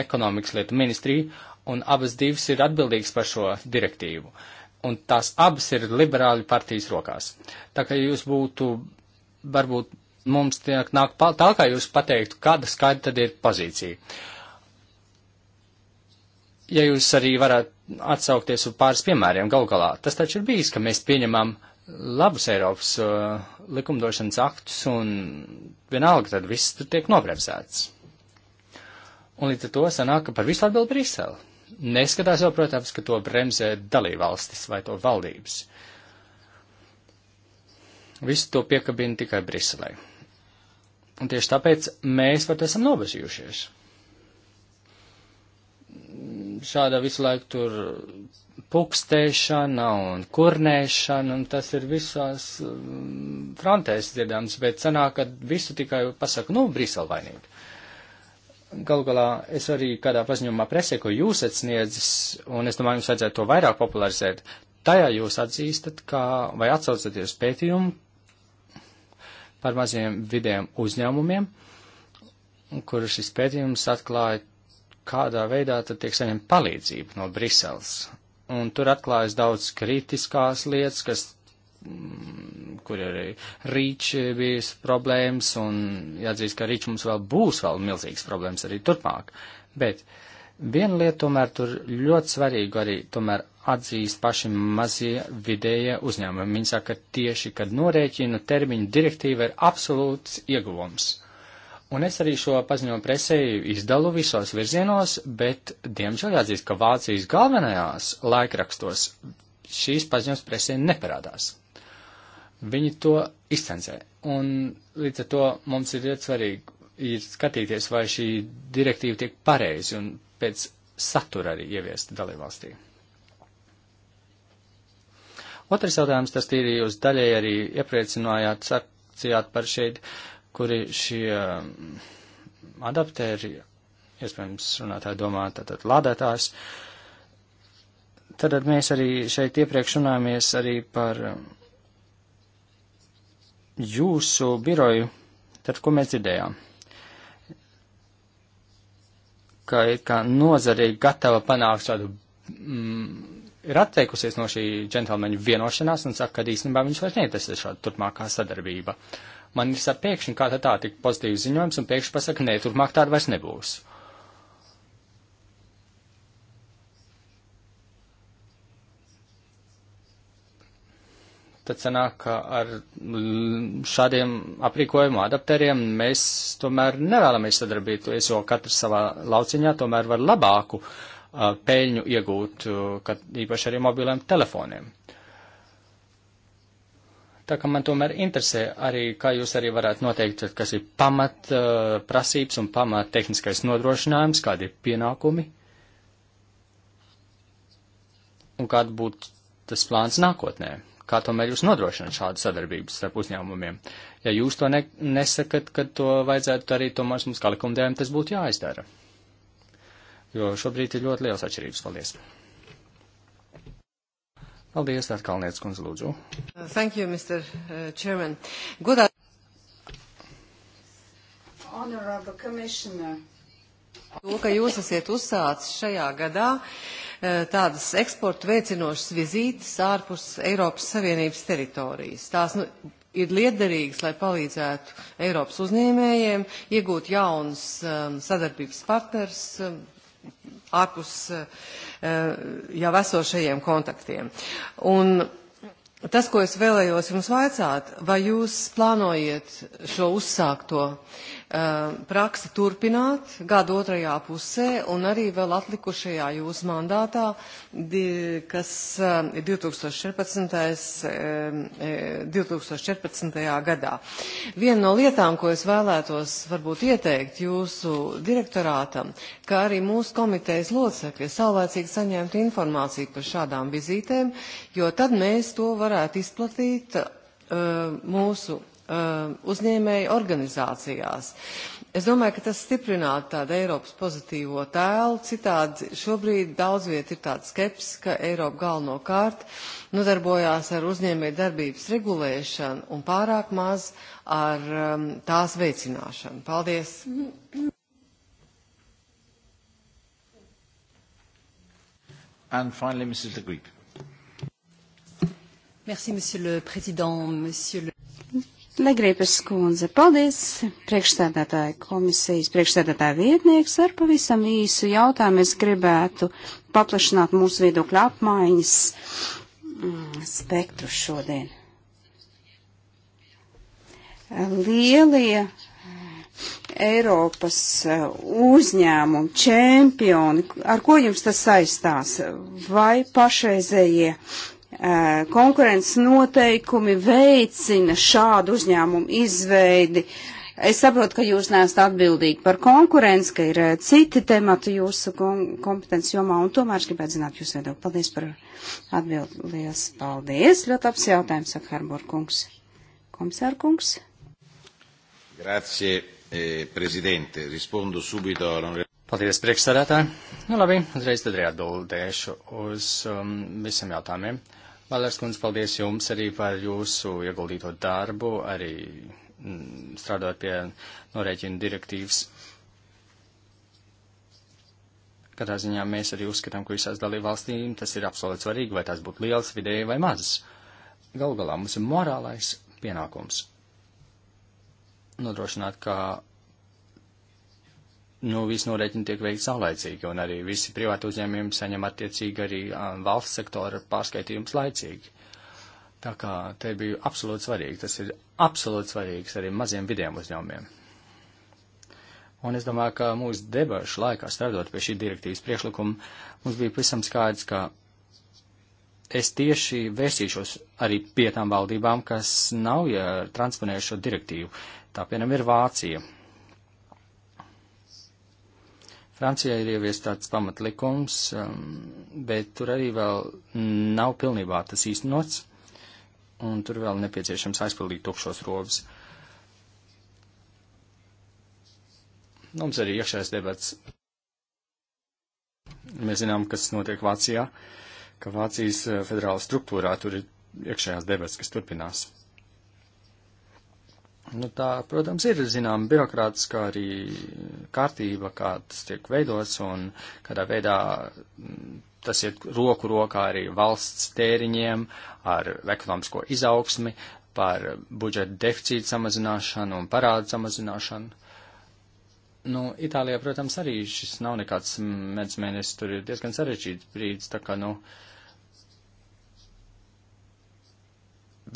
ekonomikas lietu ministrija, un abas divas ir atbildīgas par šo direktīvu. Un tās abas ir liberāļu partijas rokās. Tā kā jūs būtu, varbūt mums tiek nāk tā, kā jūs pateiktu, kāda skaita tad ir pozīcija. Ja jūs arī varat atsaukties uz pāris piemēriem, gal galā, tas taču ir bijis, ka mēs pieņemam uh, labus Eiropas uh, likumdošanas aktus, un vienalga tad viss tur tiek nobremzēts. Un līdz ar to sanāk, ka par visu atbild Brisele. Neskatās jau, protams, ka to bremzē dalībvalstis vai to valdības. Visu to piekabina tikai Briselē. Un tieši tāpēc mēs par to esam nobežījušies šāda visu laiku tur pukstēšana un kurnēšana, un tas ir visās mm, frontēs dzirdams, bet sanāk, ka visu tikai pasaka, nu, Brisele vainīgi. Galu galā es arī kādā paziņojumā presē, ko jūs esat sniedzis, un es domāju, jums vajadzētu to vairāk popularizēt, tajā jūs atzīstat, ka, vai atsaucaties pētījumu par maziem vidiem uzņēmumiem, kur šis pētījums atklāja, kādā veidā tad tiek saņemt palīdzību no Briseles. Un tur atklājas daudz kritiskās lietas, kas, mm, kur arī rīč bijis problēmas, un jāatzīst, ka rīč mums vēl būs vēl milzīgas problēmas arī turpmāk. Bet viena lieta tomēr tur ļoti svarīga arī tomēr atzīst paši mazie vidējie uzņēmumi. Viņi saka, ka tieši, kad norēķina termiņu direktīva ir absolūts ieguvums. Un es arī šo paziņojumu presē izdalu visos virzienos, bet diemžēl jāatzīst, ka Vācijas galvenajās laikrakstos šīs paziņojums presē neparādās. Viņi to izcensē. Un līdz ar to mums ir ļoti svarīgi ir skatīties, vai šī direktīva tiek pareizi un pēc satura arī ieviesta dalībvalstī. Otrs jautājums, tas tīri jūs daļai arī iepriecinājāt, sacījāt par šeit. Uh, kuri šie mm, adaptēri, iespējams, runātāji domā, tātad lādētājs. Tad mēs arī šeit iepriekš runājamies arī par mm, jūsu biroju, tad ko mēs dzirdējām? Ka ir kā nozare gatava panākt tādu, mm, ir atteikusies no šī džentlmeņa vienošanās un saka, ka īstenībā viņš vairs neinteresē šāda turpmākā sadarbība. Uh, man ir sapiekšņi, kā tā tā tik pozitīvi ziņojums, un pēkšņi pasaka, nē, turpmāk tāda vairs nebūs. Tad sanāk, ka ar šādiem aprīkojumu adapteriem mēs tomēr nevēlamies sadarbīties, jo katrs savā lauciņā tomēr var labāku uh, peļņu iegūt, uh, kad īpaši arī mobiliem telefoniem. Tā kā man tomēr interesē arī, kā jūs arī varētu noteikt, kas ir pamat uh, prasības un pamat tehniskais nodrošinājums, kādi ir pienākumi un kāda būtu tas plāns nākotnē. Kā tomēr jūs nodrošināt šādu sadarbību starp uzņēmumiem? Ja jūs to ne, nesakat, kad to vajadzētu arī tomēr mums kā likumdēm tas būtu jāizdara. Jo šobrīd ir ļoti liels atšķirības. Paldies! Paldies, Atkalniec kundze, lūdzu. Thank you, Mr. Uh, chairman. Good Honorable Commissioner. To, ka jūs esat uzsācis šajā gadā uh, tādas eksportu veicinošas vizītes ārpus Eiropas Savienības teritorijas. Tās nu, ir liederīgas, lai palīdzētu Eiropas uzņēmējiem iegūt jaunus um, sadarbības partners um, ārpus eh, eh, jau esošajiem kontaktiem. Un Tas, ko es vēlējos jums vaicāt, vai jūs plānojat šo uzsākto uh, praksi turpināt gada otrajā pusē un arī vēl atlikušajā jūsu mandātā, di, kas uh, ir 2014, uh, 2014. gadā. Viena no lietām, ko es vēlētos varbūt ieteikt jūsu direktorātam, ka arī mūsu komitejas locekļi saulēcīgi saņemtu informāciju par šādām vizītēm, jo tad mēs to varam varētu izplatīt uh, mūsu uh, uzņēmēju organizācijās. Es domāju, ka tas stiprinātu tādu Eiropas pozitīvo tēlu. Citādi šobrīd daudz viet ir tāda skepsis, ka Eiropa galvenokārt nodarbojās ar uzņēmē darbības regulēšanu un pārāk maz ar um, tās veicināšanu. Paldies! And finally, Mrs. Le Grip. Merci, monsieur le président, monsieur le. Legrības kundze, paldies, priekšstādātāja komisijas, priekšstādātāja vietnieks ar pavisam īsu jautājumu. Es gribētu paplašināt mūsu viedokļu apmaiņas mm, spektru šodien. Lielie mm, Eiropas mm, uzņēmumu čempioni, ar ko jums tas saistās? Vai pašreizējie Eh, konkurences noteikumi veicina šādu uzņēmumu izveidi. Es saprotu, ka jūs neesat atbildīgi par konkurenci, ka ir eh, citi temati jūsu kompetenci jomā, un tomēr es gribētu zināt jūsu viedokli. Paldies par atbildi. Lielas paldies. Ļoti labs jautājums, saka Harbor kungs. Komisār kungs. Grazie, eh, prezidente. Rispondo subito. Paldies, priekšsādātāji. Nu labi, uzreiz tad arī atbildēšu uz um, visiem jautājumiem. Uh, Valērs kundze, paldies jums arī par jūsu ieguldīto darbu, arī m, mm, strādājot pie norēķina direktīvas. Katrā ziņā mēs arī uzskatām, ka visās dalībvalstīm tas ir absolūti svarīgi, vai tās būtu liels, vidēji vai mazas. Galu galā mums ir morālais pienākums nodrošināt, ka nu, visi norēķini tiek veikti saulaicīgi, un arī visi privāti uzņēmumi saņem attiecīgi arī valsts sektora pārskaitījums laicīgi. Tā kā te bija absolūti svarīgi, tas ir absolūti svarīgs arī maziem vidiem uzņēmumiem. Un es domāju, ka mūsu debašu laikā strādot pie šī direktīvas priekšlikuma, mums bija pavisam skaidrs, ka es tieši vērsīšos arī pie tām valdībām, kas nav ja transponējuši šo direktīvu. Tā piemēram ir Vācija Francijā ir ievies tāds pamatlikums, um, bet tur arī vēl nav pilnībā tas īstenots, un tur vēl nepieciešams aizpildīt tukšos robus. Mums arī iekšējais debats. Mēs zinām, kas notiek Vācijā, ka Vācijas uh, federāla struktūrā tur ir iekšējās debats, kas turpinās. Nu, tā, protams, ir zinām birokrātiskā arī kārtība, kā tas tiek veidots un kādā veidā mm, tas iet roku rokā arī valsts tēriņiem ar ekonomisko izaugsmi, par budžeta deficītu samazināšanu un parādu samazināšanu. Nu, Itālijā, protams, arī šis nav nekāds mēdzmēnesis, tur ir diezgan sarežģīts brīdis, tā kā, nu, uh,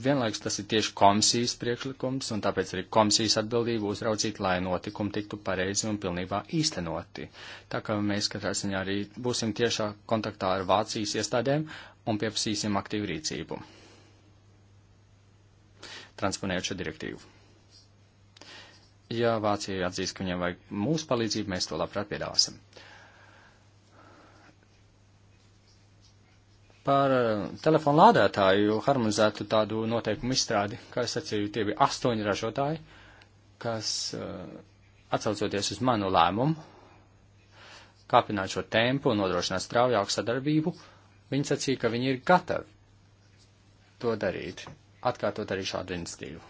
vienlaiks tas ir tieši komisijas priekšlikums, un tāpēc arī komisijas atbildība uzraudzīt, lai notikumi tiktu pareizi un pilnībā īstenoti. Tā kā mēs katrā ziņā arī būsim tiešā kontaktā ar Vācijas iestādēm un pieprasīsim aktīvu rīcību. Transponējot šo direktīvu. Ja Vācija atzīs, ka viņiem vajag mūsu palīdzību, mēs to labprāt piedāvāsim. par eh, telefonu lādētāju harmonizētu tādu noteikumu izstrādi, kā es sacīju, tie bija astoņi ražotāji, kas eh, atsaucoties uz manu lēmumu, kāpināt šo tempu un nodrošināt straujāku sadarbību, viņi sacīja, ka viņi ir gatavi to darīt, atkārtot arī šādu inicitīvu.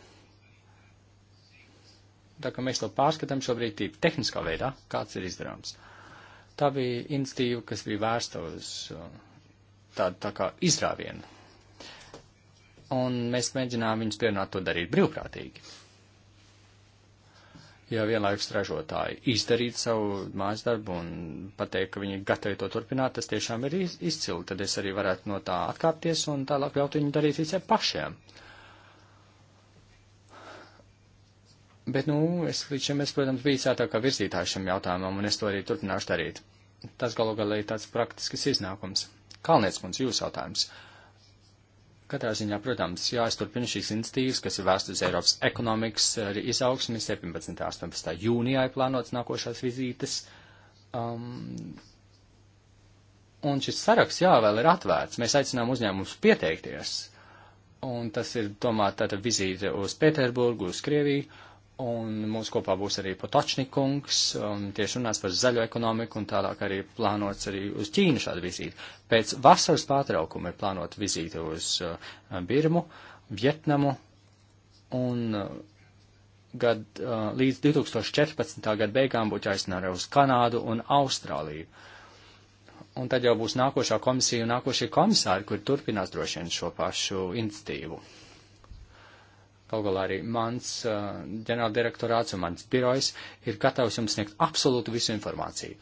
Tā kā mēs to pārskatām šobrīd tīp tehniskā veidā, kāds ir izdarāms. Tā bija inicitīva, kas bija vērsta uz uh, tādu tā kā izrāvienu. Un mēs mēģinām viņus pierunāt to darīt brīvprātīgi. Ja vienlaikus ražotāji izdarītu savu mājas darbu un pateikt, ka viņi gatavi to turpināt, tas tiešām ir izcili, tad es arī varētu no tā atkāpties un tālāk ļaut viņu darīt visiem pašiem. Bet, nu, es līdz šim, es, protams, biju sētākā virzītāja šim jautājumam, un es to arī turpināšu darīt. Tas galu galā ir tāds praktisks iznākums. Kalniec kundze, jūs jautājums. Katrā ziņā, protams, jāizturpina šīs institīvas, kas ir vērstas uz Eiropas ekonomikas arī eh, izaugsmi 17. un 18. jūnijā ir plānotas nākošās vizītes. Um, un šis saraksts, jā, vēl ir atvērts. Mēs aicinām uzņēmumus pieteikties. Un tas ir domāta tāda vizīte uz Pēterburgu, uz Krieviju Un mums kopā būs arī Potočnikungs, um, tieši runās par zaļo ekonomiku un tālāk arī plānots arī uz Ķīnu šāda vizīte. Pēc vasaras pārtraukuma ir plānota vizīte uz uh, Birmu, Vietnamu un uh, gad, uh, līdz 2014. gada beigām būtu jāizsnā arī uz Kanādu un Austrāliju. Un tad jau būs nākošā komisija un nākošie komisāri, kuri turpinās droši vien šo pašu iniciatīvu. Galā arī mans uh, ģenerāldirektorāts un mans birojs ir gatavs jums sniegt absolūtu visu informāciju,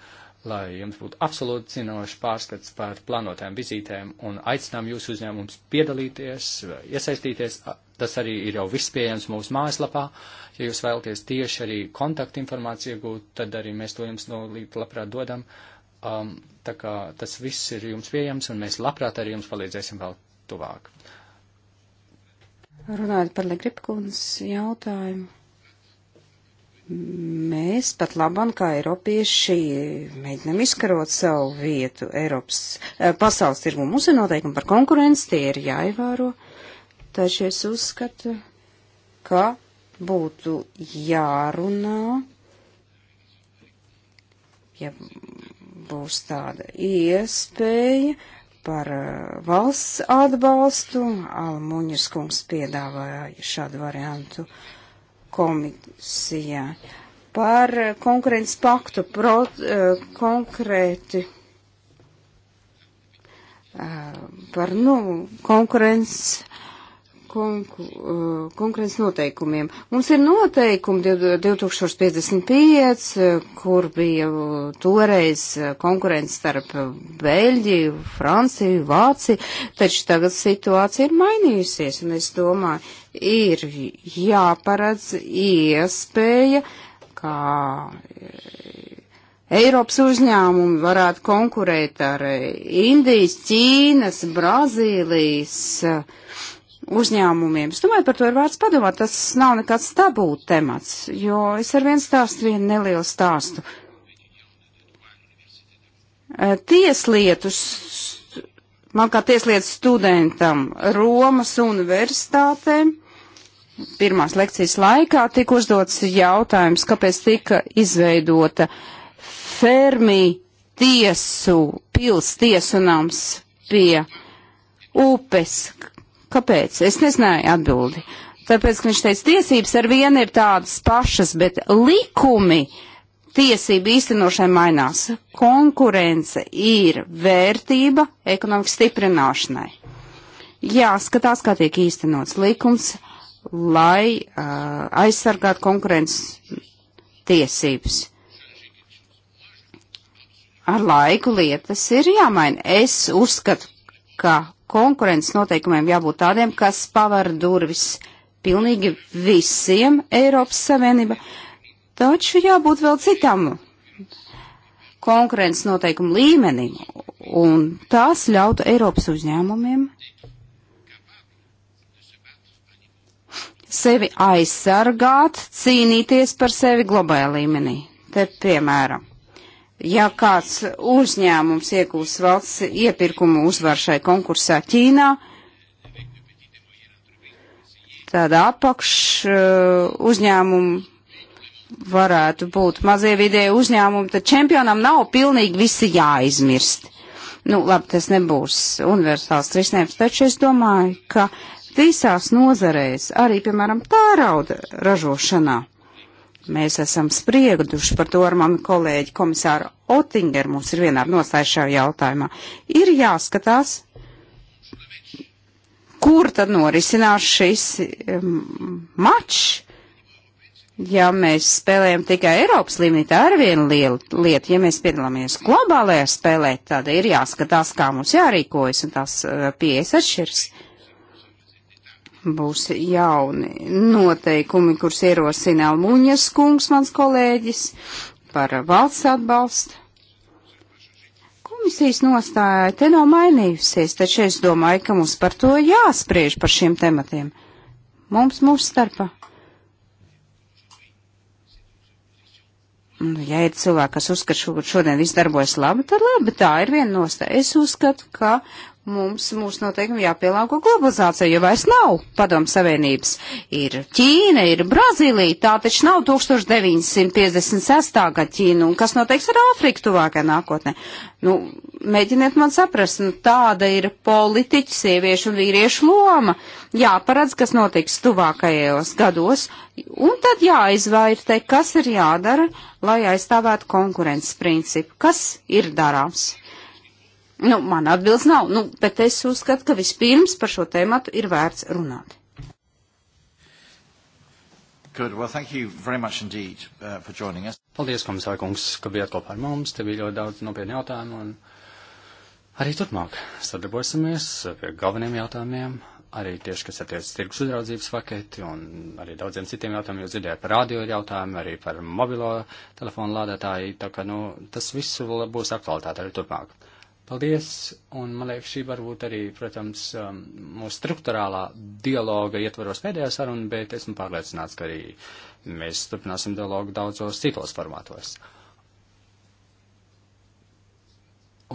lai jums būtu absolūti zinošs pārskats par plānotēm vizītēm un aicinām jūs uzņēmums piedalīties, iesaistīties. Tas arī ir jau viss pieejams mūsu mājaslapā. Ja jūs vēlaties tieši arī kontaktinformāciju iegūt, tad arī mēs to jums no līdz labprāt dodam. Um, tā kā tas viss ir jums pieejams un mēs labprāt arī jums palīdzēsim vēl tuvāk. Runājot par Legripkunas jautājumu, mēs pat labam kā Eiropieši mēģinam izkarot savu vietu Eiropas eh, pasaules tirgu. Mums ir noteikumi par konkurenci, tie ir jāievēro, taču es uzskatu, ka būtu jārunā, ja būs tāda iespēja par eh, valsts atbalstu. Almuņas kungs piedāvāja šādu variantu komisijā. Par eh, konkurences paktu pro, eh, konkrēti par nu, konkurences konku, eh, konkurences noteikumiem. Mums ir noteikumi 2055, eh, kur bija toreiz eh, konkurence starp Beļģiju, Franciju, Vāciju, taču tagad situācija ir mainījusies, un es domāju, ir jāparedz iespēja, kā Eiropas uzņēmumi varētu konkurēt ar Indijas, Ķīnas, Brazīlijas, uzņēmumiem. Es domāju, par to ir vērts padomāt. Tas nav nekāds tabū temats, jo es ar vienu stāstu vienu nelielu stāstu. Tieslietu, man kā tieslietu studentam Romas universitātē, pirmās lekcijas laikā tika uzdots jautājums, kāpēc tika izveidota fermī tiesu, pils tiesunams pie upes, Kāpēc? Es nezināju atbildi. Tāpēc, ka viņš teica, tiesības ar vienu ir tādas pašas, bet likumi tiesību īstenošai mainās. Konkurence ir vērtība ekonomikas stiprināšanai. Jāskatās, kā tiek īstenots likums, lai uh, aizsargātu konkurences tiesības ar laiku lietas ir jāmaina. Es uzskatu, ka konkurences noteikumiem jābūt tādiem, kas paver durvis pilnīgi visiem Eiropas Savienība, taču jābūt vēl citam konkurences noteikumu līmenim, un tās ļautu Eiropas uzņēmumiem sevi aizsargāt, cīnīties par sevi globālā līmenī. Te, piemēram, ja kāds uzņēmums iegūs valsts iepirkumu uzvaru šai konkursā Ķīnā, tāda apakš uh, uzņēmuma varētu būt mazie vidēji uzņēmumi, tad čempionam nav pilnīgi visi jāizmirst. Nu, labi, tas nebūs universāls risinājums, taču es domāju, ka visās nozarēs, arī, piemēram, tārauda ražošanā, Mēs esam sprieguduši par to ar mani kolēģi komisāru Otingeru. Mums ir vienāda nostāja šajā jautājumā. Ir jāskatās, kur tad norisinās šis um, mačs. Ja mēs spēlējam tikai Eiropas līmenī, tā ir viena liela lieta. Ja mēs piedalāmies globālajā spēlē, tad ir jāskatās, kā mums jārīkojas, un tās uh, pieejas atšķiras būs jauni noteikumi, kurus ierosina Almuņas kungs, mans kolēģis, par valsts atbalstu. Komisijas nostāja te nav mainījusies, taču es domāju, ka mums par to jāspriež par šiem tematiem. Mums mūsu starpā. Nu, ja ir cilvēki, kas uzskata, ka šodien viss darbojas labi, tad labi, tā ir viena nostāja. Es uzskatu, ka mums mūsu noteikumi jāpielāgo globalizācijai, jo vairs nav padomu savienības. Ir Ķīna, ir Brazīlija, tā taču nav 1956. gada Ķīna, un kas noteiks ar Āfriku tuvākajā nākotnē. Nu, mēģiniet man saprast, nu, tāda ir politiķa, sieviešu un vīriešu loma. Jāparedz, kas notiks tuvākajos gados, un tad jāizvairtē, kas ir jādara, lai aizstāvētu konkurences principu. Kas ir darāms? Nu, man atbildes nav, nu, bet es uzskatu, ka vispirms par šo tēmatu ir vērts runāt. Good. Well, thank you very much indeed uh, for joining us. Paldies, komisār kungs, ka bijāt kopā ar mums. Te bija ļoti daudz nopietni jautājumu un arī turpmāk sadarbosimies pie galveniem jautājumiem. Arī tieši, kas attiecas tirgus uzraudzības paketi un arī daudziem citiem jautājumiem, jūs dzirdējāt par radio jautājumu, arī par mobilo telefonu lādētāju, tā ka, nu, tas viss būs aktualitāte arī turpmāk. Paldies, un man liekas, šī varbūt arī, protams, um, mūsu struktūrālā dialoga ietvaros pēdējā saruna, bet esmu pārliecināts, ka arī mēs turpināsim dialogu daudzos citos formātos.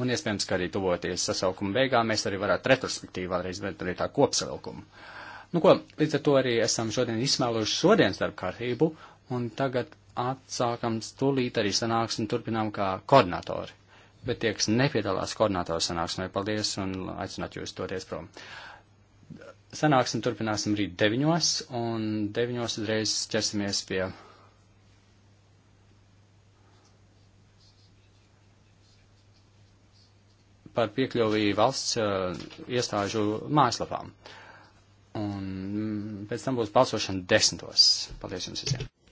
Un iespējams, ka arī tuvoties sasaukuma beigām, mēs arī varētu retrospektīvi vēlreiz veikt arī tā kopsavilkumu. Nu ko, līdz ar to arī esam šodien izsmēluši šodienas darba kārtību, un tagad atsākam stulīt arī sanāksim turpinām kā koordinatori bet tie, kas nepiedalās koordinātoru sanāksmē, paldies un aicināt jūs toties prom. Sanāksim turpināsim rīt deviņos, un deviņos uzreiz ķersimies pie. par piekļuvi valsts uh, iestāžu mājaslapām. Un mm, pēc tam būs balsošana desmitos. Paldies jums visiem!